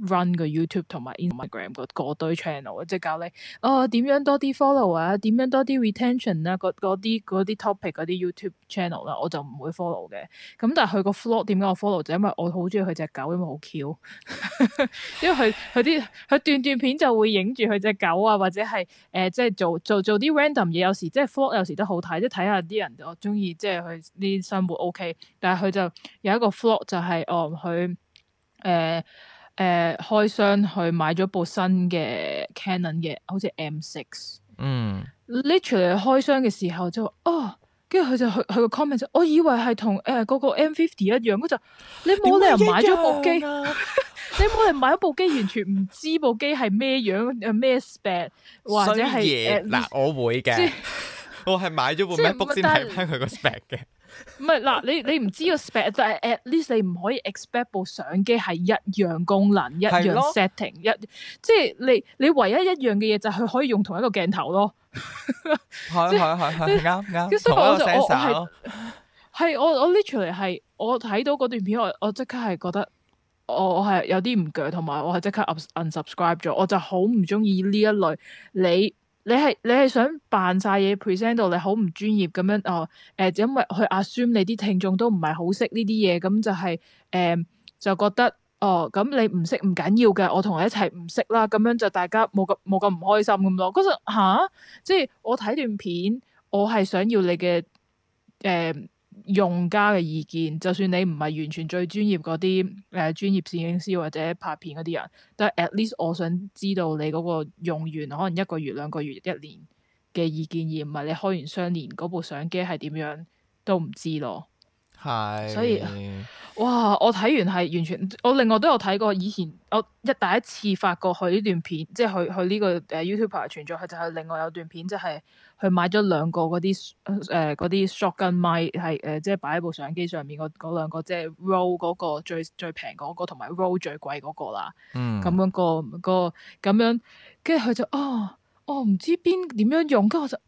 run 個 YouTube 同埋 Instagram 嗰堆 channel，即係、就是、教你哦點樣多啲 follow 啊，點樣多啲 retention 啊。嗰啲啲 topic 嗰啲 YouTube channel 啦，我就唔會 follow 嘅。咁但係佢個 vlog 點解我 follow 就因為我好中意佢隻狗，因為好 Q。 (laughs) 因為佢佢啲佢段段片就會影住佢隻狗啊，或者係誒即係做做做啲 random 嘢。有時即係 vlog 有時都好睇，即係睇下啲人我中意即係佢啲生活 OK。但係佢就有一個 vlog 就係、是、哦佢誒。誒、呃，開箱去買咗部新嘅 Canon 嘅，好似 M6。嗯，Literally 開箱嘅時候就哦，跟住佢就去佢個 comment 我以為係同誒嗰個,個 M50 一樣，佢就你冇理由買咗部機，啊、 (laughs) 你冇理由買咗部機，完全唔知部機係咩樣咩 spec 或者係嗱然、呃，我會嘅， (laughs) (laughs) (laughs) 我係買咗部 MacBook 先睇翻佢個 spec 嘅。 (laughs) 唔係嗱，你你唔知個 spec，但係 at least 你唔可以 expect 部相機係一樣功能，是咯 一樣 setting，咯一即係你你唯一一樣嘅嘢就係佢可以用同一個鏡頭咯是的。係係係係啱啱。欸嗯、所以我就我係我我 literally 係我睇到嗰段片，我我即刻係覺得我我係有啲唔鋸，同埋我係即刻 unsubscribe 咗，我就好唔中意呢一類你。你係你係想扮晒嘢 present 到你好唔專業咁樣哦？誒、呃，因為去 assume 你啲聽眾都唔係好識呢啲嘢，咁就係、是、誒、呃、就覺得哦，咁你唔識唔緊要嘅，我同你一齊唔識啦，咁樣就大家冇咁冇咁唔開心咁咯。嗰陣嚇，即係我睇段片，我係想要你嘅誒。呃用家嘅意見，就算你唔係完全最專業、呃、專業嗰啲誒專業攝影師或者拍片嗰啲人，但係 at least 我想知道你嗰個用完可能一個月、兩個月、一年嘅意見，而唔係你開完箱連嗰部相機係點樣都唔知咯。係，是所以哇！我睇完係完全，我另外都有睇過以前，我一第一次發覺佢呢段片，即係佢佢呢個誒 YouTuber 存在，佢就係另外有段片，即係佢買咗兩個嗰啲誒啲 shotgun 麥，係、呃、誒即係擺喺部相機上面嗰嗰兩個，即係 roll 嗰個最最平嗰、嗰個，同埋 roll 最貴嗰、嗰個啦。咁樣個個咁樣，跟住佢就哦，我唔知邊點樣用，跟住我就。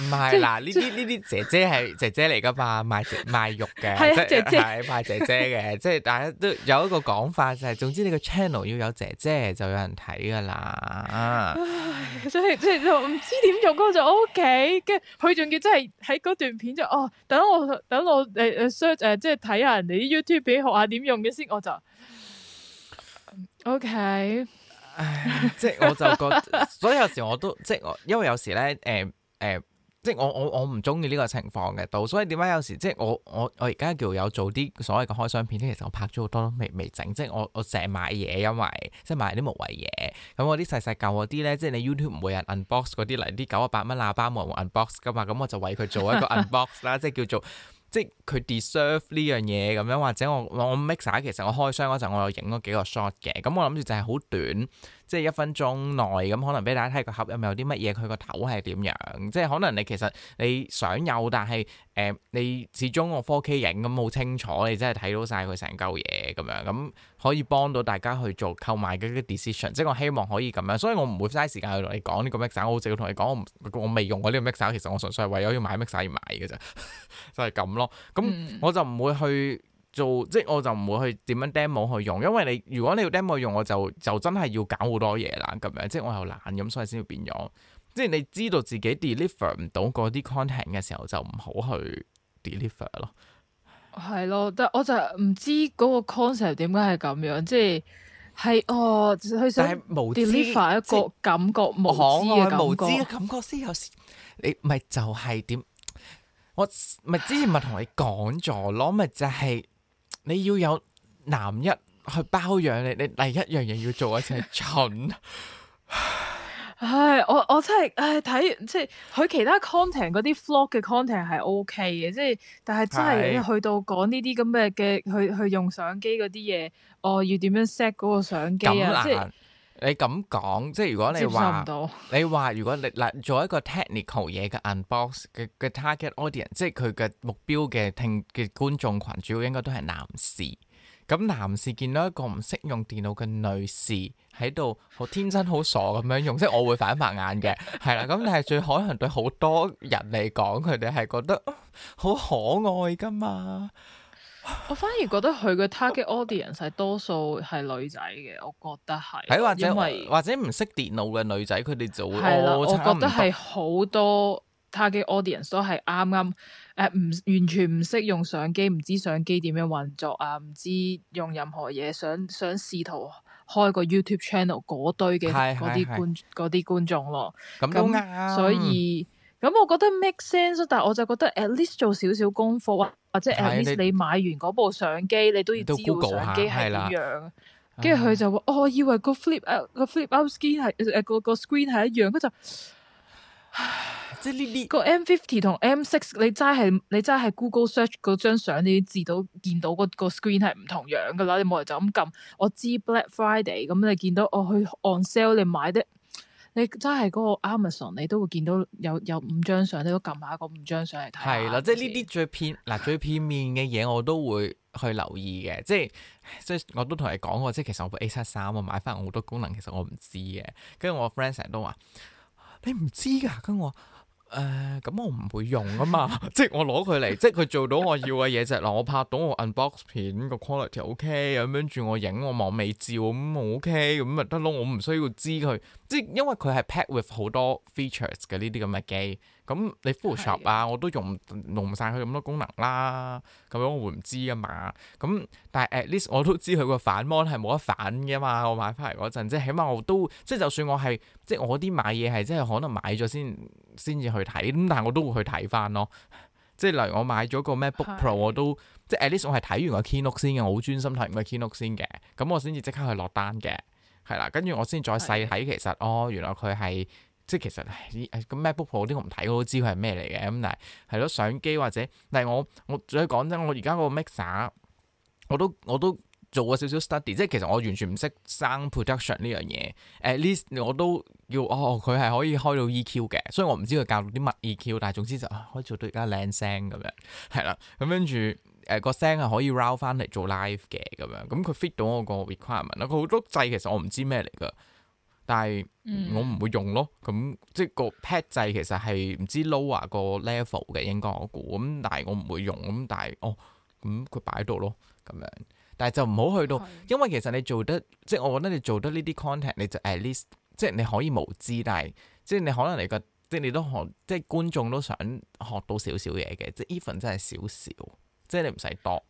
唔係嗱，呢啲呢啲姐姐係姐姐嚟噶嘛，賣賣肉嘅，即係賣姐姐嘅，即係大家都有一個講法就係、是，總之你個 channel 要有姐姐就有人睇噶啦。所以 (laughs) 即係就唔知點用，就 O K。跟住佢仲要即係喺嗰段片就哦，等我等我誒誒即係睇下人哋啲 YouTube 片學下點用嘅先，我就 O K。OK， (laughs) 即係我就覺得，所以有時我都即係我，因為有時咧誒。呃誒、呃，即係我我我唔中意呢個情況嘅到，所以點解有時即係我我我而家叫有做啲所謂嘅開箱片咧，其實我拍咗好多都未未整，即係我我成日買嘢，因為即係買啲無謂嘢，咁我啲細細嚿嗰啲咧，即係你 YouTube 唔會有人 unbox 嗰啲嚟啲九十八蚊喇叭，冇人 unbox 㗎嘛，咁我就為佢做一個 unbox 啦， (laughs) 即係叫做即係佢 deserve 呢樣嘢咁樣，或者我我 mix 下、er, 其實我開箱嗰陣我又影咗幾個 shot 嘅，咁我諗住就係好短。即係一分鐘內咁，可能俾大家睇個盒有冇有啲乜嘢，佢個頭係點樣？即係可能你其實你想有，但係誒、呃，你始終個 4K 影咁好清楚，你真係睇到晒佢成嚿嘢咁樣，咁可以幫到大家去做購買嘅 decision。即係我希望可以咁樣，所以我唔會嘥時間去同你講呢個 MacBook 好值。我同你講，我未用過呢個 MacBook 其實我純粹係為咗要買 MacBook 而買嘅啫， (laughs) 就係咁咯。咁我就唔會去。嗯做，即係我就唔會去點樣 demo 去用，因為你如果你要 demo 去用，我就就真係要搞好多嘢啦，咁樣即係我又懶，咁所以先變咗。即係你知道自己 deliver 唔到嗰啲 content 嘅時候，就唔好去 deliver 咯。係咯，但我就唔知嗰個 concept 點解係咁樣，即係係哦，佢、呃、想 deliver 一個感覺，無知嘅感覺，無知嘅感覺先有時。你咪就係點？我咪之前咪同你講咗咯，咪就係、是。你要有男一去包養你，你第一樣嘢要做嘅先係蠢 (laughs) (laughs) 唉。唉，我我真係唉睇，即係佢其他 content 嗰啲 vlog 嘅 content 係 O K 嘅，即係但係真係是去到講呢啲咁嘅嘅，去去用相機嗰啲嘢，我、哦、要點樣 set 嗰個相機啊？你咁講，即係如果你話，你話如果你嗱做一個 technical 嘢嘅 unbox 嘅 target audience，即係佢嘅目標嘅聽嘅觀眾群，主要應該都係男士。咁男士見到一個唔識用電腦嘅女士喺度好天真好傻咁樣用， (laughs) 即係我會反白眼嘅，係啦。 (laughs) 咁但係最可能對好多人嚟講，佢哋係覺得好可愛噶嘛。我反而覺得佢嘅 target audience 係多數係女仔嘅，我覺得係，或者為或者唔識電腦嘅女仔，佢哋就會多的、哦、覺得係好多 target audience 都係啱啱誒，唔、呃、完全唔識用相機，唔知相機點樣運作啊，唔知用任何嘢，想想試圖開個 YouTube channel 嗰堆嘅嗰啲觀啲觀眾咯。咁都啱，所以。咁、嗯、我覺得 make sense，但係我就覺得 at least 做少少功課啊，或者 at least 你買完嗰部相機，的你都要知道個相機係點樣。跟住佢就話：嗯、哦，我以為個 flip 個 flip out screen 係誒 screen 係一樣，佢、嗯、就唉，即係呢呢個 M50 同 M6，你齋係你齋係 Google search 嗰張相，你至到見到個個 screen 係唔同樣噶啦，你冇理由就咁撳。我知 Black Friday，咁你見到我去 on sale，你買啲。你真係嗰個 Amazon，你都會見到有有五張相，你都撳下嗰五張相嚟睇。係啦，即係呢啲最片嗱，最片面嘅嘢我都會去留意嘅。即係即係我都同你講過，即係其實我部 A 七三我買翻好多功能，其實我唔知嘅。跟住我 friend 成日都話你唔知㗎，跟我。誒，咁、uh，我唔會用啊嘛， (laughs) 即係我攞佢嚟， (laughs) 即係佢做到我要嘅嘢就係嗱， (laughs) 我拍到我 unbox 片個 quality OK，咁跟住我影我網美照咁我 OK，咁咪得咯，我唔、okay，需要知佢，即係因為佢係 pack with 好多 features 嘅呢啲咁嘅機。咁你 Photoshop 啊，我都用唔晒佢咁多功能啦，咁樣我會唔知噶嘛？咁但係 at least 我都知佢個反 mon 係冇得反嘅嘛。我買翻嚟嗰陣，即係起碼我都即係就算我係即係我啲買嘢係即係可能買咗先先至去睇，咁但係我都會去睇翻咯。即係例如我買咗個 MacBook Pro，的我都即係 at least 我係睇完個 Keynote 先嘅，我好專心睇完個 Keynote 先嘅，咁我先至即刻去落單嘅，係啦，跟住我先再細睇其實的哦，原來佢係。即係其實，誒個 MacBook Pro 嗰啲我唔睇，我都知佢係咩嚟嘅。咁但係係咯，相機或者，但係我我再講真，我而家個 Mixer 我都我都做過少少 study。即係其實我完全唔識生 production 呢樣嘢。At least，我都要哦，佢係可以開到 EQ 嘅，所以我唔知佢教到啲乜 EQ。但係總之就可以做到而家靚聲咁樣。係啦，咁跟住誒個聲係可以 round 翻嚟做 live 嘅咁樣。咁佢 fit 到我個 requirement。佢好多掣其實我唔知咩嚟㗎。但係我唔會用咯，咁、嗯、即係個 pad 制其實係唔知 lower 個 level 嘅應該我估，咁但係我唔會用，咁但係哦，咁、嗯、佢擺度咯咁樣，但係就唔好去到，嗯、因為其實你做得即係我覺得你做得呢啲 contact，你就 at least 即係你可以無知，但係即係你可能你個即係你都學即係觀眾都想學到少少嘢嘅，即係 even 真係少少，即係你唔使多。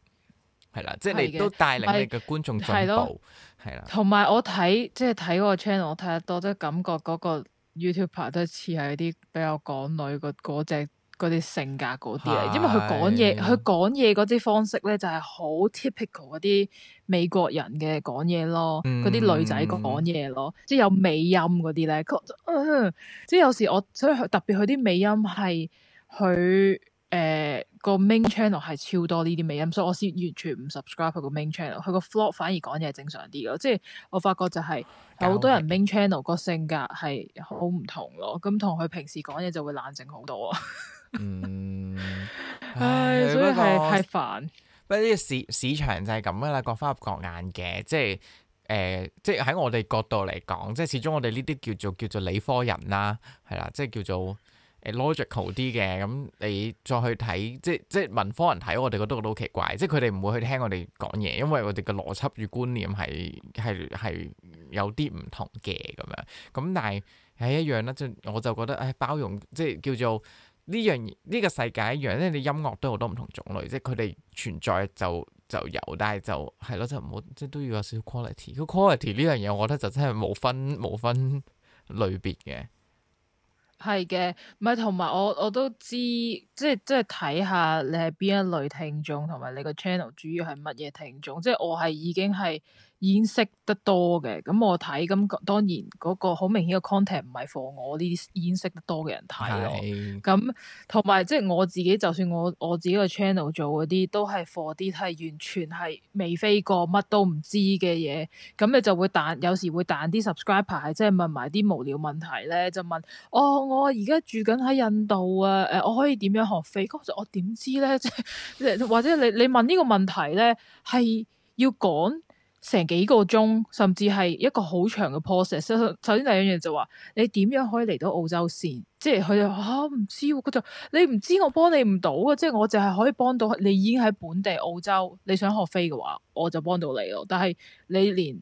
係啦，即係你都帶嚟你嘅觀眾睇咯，係啦。同埋我睇，即係睇個 channel，我睇得多都感覺嗰個 YouTuber 都似係一啲比較港女嗰嗰隻嗰啲性格嗰啲嚟，的因為佢講嘢，佢講嘢嗰啲方式咧就係好 typical 嗰啲美國人嘅講嘢咯，嗰啲、嗯、女仔講嘢咯，嗯、即係有美音嗰啲咧，即係有時我所以特別佢啲美音係佢。誒、呃，個 main channel 係超多呢啲美音，所以我先完全唔 subscribe 佢個 main channel。佢個 flow 反而講嘢正常啲咯，即係我發覺就係好多人 main channel 個性格係好唔同咯，咁同佢平時講嘢就會冷靜好多。嗯，唉，所以係係煩。不過呢是煩市市場就係咁噶啦，各花入各眼嘅，即係誒、呃，即係喺我哋角度嚟講，即係始終我哋呢啲叫做叫做理科人啦，係啦，即係叫做。Logical 啲嘅，咁你再去睇，即即文科人睇我哋，覺得好奇怪，即佢哋唔會去聽我哋講嘢，因為我哋嘅邏輯與觀念係係係有啲唔同嘅咁樣。咁但係係、哎、一樣啦，即我就覺得誒、哎、包容，即叫做呢樣呢個世界一樣，即你音樂都有好多唔同種類，即佢哋存在就就有，但係就係咯，就唔好即都要有少少 quality。個 quality 呢樣嘢，我覺得就真係冇分冇分類別嘅。係嘅，唔係同埋我我都知，即係即係睇下你係邊一類聽眾，同埋你個 channel 主要係乜嘢聽眾，即係我係已經係。掩釋得多嘅，咁我睇，咁當然嗰個好明顯嘅 content 唔係 for 我呢啲掩釋得多嘅人睇咯。咁同埋即係我自己，就算我我自己個 channel 做嗰啲，都係 for 啲係完全係未飛過，乜都唔知嘅嘢。咁你就會彈，有時會彈啲 subscriber 即係問埋啲無聊問題咧，就問：哦，我而家住緊喺印度啊，誒，我可以點樣學飛？我點、哦、知咧？即 (laughs) 係或者你你問呢個問題咧，係要講？成幾個鐘，甚至係一個好長嘅 process。首先第一樣嘢就話、是，你點樣可以嚟到澳洲先？即係佢就話唔知，知我就你唔知我幫你唔到嘅，即係我淨係可以幫到你已經喺本地澳洲，你想學飛嘅話，我就幫到你咯。但係你連誒、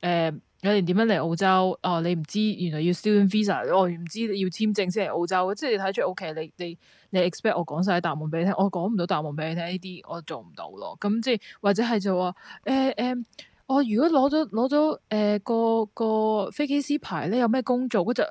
呃，你連點樣嚟澳洲？哦，你唔知原來要 student visa，我唔知要簽證先嚟澳洲嘅。即係你睇出，OK，你你你 expect 我講晒啲答案俾你聽，我講唔到答案俾你聽呢啲，我做唔到咯。咁即係或者係就話誒誒。呃呃呃呃我、哦、如果攞咗攞咗誒個個飛機師牌，咧，有咩工做？嗰就誒，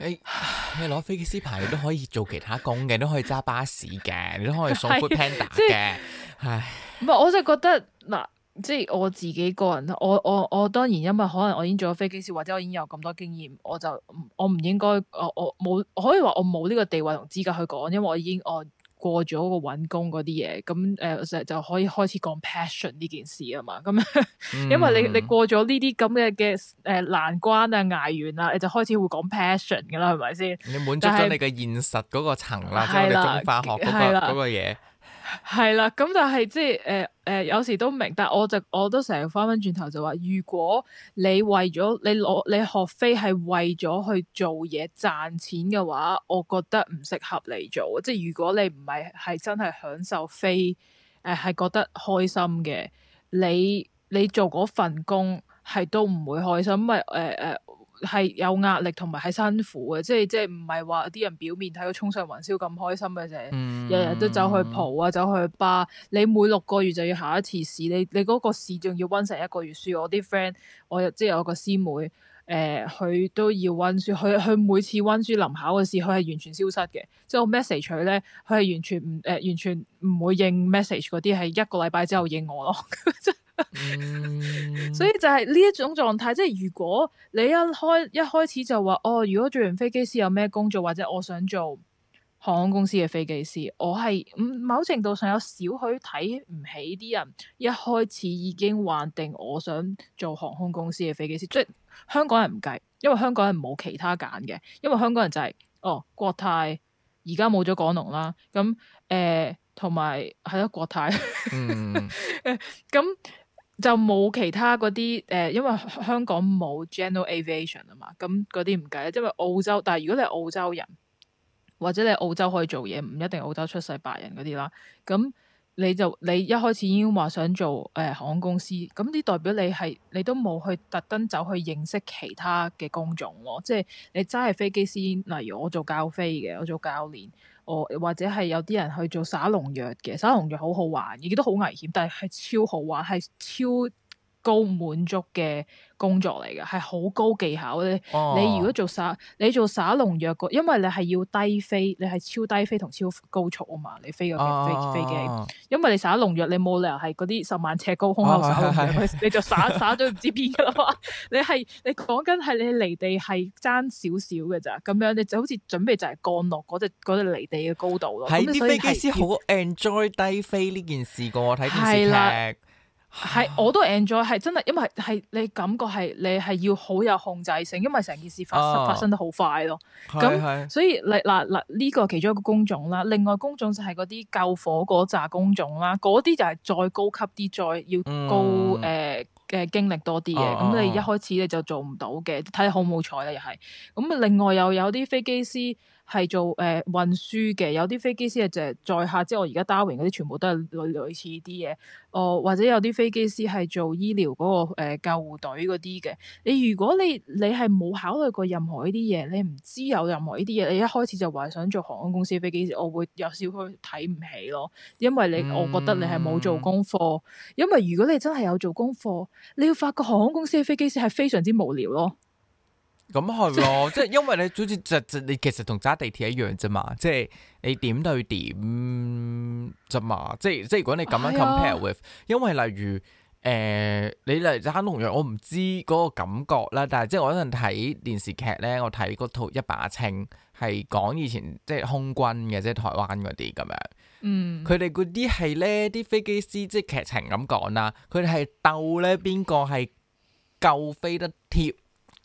你攞飛機師牌你都可以做其他工嘅，都 (laughs) 可以揸巴士嘅，你都可以送 food panda 嘅。係唔係？我就覺得嗱，即係我自己個人，我我我當然，因為可能我已經做咗飛機師，或者我已經有咁多經驗，我就我唔應該，我我我冇可以話我冇呢個地位同資格去講，因為我已經，我，已經我。過咗個揾工嗰啲嘢，咁誒、呃、就就可以開始講 passion 呢件事啊嘛，咁 (laughs) 因為你、嗯、你過咗呢啲咁嘅嘅誒難關啊挨完啦，你就開始會講 passion 噶啦，係咪先？你滿足咗是你嘅現實嗰個層啦，即係你中化學嗰、嗰個個嘢。係啦，咁就係即係誒誒，有時都明白，但我就我都成日翻翻轉頭就話，如果你為咗你攞你學飛係為咗去做嘢賺錢嘅話，我覺得唔適合你做。即係如果你唔係係真係享受飛，誒、呃、係覺得開心嘅，你你做嗰份工係都唔會開心，因為誒誒。呃呃係有壓力同埋係辛苦嘅，即係即係唔係話啲人表面睇到衝上雲霄咁開心嘅啫，日日、嗯、都走去蒲啊，走去巴。你每六個月就要考一次試，你你嗰個試仲要温成一個月書。我啲 friend，我即係我個師妹，誒、呃、佢都要温書，佢佢每次温書臨考嘅時，佢係完全消失嘅，即係我 message 佢咧，佢係完全唔誒、呃，完全唔會應 message 嗰啲，係一個禮拜之後應我咯。 (laughs) (laughs) 所以就係呢一種狀態，即係如果你一開一開始就話哦，如果做完飛機師有咩工作，或者我想做航空公司嘅飛機師，我係、嗯、某程度上有少許睇唔起啲人，一開始已經幻定我想做航空公司嘅飛機師。即係香港人唔計，因為香港人冇其他揀嘅，因為香港人就係、是、哦國泰而家冇咗港龍啦，咁誒同埋係咯國泰誒咁。嗯 (laughs) 嗯就冇其他嗰啲，誒、呃，因為香港冇 General Aviation 啊嘛，咁嗰啲唔計啦。因為澳洲，但係如果你係澳洲人，或者你澳洲可以做嘢，唔一定澳洲出世白人嗰啲啦。咁、嗯、你就你一開始已經話想做誒、呃、航空公司，咁、嗯、啲代表你係你都冇去特登走去認識其他嘅工種咯、哦。即係你真係飛機師，例如我做教飛嘅，我做教練。我或者係有啲人去做撒農藥嘅，撒農藥好好玩，亦都好危險，但係係超好玩，係超～高滿足嘅工作嚟嘅，係好高技巧咧。哦、你如果做灑，你做灑農藥，因為你係要低飛，你係超低飛同超高速啊嘛，你飛個、哦、飛飛機。因為你灑農藥，你冇理由係嗰啲十萬尺高空、哦、 (laughs) 你就灑灑咗唔知邊噶啦。你係你講緊係你離地係爭少少嘅咋，咁樣你就好似準備就係降落嗰隻嗰隻離地嘅高度咯。啲、嗯、以飛機師好 enjoy 低飛呢件事噶，我睇電視係，我都 enjoy，係真係，因為係你感覺係你係要好有控制性，因為成件事發、啊、發生得好快咯。咁所以，嗱嗱嗱，呢、這個係其中一個工種啦，另外工種就係嗰啲救火嗰紮工種啦，嗰啲就係再高級啲，再要高誒嘅、嗯呃呃、經歷多啲嘅。咁你一開始你就做唔到嘅，睇你好唔好彩啦又係。咁另外又有啲飛機師。係做誒、呃、運輸嘅，有啲飛機師係就係載客，即係我而家 darwin 嗰啲全部都係類類似啲嘢。我、呃、或者有啲飛機師係做醫療嗰、嗰個、呃、救護隊嗰啲嘅。你如果你你係冇考慮過任何呢啲嘢，你唔知有任何呢啲嘢，你一開始就話想做航空公司嘅飛機師，我會有少少睇唔起咯。因為你、嗯、我覺得你係冇做功課。因為如果你真係有做功課，你要發覺航空公司嘅飛機師係非常之無聊咯。咁係咯，即係、嗯、 (laughs) 因為你總之就你其實同揸地鐵一樣啫嘛， (laughs) 即係你點都要點啫嘛，即係即係如果你咁樣 compare with，因為例如誒、呃，你嚟揸農藥，我唔知嗰個感覺啦，但係即係我一陣睇電視劇咧，我睇嗰套一把青係講以前即係空軍嘅，即係台灣嗰啲咁樣，嗯，佢哋嗰啲係咧啲飛機師，即係劇情咁講啦，佢哋係鬥咧邊個係夠飛得貼。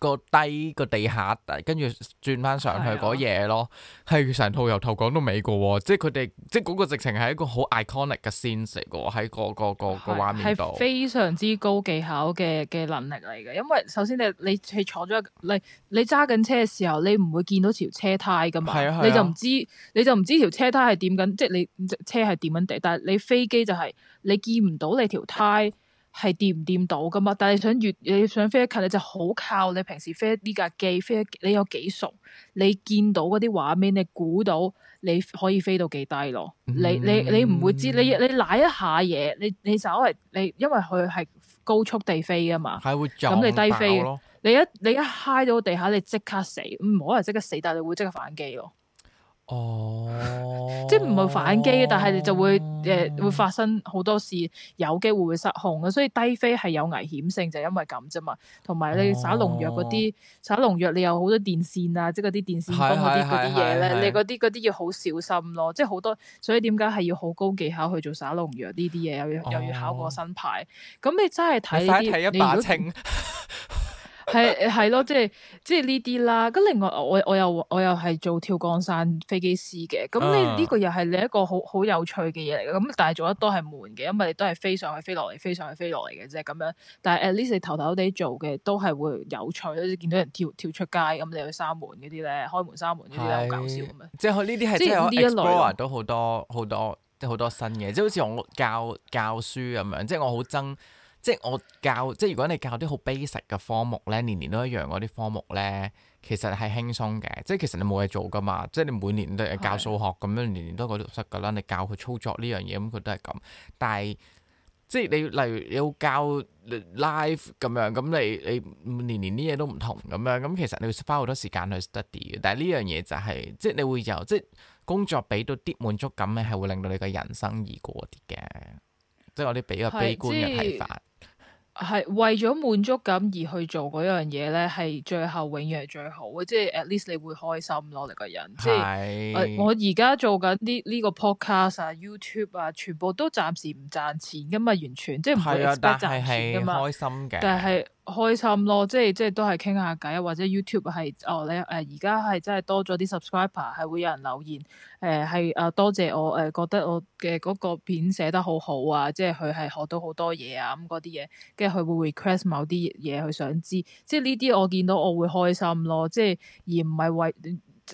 個低個地下，跟住轉翻上去嗰嘢咯，係成、啊、套由頭講到尾嘅喎，即係佢哋，即係嗰個直情係一個好 iconic 嘅 sense 喎，喺個個個個畫面度非常之高技巧嘅嘅能力嚟嘅。因為首先你你，你坐咗你你揸緊車嘅時候，你唔會見到條車胎噶嘛，你就唔知條、就是、你就唔知條車胎係點緊，即係你車係點樣地，但係你飛機就係、是、你見唔到你條胎。係掂唔掂到噶嘛？但係你想越你想飛近，你就好靠你平時飛呢架機飛，你有幾熟，你見到嗰啲畫面，你估到你可以飛到幾低咯。嗯、你你你唔會知，你你拉一下嘢，你你稍為你因為佢係高速地飛噶嘛，咁會你低飛，咯你一你一 high 到地下，你即刻死。唔、嗯、可能即刻死，但係你會即刻反機咯。哦， (laughs) 即係唔係反擊，但係你就會誒、呃、會發生好多事，有機會會失控咯。所以低飛係有危險性，就是、因為咁啫嘛。同埋你灑農藥嗰啲，灑農藥你有好多電線啊，即係嗰啲電線杆嗰啲啲嘢咧，你嗰啲嗰啲要好小心咯。即係好多，所以點解係要好高技巧去做灑農藥呢啲嘢？又、哦、又要考過新牌，咁你真係睇睇一把稱。 (laughs) 係係咯，即係即係呢啲啦。咁 (noise) (noise) (noise) (noise) (noise) 另外我我又，又我又係做跳江山飛機師嘅。咁呢呢個又係你一個好好有趣嘅嘢嚟，嘅。咁但係做得都係悶嘅，因為你都係飛上去飛落嚟，飛上去飛落嚟嘅啫咁樣。但係 at least 頭頭地做嘅都係會有趣，好似見到人跳跳出街咁，你，你去閂門嗰啲咧，開門閂門呢啲好搞笑咁樣， (noise) (noise) 即係呢啲係即係呢一類都好多好多即係好多新嘅，即係好似我教教書咁樣，即係我好憎。即係我教，即係如果你教啲好 basic 嘅科目咧，年年都一樣嗰啲科目咧，其實係輕鬆嘅。即係其實你冇嘢做噶嘛，即係你每年都係教數學咁樣，年的年都嗰啲讀識噶啦。你教佢操作呢樣嘢，咁佢都係咁。但係即係你例如你要教 live 咁樣，咁你你年年啲嘢都唔同咁樣，咁其實你要花好多時間去 study 嘅、就是。但係呢樣嘢就係即係你會有即係工作俾到啲滿足感咧，係會令到你嘅人生易過啲嘅。即係我啲比較悲觀嘅睇法。係為咗滿足感而去做嗰樣嘢咧，係最後永遠係最好嘅，即係 at least 你會開心咯，你個人。即係、呃。我而家做緊呢呢個 podcast 啊、YouTube 啊，全部都暫時唔賺錢噶嘛，完全即係唔會有得賺錢噶嘛。開心嘅。但係。開心咯，即係即係都係傾下偈，或者 YouTube 係哦你誒，而家係真係多咗啲 subscriber 係會有人留言，誒係誒多謝我誒、呃、覺得我嘅嗰個片寫得好好啊，即係佢係學到好多嘢啊咁嗰啲嘢，跟住佢會 request 某啲嘢佢想知，即係呢啲我見到我會開心咯，即係而唔係為。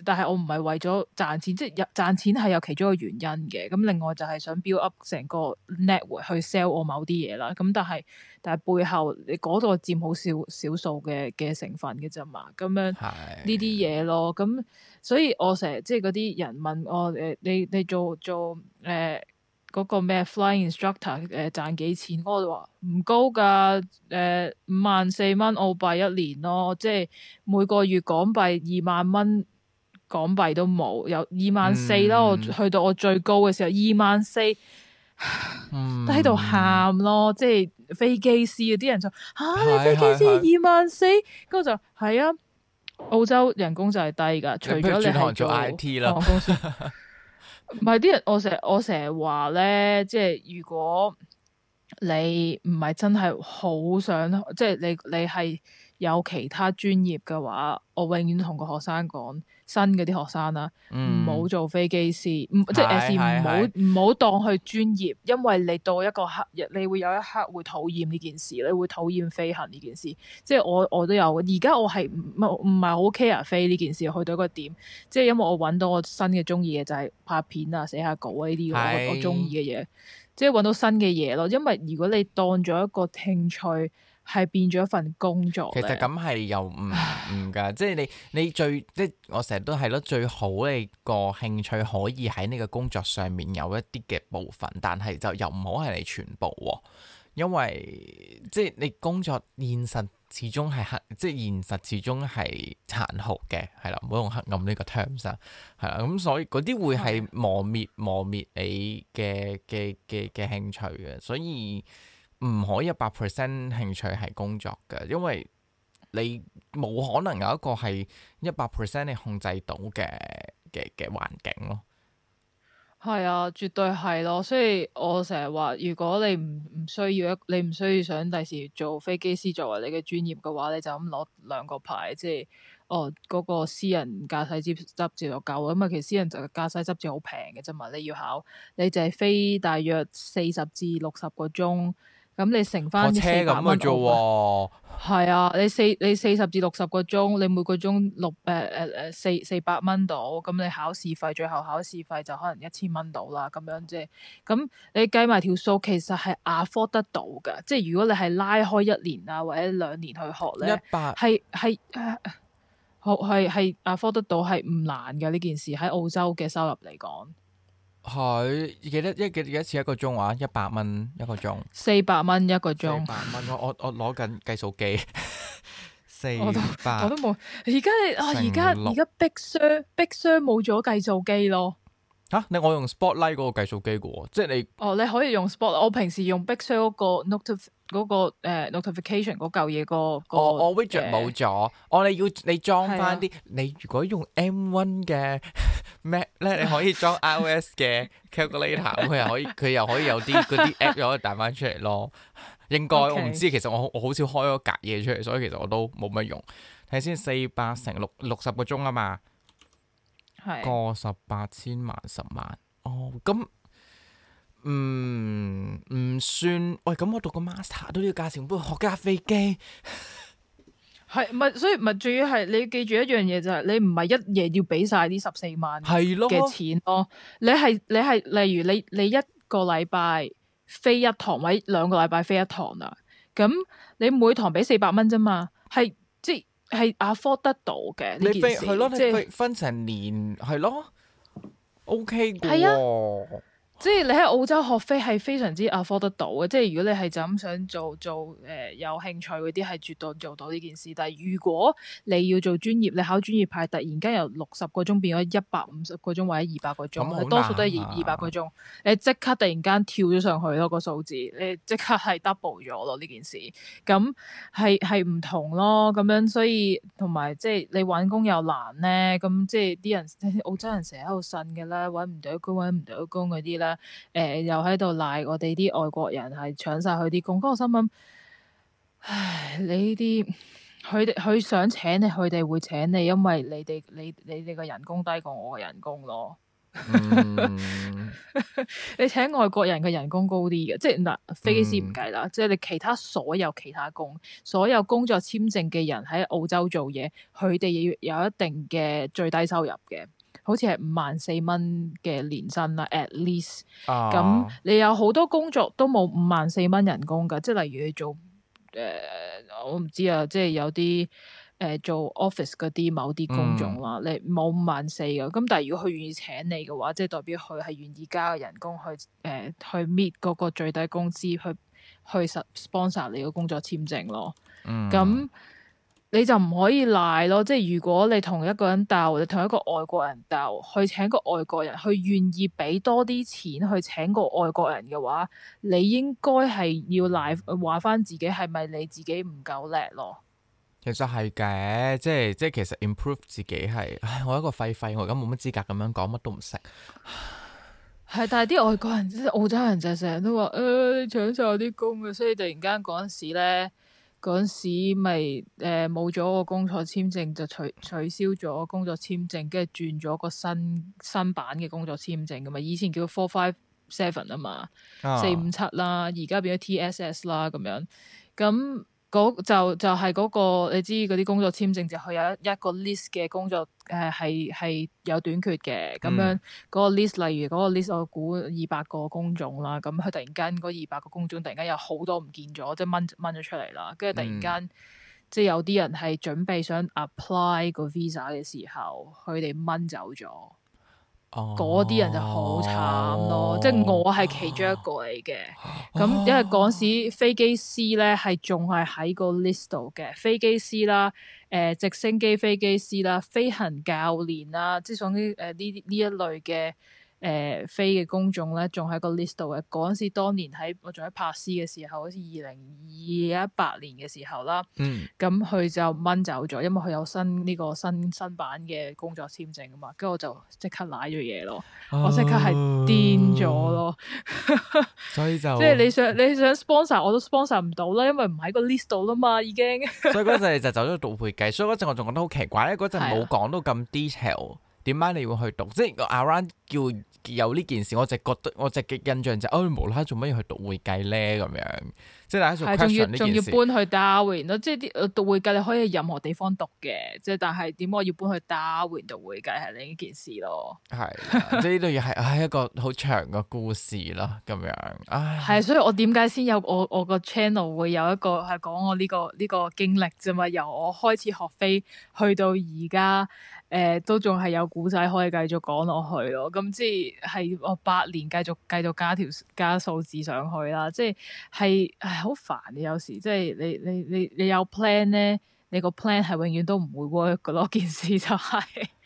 但係我唔係為咗賺錢，即係賺錢係有其中一個原因嘅。咁另外就係想 build up 成個 network 去 sell 我某啲嘢啦。咁但係但係背後嗰度佔好少少數嘅嘅成分嘅啫嘛。咁樣呢啲嘢咯。咁所以我成日即係嗰啲人問我誒你你做做誒嗰，呃那個咩 Fly Instructor 誒、呃、賺幾錢？我話唔高㗎，誒五萬四蚊澳幣一年咯，即係每個月港幣二萬蚊。港幣都冇，有二萬四咯。我去到我最高嘅時候，二萬四都喺度喊咯，即係飛機師啊！啲人就吓，你飛機師二萬四，跟住就係啊。澳洲人工就係低噶，除咗你學做，做 IT 啦，唔係啲人我成我成日話呢，即係如果你唔係真係好想，即係你你係有其他專業嘅話，我永遠同個學生講。新嗰啲學生啦，唔好、嗯、做飛機師，嗯、即係誒唔好唔好當佢專業，是是因為你到一個刻日是，你會有一刻會討厭呢件事，你會討厭飛行呢件事。即係我我都有，而家我係唔唔係好 care 飛呢件事去到一個點，即係因為我揾到我新嘅中意嘅就係拍片啊、寫下稿啊呢啲，是我我中意嘅嘢，即係揾到新嘅嘢咯。因為如果你當咗一個興趣。係變咗一份工作。其實咁係又唔唔噶，即係你你最即係我成日都係咯，最好你個興趣可以喺你嘅工作上面有一啲嘅部分，但係就又唔好係你全部，哦，因為即係你工作現實始終係黑，即係現實始終係殘酷嘅，係啦，唔好用黑暗呢個 term 先，係啦，咁所以嗰啲會係磨滅 (laughs) 磨滅你嘅嘅嘅嘅興趣嘅，所以。唔可一百 percent 興趣係工作嘅，因為你冇可能有一個係一百 percent 你控制到嘅嘅嘅環境咯。係啊，絕對係咯。所以我成日話，如果你唔唔需要一，你唔需要想第時做飛機師作為你嘅專業嘅話，你就咁攞兩個牌，即係哦嗰個私人駕駛執執照就夠，因為其實私人就個駕駛執照好平嘅啫嘛，你要考，你就係飛大約四十至六十個鐘。咁你乘翻四百蚊到，車咁樣做喎，係啊！你四你四十至六十個鐘，你每個鐘六誒誒誒四四百蚊到，咁你考試費最後考試費就可能一千蚊到啦，咁樣啫。咁你計埋條數，其實係 afford 得到噶，即係如果你係拉開一年啊或者兩年去學咧，一百係係學係係 afford 得到係唔難噶呢件事喺澳洲嘅收入嚟講。係記得一幾幾一次一個鐘話一百蚊一個鐘，四百蚊一個鐘。四百蚊我我我攞緊計數機，四 (laughs) 400 我都我都冇。而家你啊，而家而家逼雙逼雙冇咗計數機咯。吓、啊，你我用 Spotlight 嗰個計數機個，即係你哦，你可以用 Spotlight。我平時用 Big 個 Note 嗰個誒 Notification 嗰、那、嚿嘢個。我我 Widget 冇咗，我、呃哦、你要你裝翻啲。的你如果用 M One 嘅咩咧，你可以裝 iOS 嘅 Calculator，咁佢 (laughs) 又可以佢又可以有啲嗰啲 App 可以彈翻出嚟咯。應該 Okay. 我唔知，其實我我好少開嗰格嘢出嚟，所以其實我都冇乜用。睇先四百乘六六十個鐘啊嘛。是個十八千萬十萬哦，咁唔唔算喂，咁我讀個 master 都呢個價錢，不如學架飛機係咪？所以咪最緊要係你要記住一樣嘢就係，你唔係一夜要俾晒呢十四萬係咯嘅錢咯。你係你係例如你你一個禮拜飛一堂位，兩個禮拜飛一堂啦。咁你每堂俾四百蚊啫嘛，係即。係 afford 得到嘅你被件事，係咯吧，你分成年係咯即，OK 嘅喎。即係你喺澳洲學飛係非常之 afford 得到嘅，即係如果你係就咁想做做誒、呃、有興趣啲係絕對做到呢件事。但係如果你要做專業，你考專業派突然間由六十個鐘變咗一百五十個鐘或者二百個鐘，哦啊、多數都係二二百個鐘，你即刻突然間跳咗上去咯、個數字，你即刻係 double 咗咯呢件事，咁係係唔同咯。咁樣，所以同埋即係你揾工又難咧，咁即係啲人澳洲人成日喺度呻嘅啦，揾唔到工揾唔到工啲咧。誒、呃，又喺度賴我哋啲外國人係搶晒佢啲工，咁我心諗，唉，你啲，佢哋佢想請你，佢哋會請你，因為你哋你你哋嘅人工低過我嘅人工咯。 (laughs) 嗯、 (laughs) 你請外國人嘅人工高啲嘅，即係嗱，飛機師唔計啦，即係你其他所有其他工，所有工作簽證嘅人喺澳洲做嘢，佢哋要有一定嘅最低收入嘅。好似係五萬四蚊嘅年薪啦，at least。咁、oh. 你有好多工作都冇五萬四蚊人工噶、呃，即係例如你做誒，我唔知啊，即係有啲誒做 office 嗰啲某啲工種啦，mm. 你冇五萬四嘅。咁但係如果佢願意請你嘅話，即係代表佢係願意加嘅人工去誒、呃、去 meet 嗰個最低工資，去去 sponsor 你嘅工作簽證咯。嗯、mm.。咁。你就唔可以賴咯，即係如果你同一個人鬥，或者同一個外國人鬥，去請個外國人，去願意俾多啲錢去請個外國人嘅話，你應該係要賴話返自己係咪你自己唔夠叻咯？其實係嘅，即係即係其實 improve 自己係，我一個廢廢，我而家冇乜資格咁樣講乜都唔識。係，但係啲外國人、澳洲人就成日都話誒，搶曬我啲工嘅，所以突然間嗰陣時咧。嗰陣時咪誒冇咗個工作簽證，就取取消咗工作簽證，跟住轉咗個新新版嘅工作簽證㗎嘛，以前叫 Four Five Seven 啊嘛，四五七啦，而家變咗 TSS 啦咁樣，咁。嗰、嗰個、就就係、係、嗰、嗰個你知嗰啲工作簽證，就佢有一一個 list 嘅工作，誒係係有短缺嘅咁樣嗰個 list，例如嗰個 list，我估二百個工種啦，咁佢突然間嗰二百個工種突然間有好多唔見咗，即係掹掹咗出嚟啦，跟住突然間、嗯、即係有啲人係準備想 apply 個 visa 嘅時候，佢哋掹走咗。嗰啲人就好慘咯，即係我係其中一個嚟嘅，咁因為嗰時飛機師咧係仲係喺個 list 度嘅，飛機師啦，誒、呃、直升機飛機師啦，飛行教練啦，即係總之誒呢呢一類嘅。誒飛嘅工種咧，仲喺個 list 度嘅。嗰陣時，當年喺我仲喺拍攝嘅時候，好似二零一八年嘅時候啦。咁佢、嗯、就掹走咗，因為佢有新呢、這個新新版嘅工作簽證啊嘛。跟住我就即刻舐咗嘢咯。哦、我即刻係癲咗咯。所以就即係 (laughs) 你想你想 sponsor 我都 sponsor 唔到啦，因為唔喺個 list 度啦嘛，已經。所以嗰陣就走咗讀會計，所以嗰陣我仲覺得好奇怪，因為嗰陣冇講到咁 detail。對 (laughs) 點解你要去讀？即係阿 Ron 叫有呢件事，我就覺得我直嘅印象就是，哎，無啦，做乜要去讀會計咧？咁樣，即係大家仲要搬去 Darwin 咯，即係啲我讀會計你可以任何地方讀嘅，即係但係點我要搬去 Darwin 讀會計係另一件事咯。係、啊，即係呢度嘢係係一個好長嘅故事咯，咁樣。係，所以我點解先有我我個 channel 會有一個係講我呢、這個呢、這個經歷啫嘛？由我開始學飛去到而家。誒、呃，都仲係有故仔可以繼續講落去咯。咁、嗯、即係我八年繼續繼續加條加數字上去啦。即係係好煩，你有時即係你你你你有 plan 咧，你個 plan 係永遠都唔會 work 咯。件事就係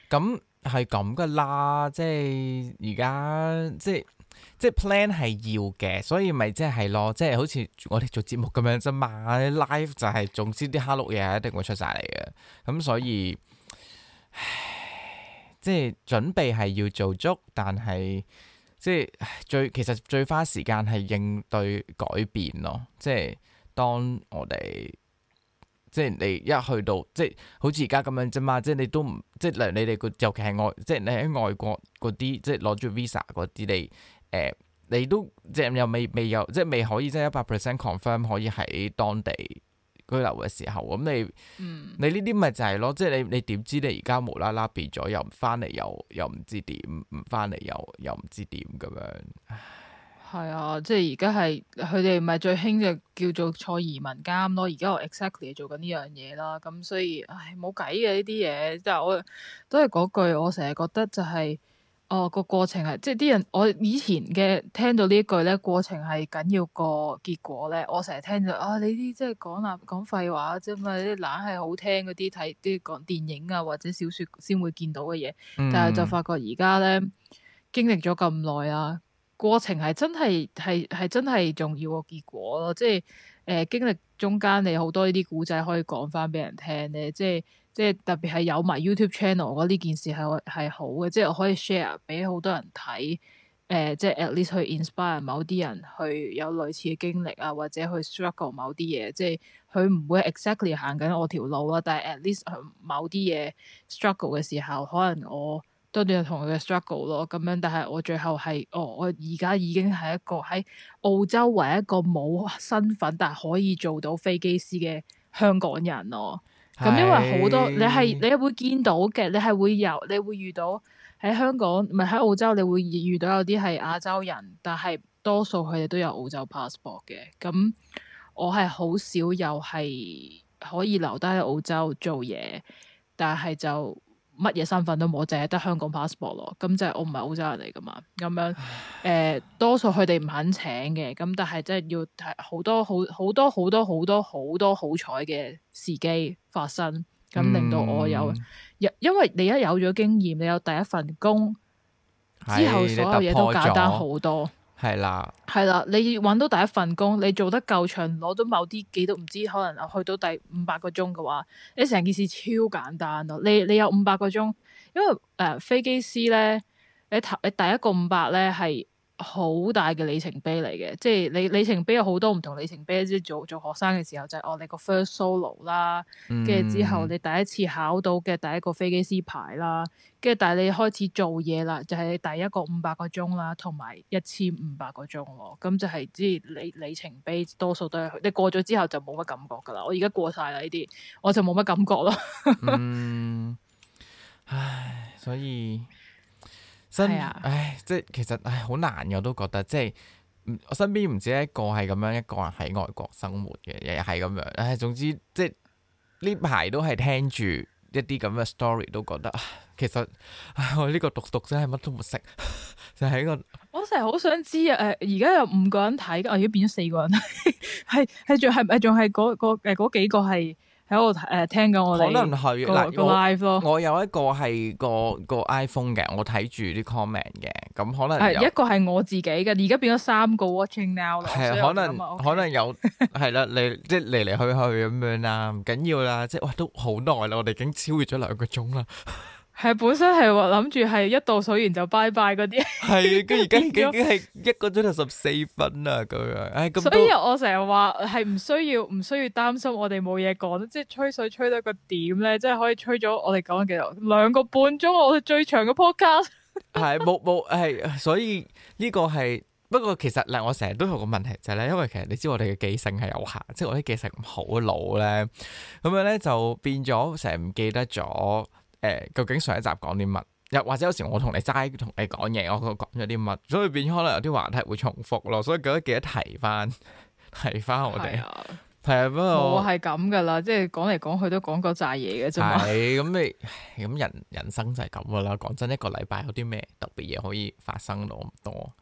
咁係咁嘅啦。即係而家即係即係 plan 係要嘅，所以咪即係咯。即係好似我哋做節目咁樣啫嘛。Live 就係、是、總之啲 hello 嘢一定會出晒嚟嘅。咁所以。唉，即係準備係要做足，但係即係最其實最花時間係應對改變咯。即係當我哋即係你一去到，即係好似而家咁樣啫嘛。即係你都唔即係你哋個尤其係外，即係你喺外國嗰啲，即係攞住 Visa 嗰啲你誒、呃，你都即係又未未有，即係未可以即係一百 percent confirm 可以喺當地拘留嘅時候，咁你、嗯、你，你，你呢啲咪就係咯，即係你你點知你而家無啦啦變咗又唔翻嚟，又又唔知點唔翻嚟，又又唔知點咁樣。係啊，即係而家係佢哋咪最興就叫做坐移民監咯。而家我 exactly 做緊呢樣嘢啦，咁所以，唉，冇計嘅呢啲嘢。即係我都係嗰句，我成日覺得就係、是。哦，個過程係即係啲人，我以前嘅聽到呢句咧，過程係緊要過結果咧。我成日聽到啊，你啲即係講啊講廢話啫嘛，啲懶係好聽嗰啲睇啲講電影啊或者小説先會見到嘅嘢，嗯、但係就發覺而家咧經歷咗咁耐啊，過程係真係係係真係重要過結果咯。即係誒、呃、經歷中間，你好多呢啲古仔可以講翻俾人聽咧。即係。即係特別係有埋 YouTube channel，我覺得呢件事係係好嘅，即係我可以 share 俾好多人睇。誒、呃，即係 at least 去 inspire 某啲人去有類似嘅經歷啊，或者去 struggle 某啲嘢。即係佢唔會 exactly 行緊我條路咯，但係 at least 某啲嘢 struggle 嘅時候，可能我都同佢嘅 struggle 咯。咁樣，但係我最後係、哦、我我而家已經係一個喺澳洲唯一個冇身份但係可以做到飛機師嘅香港人咯。咁、嗯、因為好多你係你會見到嘅，你係會有你會遇到喺香港唔係喺澳洲，你會遇到，會遇到有啲係亞洲人，但係多數佢哋都有澳洲 passport 嘅。咁、嗯、我係好少有係可以留低喺澳洲做嘢，但係就。乜嘢身份都冇，淨係得香港 passport 咯。咁即係我唔係澳洲人嚟噶嘛。咁樣誒唉、呃，多數佢哋唔肯請嘅。咁但係即係要睇好多好好多好多好多好多好彩嘅時機發生，咁令到我有，因、嗯、因為你一有咗經驗，你有第一份工之後，所有嘢都簡單好多。係啦，係啦，你揾到第一份工，你做得夠長，攞到某啲幾都唔知，可能去到第五百個鐘嘅話，你成件事超簡單咯。你你有五百個鐘，因為誒、呃、飛機師咧，你頭你第一個五百咧係。好大嘅里程碑嚟嘅，即係你里,里程碑有好多唔同里程碑，即係做做學生嘅時候就係、是、哦你個 first solo 啦，跟住之後你第一次考到嘅第一個飛機師牌啦，跟住但係你開始做嘢啦，就係、是、你第一個五百個鐘啦，同埋一千五百個鐘，咁就係即係里程碑多數都係你過咗之後就冇乜感覺噶啦，我而家過晒啦呢啲，我就冇乜感覺咯、 (laughs) 嗯。唉，所以。真，唉，即係其實，唉，好難嘅我都覺得，即係，我身邊唔止一個係咁樣，一個人喺外國生活嘅，日日係咁樣，唉，總之即係呢排都係聽住一啲咁嘅 story，都覺得其實唉我呢個讀讀真係乜都冇識，就係呢個。我成日好想知啊，誒、呃，而家有五個人睇，我而家變咗四個人，係係仲係仲係嗰個誒嗰幾個係？喺度誒聽緊我可能係嗱啦個,個,個,個 live 咯我，我有一個係個個 iPhone 嘅，我睇住啲 comment 嘅，咁可能係、啊、一個係我自己嘅，而家變咗三個 watching now。係的可能可能有係啦，你即係嚟嚟去去咁樣啦，唔緊要啦，即係哇都好耐啦，我哋已經超越咗兩個鐘啦。 (laughs) 係本身係話諗住係一到水完就拜拜嗰啲，係跟而家已經係一個鐘頭十四分啦咁樣。所以我成日話係唔需要，唔需要擔心我哋冇嘢講，即係吹水吹到一個點咧，即係可以吹咗我哋講幾多兩個半鐘，我哋最長嘅 podcast (laughs) 係，冇冇係，所以呢個係不過其實嗱，我成日都有個問題就係咧，因為其實你知我哋嘅記性係有限，即係我哋記性好老咧，咁樣咧就變咗成日唔記得咗。誒、欸，究竟上一集講啲乜？又或者有時我同你齋同你講嘢，我講咗啲乜？所以變咗可能有啲話題會重複咯。所以覺得記得提翻，提翻我哋。係啊，不過我係咁噶啦，即係講嚟講去都講嗰扎嘢嘅啫。係咁，你咁人人生就係咁噶啦。講真，一個禮拜有啲咩特別嘢可以發生到咁多？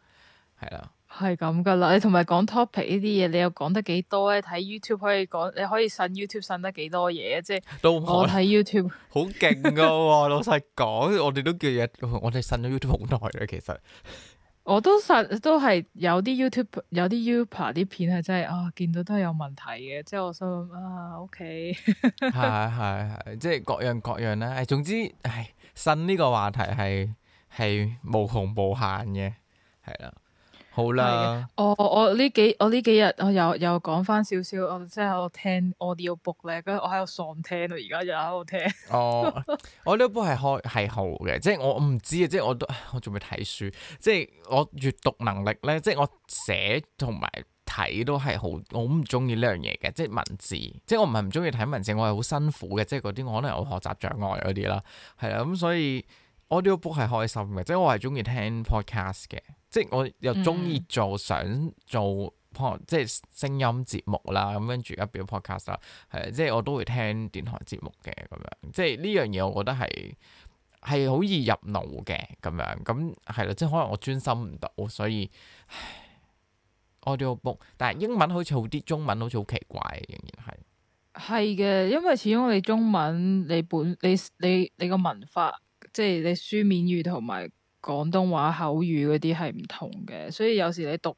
係啦、啊。係咁噶啦，你同埋講 topic 呢啲嘢，你又講得幾多咧？睇 YouTube 可以講，你可以信 YouTube 信得幾多嘢？即係我睇 YouTube (laughs) 好勁噶、啊，老實講， (laughs) 我哋都叫嘢，我哋信咗 YouTube 好耐啦。其實我都信，都係有啲 YouTube 有啲 YouTuber 啲片係真係啊，見到都係有問題嘅。即係我想諗啊，OK，係係即係各樣各樣啦。誒，總之，唉，信呢個話題係係無窮無限嘅，係啦。好啦，我我呢幾我呢幾日我又又講翻少少，我即係我聽 audio book 咧，跟住我喺度喪聽到，哦，而家又喺度聽。哦，audio book 係開係好嘅，即係我唔知啊，即係我都我仲未睇書，即係我閱讀能力咧，即係我寫同埋睇都係好，我唔中意呢樣嘢嘅，即係文字，即係我唔係唔中意睇文字，我係好辛苦嘅，即係嗰啲可能我有學習障礙嗰啲啦，係啦，咁所以 audio book 係開心嘅，即係我係中意聽 podcast 嘅。即係我又中意做想做 pod，即係聲音節目啦，咁跟住而家變咗 podcast 啦，係，即係我都會聽電台節目嘅咁樣，即係呢樣嘢，我覺得係係好易入腦嘅咁樣，咁係啦，即係可能我專心唔到，所以唉我就 book，但係英文好似好啲，中文好似好奇怪，仍然係係嘅，因為始終我哋中文你本你你你個文化，即係你書面語同埋。廣東話口語嗰啲係唔同嘅，所以有時你讀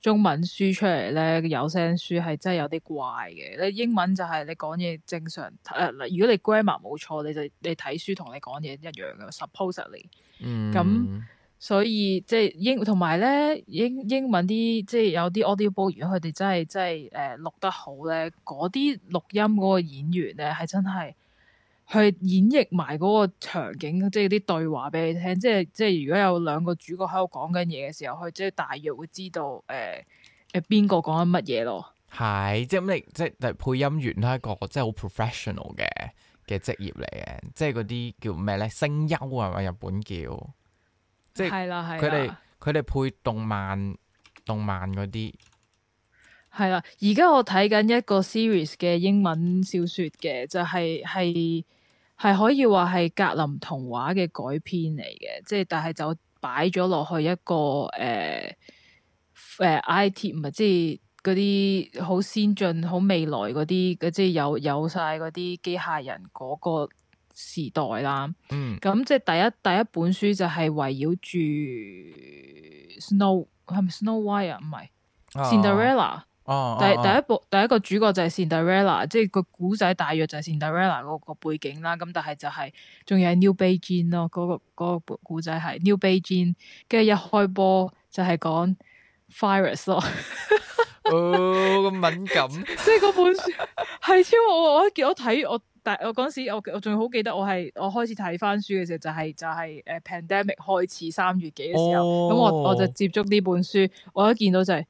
中文書出嚟咧，有聲書係真係有啲怪嘅。你英文就係你講嘢正常，誒、呃、嗱，如果你 grammar 冇錯，你就你睇書同你講嘢一樣嘅，supposedly。Supp 嗯。咁所以即係、就是、英同埋咧英英文啲即係有啲 audio book，如果佢哋真係真係誒錄得好咧，嗰啲錄音嗰個演員咧係真係。去演繹埋嗰個場景，即係啲對話俾你聽，即係即係，如果有兩個主角喺度講緊嘢嘅時候，佢即係大約會知道誒誒邊個講緊乜嘢咯。係、呃，即係咁你即係配音員都係一個即係好 professional 嘅嘅職業嚟嘅，即係嗰啲叫咩咧？聲優啊，咪日本叫，即係係啦，係啦，佢哋佢哋配動漫動漫嗰啲係啦。而家我睇緊一個 series 嘅英文小說嘅，就係、係、係。係可以話係格林童話嘅改編嚟嘅，即係但係就擺咗落去一個誒誒 IT 唔係即係嗰啲好先進、好未來嗰啲，即係有有晒嗰啲機械人嗰個時代啦。嗯，咁即係第一第一本書就係圍繞住 Snow 係咪 Snow White？唔係、啊、Cinderella。哦，第、啊啊啊、第一部第一個主角就係 Cinderella 即係個古仔大約就係 Cinderella 嗰個背景啦，咁但係就係仲要係 New Beijing 咯，嗰、那個、那個古仔係 New Beijing，跟住一開波就係講 fire，咯， (laughs) 哦咁敏感，即係嗰本書係超我一我見我睇我但我嗰時我我仲好記得我係我開始睇翻書嘅時候就係、是、就係、是、誒 pandemic 開始三月幾嘅時候，咁我、哦、我就接觸呢本書，我一見到就係、是。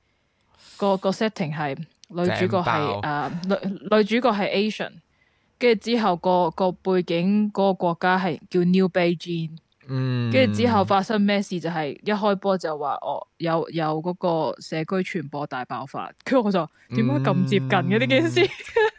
個個 setting 係女主角係誒爆、啊、女女主角係 Asian，跟住之後個個背景個國家係叫 New Beijing，跟住、嗯、之後發生咩事就係、是、一開波就話我。有有個社區傳播大爆發，跟住我就點解咁接近嘅呢件事？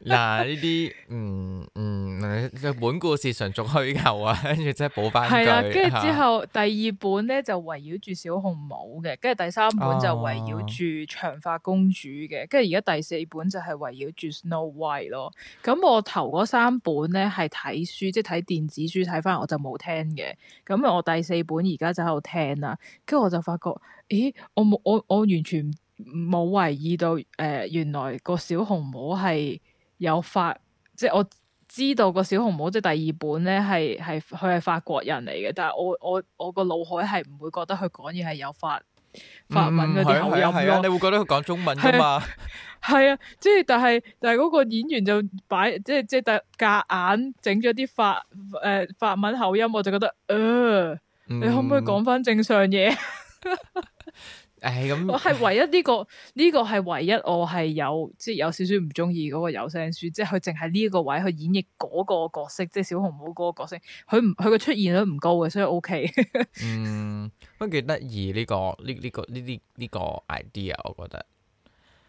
嗱、嗯，呢啲 (laughs) 嗯嗯，本故事純屬虛構啊，跟住即係補翻。係啊，跟住之後第二本咧 (laughs) 就圍繞住小紅帽嘅，跟住第三本就圍繞住長髮公主嘅，跟住而家第四本就係圍繞住 Snow White 咯。咁我頭嗰三本咧係睇書，即係睇電子書睇翻，我就冇聽嘅。咁我第四本而家就喺度聽啦，跟住我就發覺。咦，我冇我我完全冇懷疑到誒、呃，原來個小紅帽係有法，即係我知道個小紅帽即係第二本咧，係係佢係法國人嚟嘅，但係我我我個腦海係唔會覺得佢講嘢係有法法文嗰啲口音係啊、嗯，你會覺得佢講中文㗎嘛 (laughs) ？係啊，即係但係但係嗰個演員就擺即係即係夾硬整咗啲法誒、呃、法文口音，我就覺得誒、呃，你可唔可以講翻正常嘢？ (laughs) 誒，咁、哎、我係唯一呢、這個呢、這個係唯一我係有即係、就是、有少少唔中意嗰個有聲書，即係佢淨係呢個位去演繹嗰個角色，即、就、係、是、小紅帽嗰個角色，佢唔佢個出現率唔高嘅，所以 O、OK、K。 (laughs) 嗯，都幾得意呢個呢呢、這個呢呢呢個 idea，我覺得。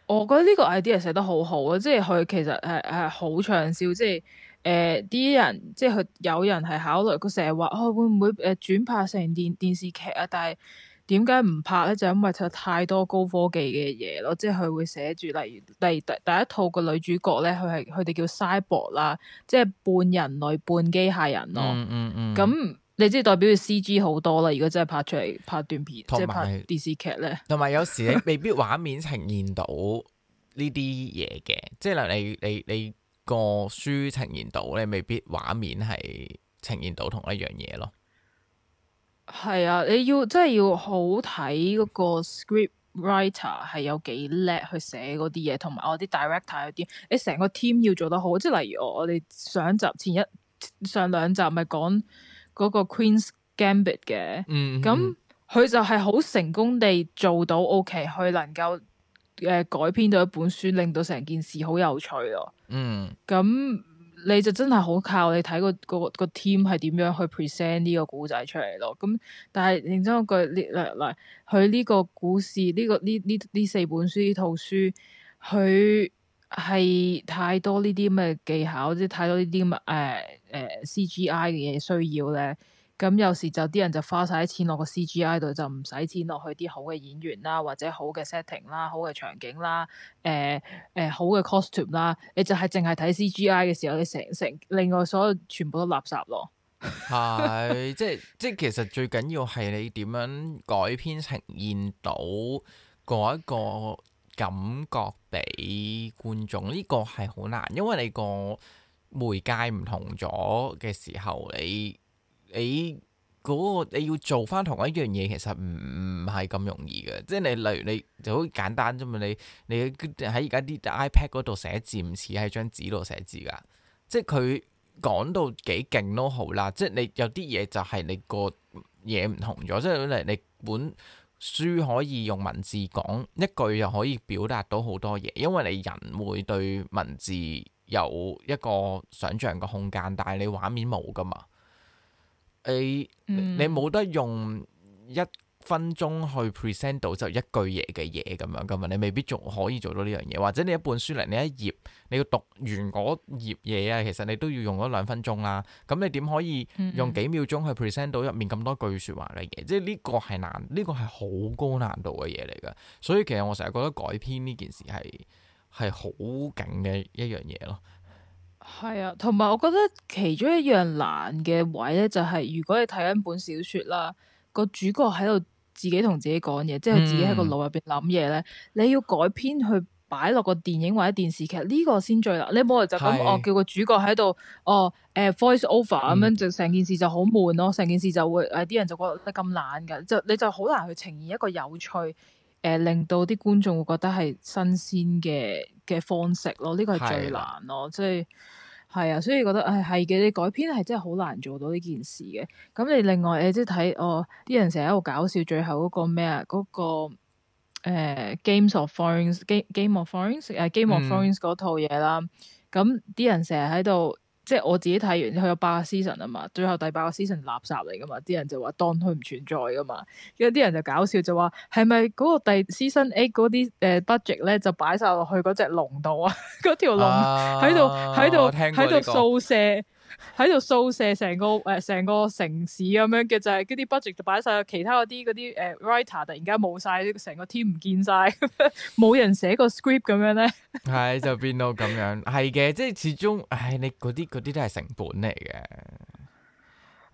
我覺得呢個 idea 寫得好好啊，即係佢其實係係好暢銷，即係誒啲人即係佢有人係考慮，佢成日話哦會唔會誒轉拍成電電視劇啊？但係。點解唔拍咧？就係、因為其實太多高科技嘅嘢咯，即係佢會寫住，例如例第第一套個女主角咧，佢係佢哋叫 Cyborg 啦，即係半人類半機械人咯。嗯嗯咁、嗯、你即係代表住 C G 好多啦。如果真係拍出嚟拍段片，有即係拍電視劇咧。同埋有，有時你未必畫面呈現到呢啲嘢嘅，即係例如你你個書呈現到，你未必畫面係呈現到同一樣嘢咯。係啊，你要真係要好睇嗰個 script writer 係有幾叻去寫嗰啲嘢，同埋我啲 director 有啲，你、哦、成個 team 要做得好。即係例如我，我哋上集前一上兩集咪講嗰個 Queen's Gambit 嘅，咁佢、mm hmm. 就係好成功地做到 OK，佢能夠誒、呃、改編到一本書，令到成件事好有趣咯、哦。嗯、mm，咁、hmm.。你就真係好靠你睇個個個 team 係點樣去 present 呢個古仔出嚟咯。咁但係認真講句，嚟嚟嚟，佢呢個故事呢個呢呢呢四本書呢套書，佢係太多呢啲咁嘅技巧，即係太多呢啲咁誒誒 C G I 嘅嘢需要咧。咁有時就啲人就花晒啲錢落個 CGI 度，就唔使錢落去啲好嘅演員啦，或者好嘅 setting 啦，好嘅場景啦，誒、呃、誒、呃、好嘅 costume 啦，你就係淨係睇 CGI 嘅時候，你成成另外所有全部都垃圾咯。係是 (laughs) 即係即係，其實最緊要係你點樣改編呈現到嗰一個感覺俾觀眾，呢、這個係好難，因為你個媒介唔同咗嘅時候，你。你、嗰個你要做翻同一樣嘢，其實唔唔係咁容易嘅。即係你例如你就好簡單啫嘛，你你喺而家啲 iPad 嗰度寫字，唔似喺張紙度寫字噶。即係佢講到幾勁都好啦。即係你有啲嘢就係你個嘢唔同咗。即係你你本書可以用文字講一句，又可以表達到好多嘢，因為你人會對文字有一個想象嘅空間，但係你畫面冇噶嘛。欸嗯、你你冇得用一分鐘去 present 到就一句嘢嘅嘢咁樣噶嘛？你未必仲可以做到呢樣嘢，或者你一本書嚟你一頁，你要讀完嗰頁嘢啊，其實你都要用咗兩分鐘啦。咁你點可以用幾秒鐘去 present 到入面咁多句說話嘅嘢？嗯嗯、即係呢個係難，呢、呢個係好高難度嘅嘢嚟噶。所以其實我成日覺得改編呢件事係係好勁嘅一樣嘢咯。係啊，同埋我覺得其中一樣難嘅位咧，就係如果你睇緊本小說啦，個主角喺度自己同自己講嘢，嗯、即係自己喺個腦入邊諗嘢咧，你要改編去擺落個電影或者電視劇呢、呢個先最難。你冇理由就咁是哦，叫個主角喺度哦，誒、呃、voice over 咁樣、嗯，就成件事就好悶咯，成件事就會誒啲人就覺得咁懶噶，就你就好難去呈現一個有趣誒、呃，令到啲觀眾會覺得係新鮮嘅嘅方式咯。呢個係最難咯，即係。係啊，所以覺得誒係嘅，你改編係真係好難做到呢件事嘅。咁你另外你即係睇哦，啲人成日喺度搞笑，最後嗰個咩啊，嗰、那個誒、呃《Games of Thrones》Game of Thrones 誒《Game of Thrones》嗰套嘢啦，咁啲、嗯、人成日喺度。即係我自己睇完，佢有八個 season 啊嘛，最後第八個 season 垃圾嚟噶嘛，啲人就話當佢唔存在噶嘛，有啲人就搞笑就話係咪嗰個第 season 8嗰啲誒、呃、budget 咧就擺晒落去嗰隻龍度啊，嗰條龍喺度喺度喺度掃射。喺度掃射成個誒成、呃、個城市咁樣嘅就係嗰啲 budget 就擺晒其他嗰啲啲誒、呃、writer 突然間冇晒成個 team 唔見晒，冇 (laughs) 人寫個 script 咁樣咧，係、 (laughs) 哎、就變到咁樣，係嘅，即係始終，唉、哎，你嗰啲嗰啲都係成本嚟嘅。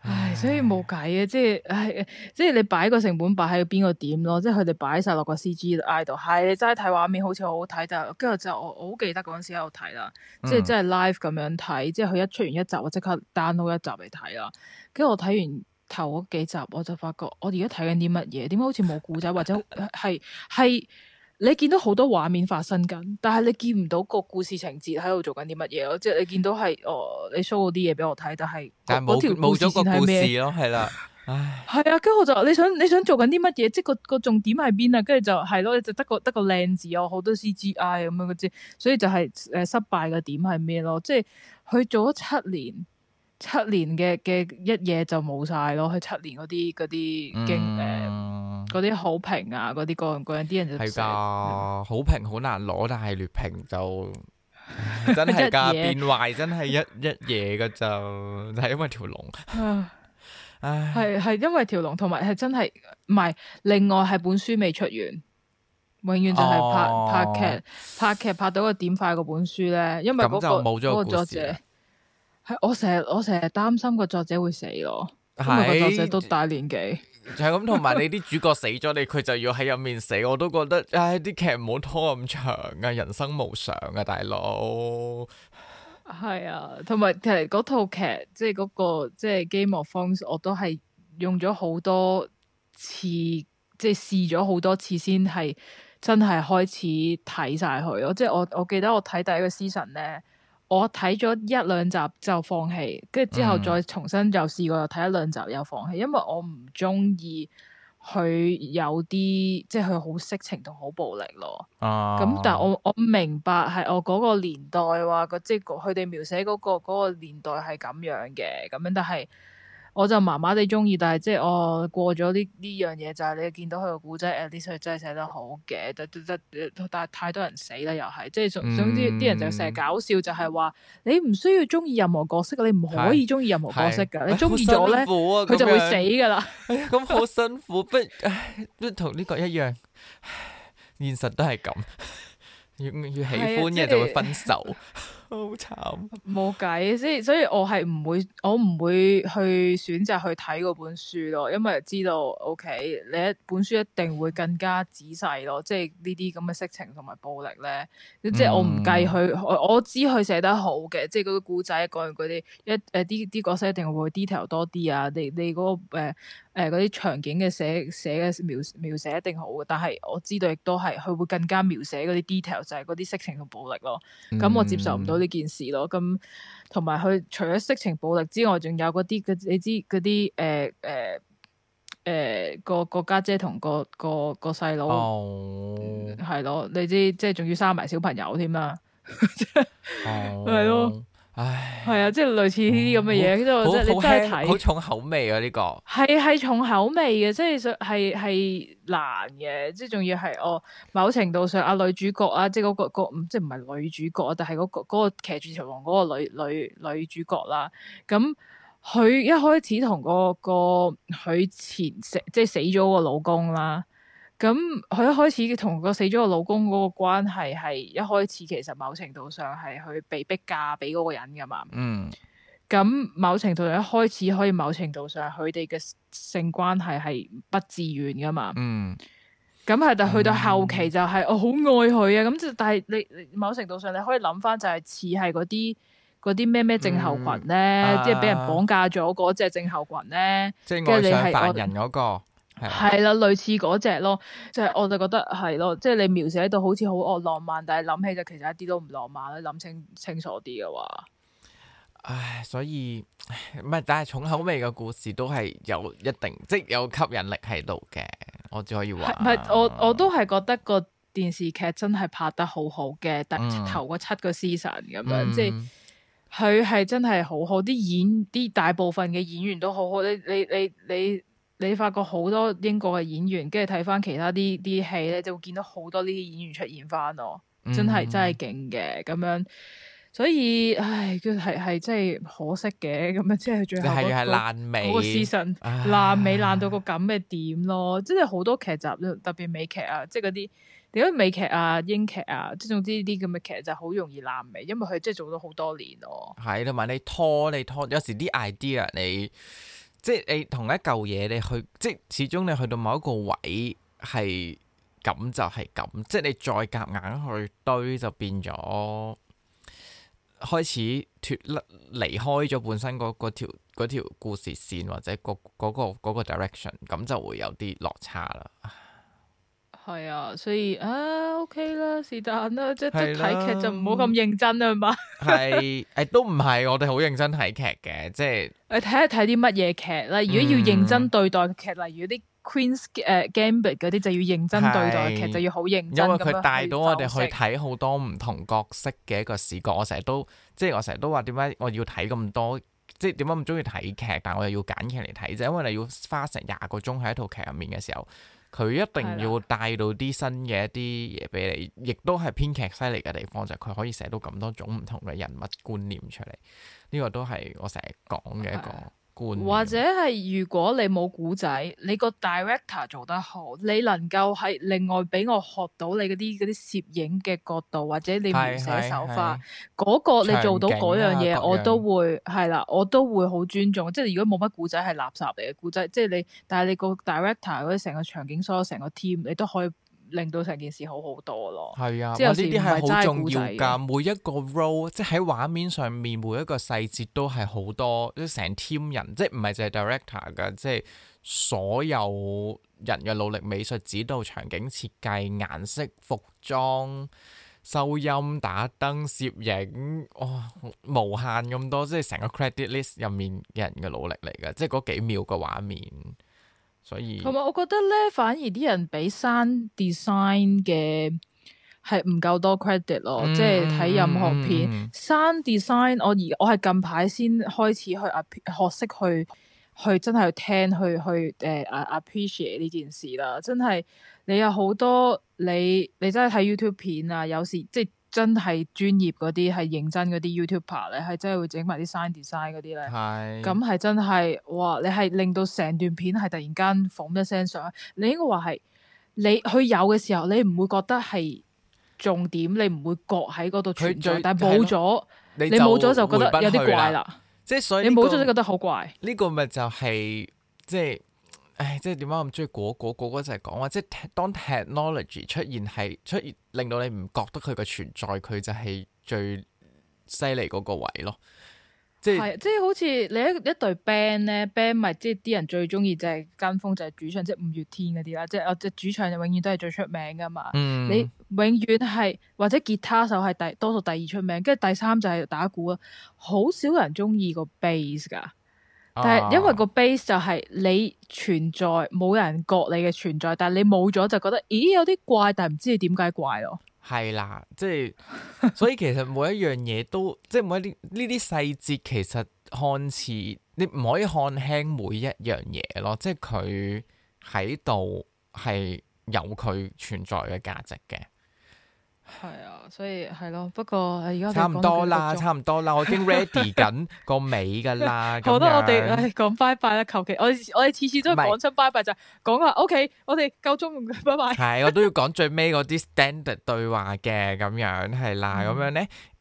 唉，所以冇計啊。即係，唉，即係你擺個成本擺喺邊個點咯？即係佢哋擺晒落個 CG 度，係你齋睇畫面好似好好睇，就跟住就我我好記得嗰陣時喺度睇啦，即係即係 live 咁樣睇，即係佢一出完一集，我即刻 download 一集嚟睇啦。跟住我睇完頭嗰幾集，我就發覺我而家睇緊啲乜嘢？點解好似冇故仔或者係係？ (laughs) 你見到好多畫面發生緊，但係你見唔到個故事情節喺度做緊啲乜嘢咯？即係你見到係哦，你 show 嗰啲嘢俾我睇，但係嗰條冇咗個故事咯，係啦，唉，係啊，跟住我就你想你想做緊啲乜嘢？即係個個重點係邊啊？跟住就係咯，你就得個得個靚字哦，好多 CGI 咁樣嘅啫。所以就係誒失敗嘅點係咩咯？即係佢做咗七年。七年嘅嘅一夜就冇晒咯，佢七年嗰啲啲經誒啲好評啊，嗰啲各樣啲人就係噶好評好難攞，但係劣評就真係噶變壞，真係一一夜嘅就就係因為條龍，唉，係係因為條龍，同埋係真係唔係，另外係本書未出完，永遠就係拍拍劇拍劇拍到個點快嗰本書咧，因為嗰個嗰個作者。係我成日我成日擔心個作者會死咯，係個是作者都大年紀，就係咁。同埋你啲主角死咗，你佢 (laughs) 就要喺入面死。我都覺得，唉，啲劇唔好拖咁長啊，人生無常啊，大佬。係啊，同埋其實嗰套劇即係、那、嗰個即係《Game of Thrones》，我都係用咗好多次，即係試咗好多次先係真係開始睇晒佢。即我即係我我記得我睇第一個 season 咧。我睇咗一兩集就放棄，跟住之後再重新又試過，又睇一兩集又放棄，因為我唔中意佢有啲即係佢好色情同好暴力咯。咁、啊、但係我我明白係我嗰個年代話、嗰個即係佢哋描寫嗰個嗰個年代係咁樣嘅，咁樣但係。我就麻麻地中意，但係即係我過咗呢呢樣嘢就係你見到佢個古仔，誒呢出真係寫得好嘅，但但但但係太多人死啦又係，即係總總之啲人就成日搞笑，就係、是、話你唔需要中意任何角色，你唔可以中意任何角色噶，啊、你中意咗咧，佢、哎啊、就會死噶啦。咁、哎、好辛苦 (laughs) 不如？唉、哎，都同呢個一樣，現實都係咁，越越喜歡嘅就會分手。 (laughs) 好慘，冇計，所以所以我係唔會，我唔會去選擇去睇本書咯，因為知道，OK，你一本書一定會更加仔細咯，即係呢啲咁嘅色情同埋暴力咧，即係我唔計佢，我知佢寫得好嘅，即係嗰個古仔講完嗰啲一誒啲啲角色一定會 detail 多啲啊，你你、嗰個誒誒啲場景嘅寫寫嘅描描寫一定好嘅，但係我知道亦都係佢會更加描寫嗰啲 detail 就係嗰啲色情同暴力咯，咁我接受唔到。嗯呢件事咯，咁同埋佢除咗色情暴力之外，仲有嗰啲，嗰你知嗰啲誒誒誒個個家姐同個個個細佬係咯，你知即係仲要生埋小朋友添啊，係、 (laughs) 哦、 (laughs) 咯。唉，係啊、嗯，即係類似呢啲咁嘅嘢，哇其實我真係好你真係睇好輕重口味啊！呢個係係重口味嘅，即係想係係難嘅，即係仲要係哦某程度上啊女主角啊，即係嗰、嗰個、嗰個即係唔係女主角啊，但係嗰、嗰個嗰、嗰個騎住條王嗰個女女女主角啦。咁佢一開始同、嗰個、嗰個佢前即係死咗個老公啦。咁佢一開始同個死咗個老公嗰個關係係一開始其實某程度上係佢被逼嫁俾嗰個人噶嘛，嗯，咁某程度上一開始可以某程度上佢哋嘅性關係係不自願噶嘛，嗯，咁係但去到後期就係我好愛佢啊，咁、嗯、但係你某程度上你可以諗翻就係似係嗰啲啲咩咩症候群咧，即係俾人綁架咗嗰隻症候群咧，即係你係犯人嗰、嗰個。係啦，類似嗰隻咯，就係我就覺得係咯，即係你描寫到好似好惡浪漫，但係諗起就其實一啲都唔浪漫啦，諗清清楚啲嘅話。唉，所以唔係，但係重口味嘅故事都係有一定，即係有吸引力喺度嘅，我只可以話。唔係我我都係覺得個電視劇真係拍得好好嘅，第、嗯、頭個七個 season 咁樣，嗯、即係佢係真係好好，啲演啲大部分嘅演員都好好，你你你你。你你你你發覺好多英國嘅演員，跟住睇翻其他啲啲戲咧，你就會見到好多呢啲演員出現翻咯、嗯，真係真係勁嘅咁樣。所以唉，佢係係真係可惜嘅咁樣，即係最後係係爛尾，個私信爛尾爛到個咁嘅點咯。即係好多劇集特別美劇啊，即係嗰啲點解美劇啊、英劇啊，即係總之呢啲咁嘅劇就好容易爛尾，因為佢即係做咗好多年咯。係同埋你拖你拖，有時啲 idea 你。即係你同一舊嘢，你去即係始終你去到某一個位係咁就係咁，即係你再夾硬去堆就變咗開始脫甩離開咗本身嗰嗰條條故事線，或者嗰、嗰、嗰個嗰、嗰個 direction，咁、嗰個、就會有啲落差啦。係啊，所以啊，OK 啦，是但啦，即係睇劇就唔好咁認真啊，嘛。 (laughs) 係誒，都唔係，我哋好認真睇劇嘅，即係你睇下睇啲乜嘢劇咧。如果要認真對待嘅劇，嗯、例如啲 Queen's Gambit 嗰啲，就要認真對待劇，是就要好認真。因為佢帶到我哋去睇好多唔同角色嘅一個視角。我成日都即係我成日都話點解我要睇咁多，即係點解咁中意睇劇，但係我又要揀劇嚟睇，就因為你要花成廿個鐘喺一套劇入面嘅時候。佢一定要帶到啲新嘅一啲嘢俾你，亦都係編劇犀利嘅地方，就係佢可以寫到咁多種唔同嘅人物觀念出嚟，呢、這個都係我成日講嘅一個。或者係如果你冇古仔，你個 director 做得好，你能夠係另外俾我學到你嗰啲嗰啲攝影嘅角度，或者你描寫手法，嗰個你做到嗰樣嘢，我都會係啦，我都會好尊重。即係如果冇乜古仔係垃圾嚟嘅古仔，即係你，但係你個 director 或者成個場景所有成個 team，你都可以。令到成件事好好多咯，係啊，即係呢啲係好重要噶。每一個 role，即係喺畫面上面每一個細節都係好多，即係成 team 人，即係唔係淨係 director 噶，即係所有人嘅努力，美術指導、場景設計、顏色、服裝、收音、打燈、攝影，哇、哦，無限咁多，即係成個 credit list 入面嘅人嘅努力嚟噶，即係嗰幾秒嘅畫面。所以同埋，我覺得咧，反而啲人俾 sound design 嘅係唔夠多 credit 咯，嗯、即係睇任何片 sound、嗯、design 我。我而我係近排先開始去 app 學識去去真係去聽去去誒、uh, appreciate 呢件事啦。真係你有好多你你真係睇 YouTube 片啊，有時即係。真係專業嗰啲，係認真嗰啲 YouTuber 咧，係是真係會整埋啲 sign design 嗰啲咧。係咁係真係，哇！你係令到成段片係突然間 boom 一聲上，你應該話係你佢有嘅時候，你唔會覺得係重點？你唔會覺喺嗰度存在，最但係冇咗，你冇咗就覺得有啲怪啦。即係所以、這個、你冇咗就覺得好怪。呢個咪就係即係。就是唉、哎，即係點解咁中意嗰嗰嗰嗰就係講話，即係當 technology 出現係出現，令到你唔覺得佢嘅存在，佢就係最犀利嗰個位咯。即係即係好似你一一隊 band 咧、嗯、，band 咪即係啲人最中意就係、是、跟風就係主唱，即、就、係、是、五月天嗰啲啦，即係我即係主唱就永遠都係最出名噶嘛。嗯、你永遠係或者吉他手係第多數第二出名，跟住第三就係打鼓啊，好少人中意個 bass 噶。但係因為個 base 就係你存在，冇人覺你嘅存在，但係你冇咗就覺得，咦有啲怪，但係唔知你點解怪咯。係 (laughs) 啦，即係所以其實每一樣嘢都，即係每一啲呢啲細節，其實看似你唔可以看輕每一樣嘢咯，即係佢喺度係有佢存在嘅價值嘅。係啊，所以係咯，不過而家差唔多啦，差唔多啦，我已經 ready 緊個尾噶啦。 (laughs) 好得我哋講拜拜啦，求其我我哋次次都講出拜拜，就係講話，OK，我哋夠鐘 bye bye。係，我都要講最尾嗰啲 standard 對話嘅，咁樣係啦，咁樣咧。Mm hmm.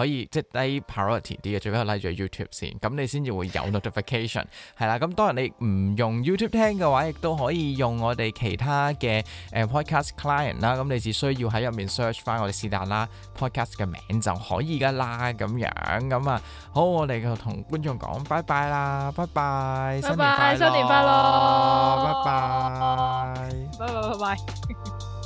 可以即係低 priority 啲嘅，最尾拉住 YouTube 先，咁你先至會有 notification，係啦。咁當然你唔用 YouTube 聽嘅話，亦都可以用我哋其他嘅誒 podcast client 啦。咁你只需要喺入面 search 翻我哋是但啦 podcast 嘅名就可以㗎啦。咁樣咁啊，好，我哋就同觀眾講，拜拜啦，拜拜，新年快樂，新年快樂，拜拜，拜拜拜拜。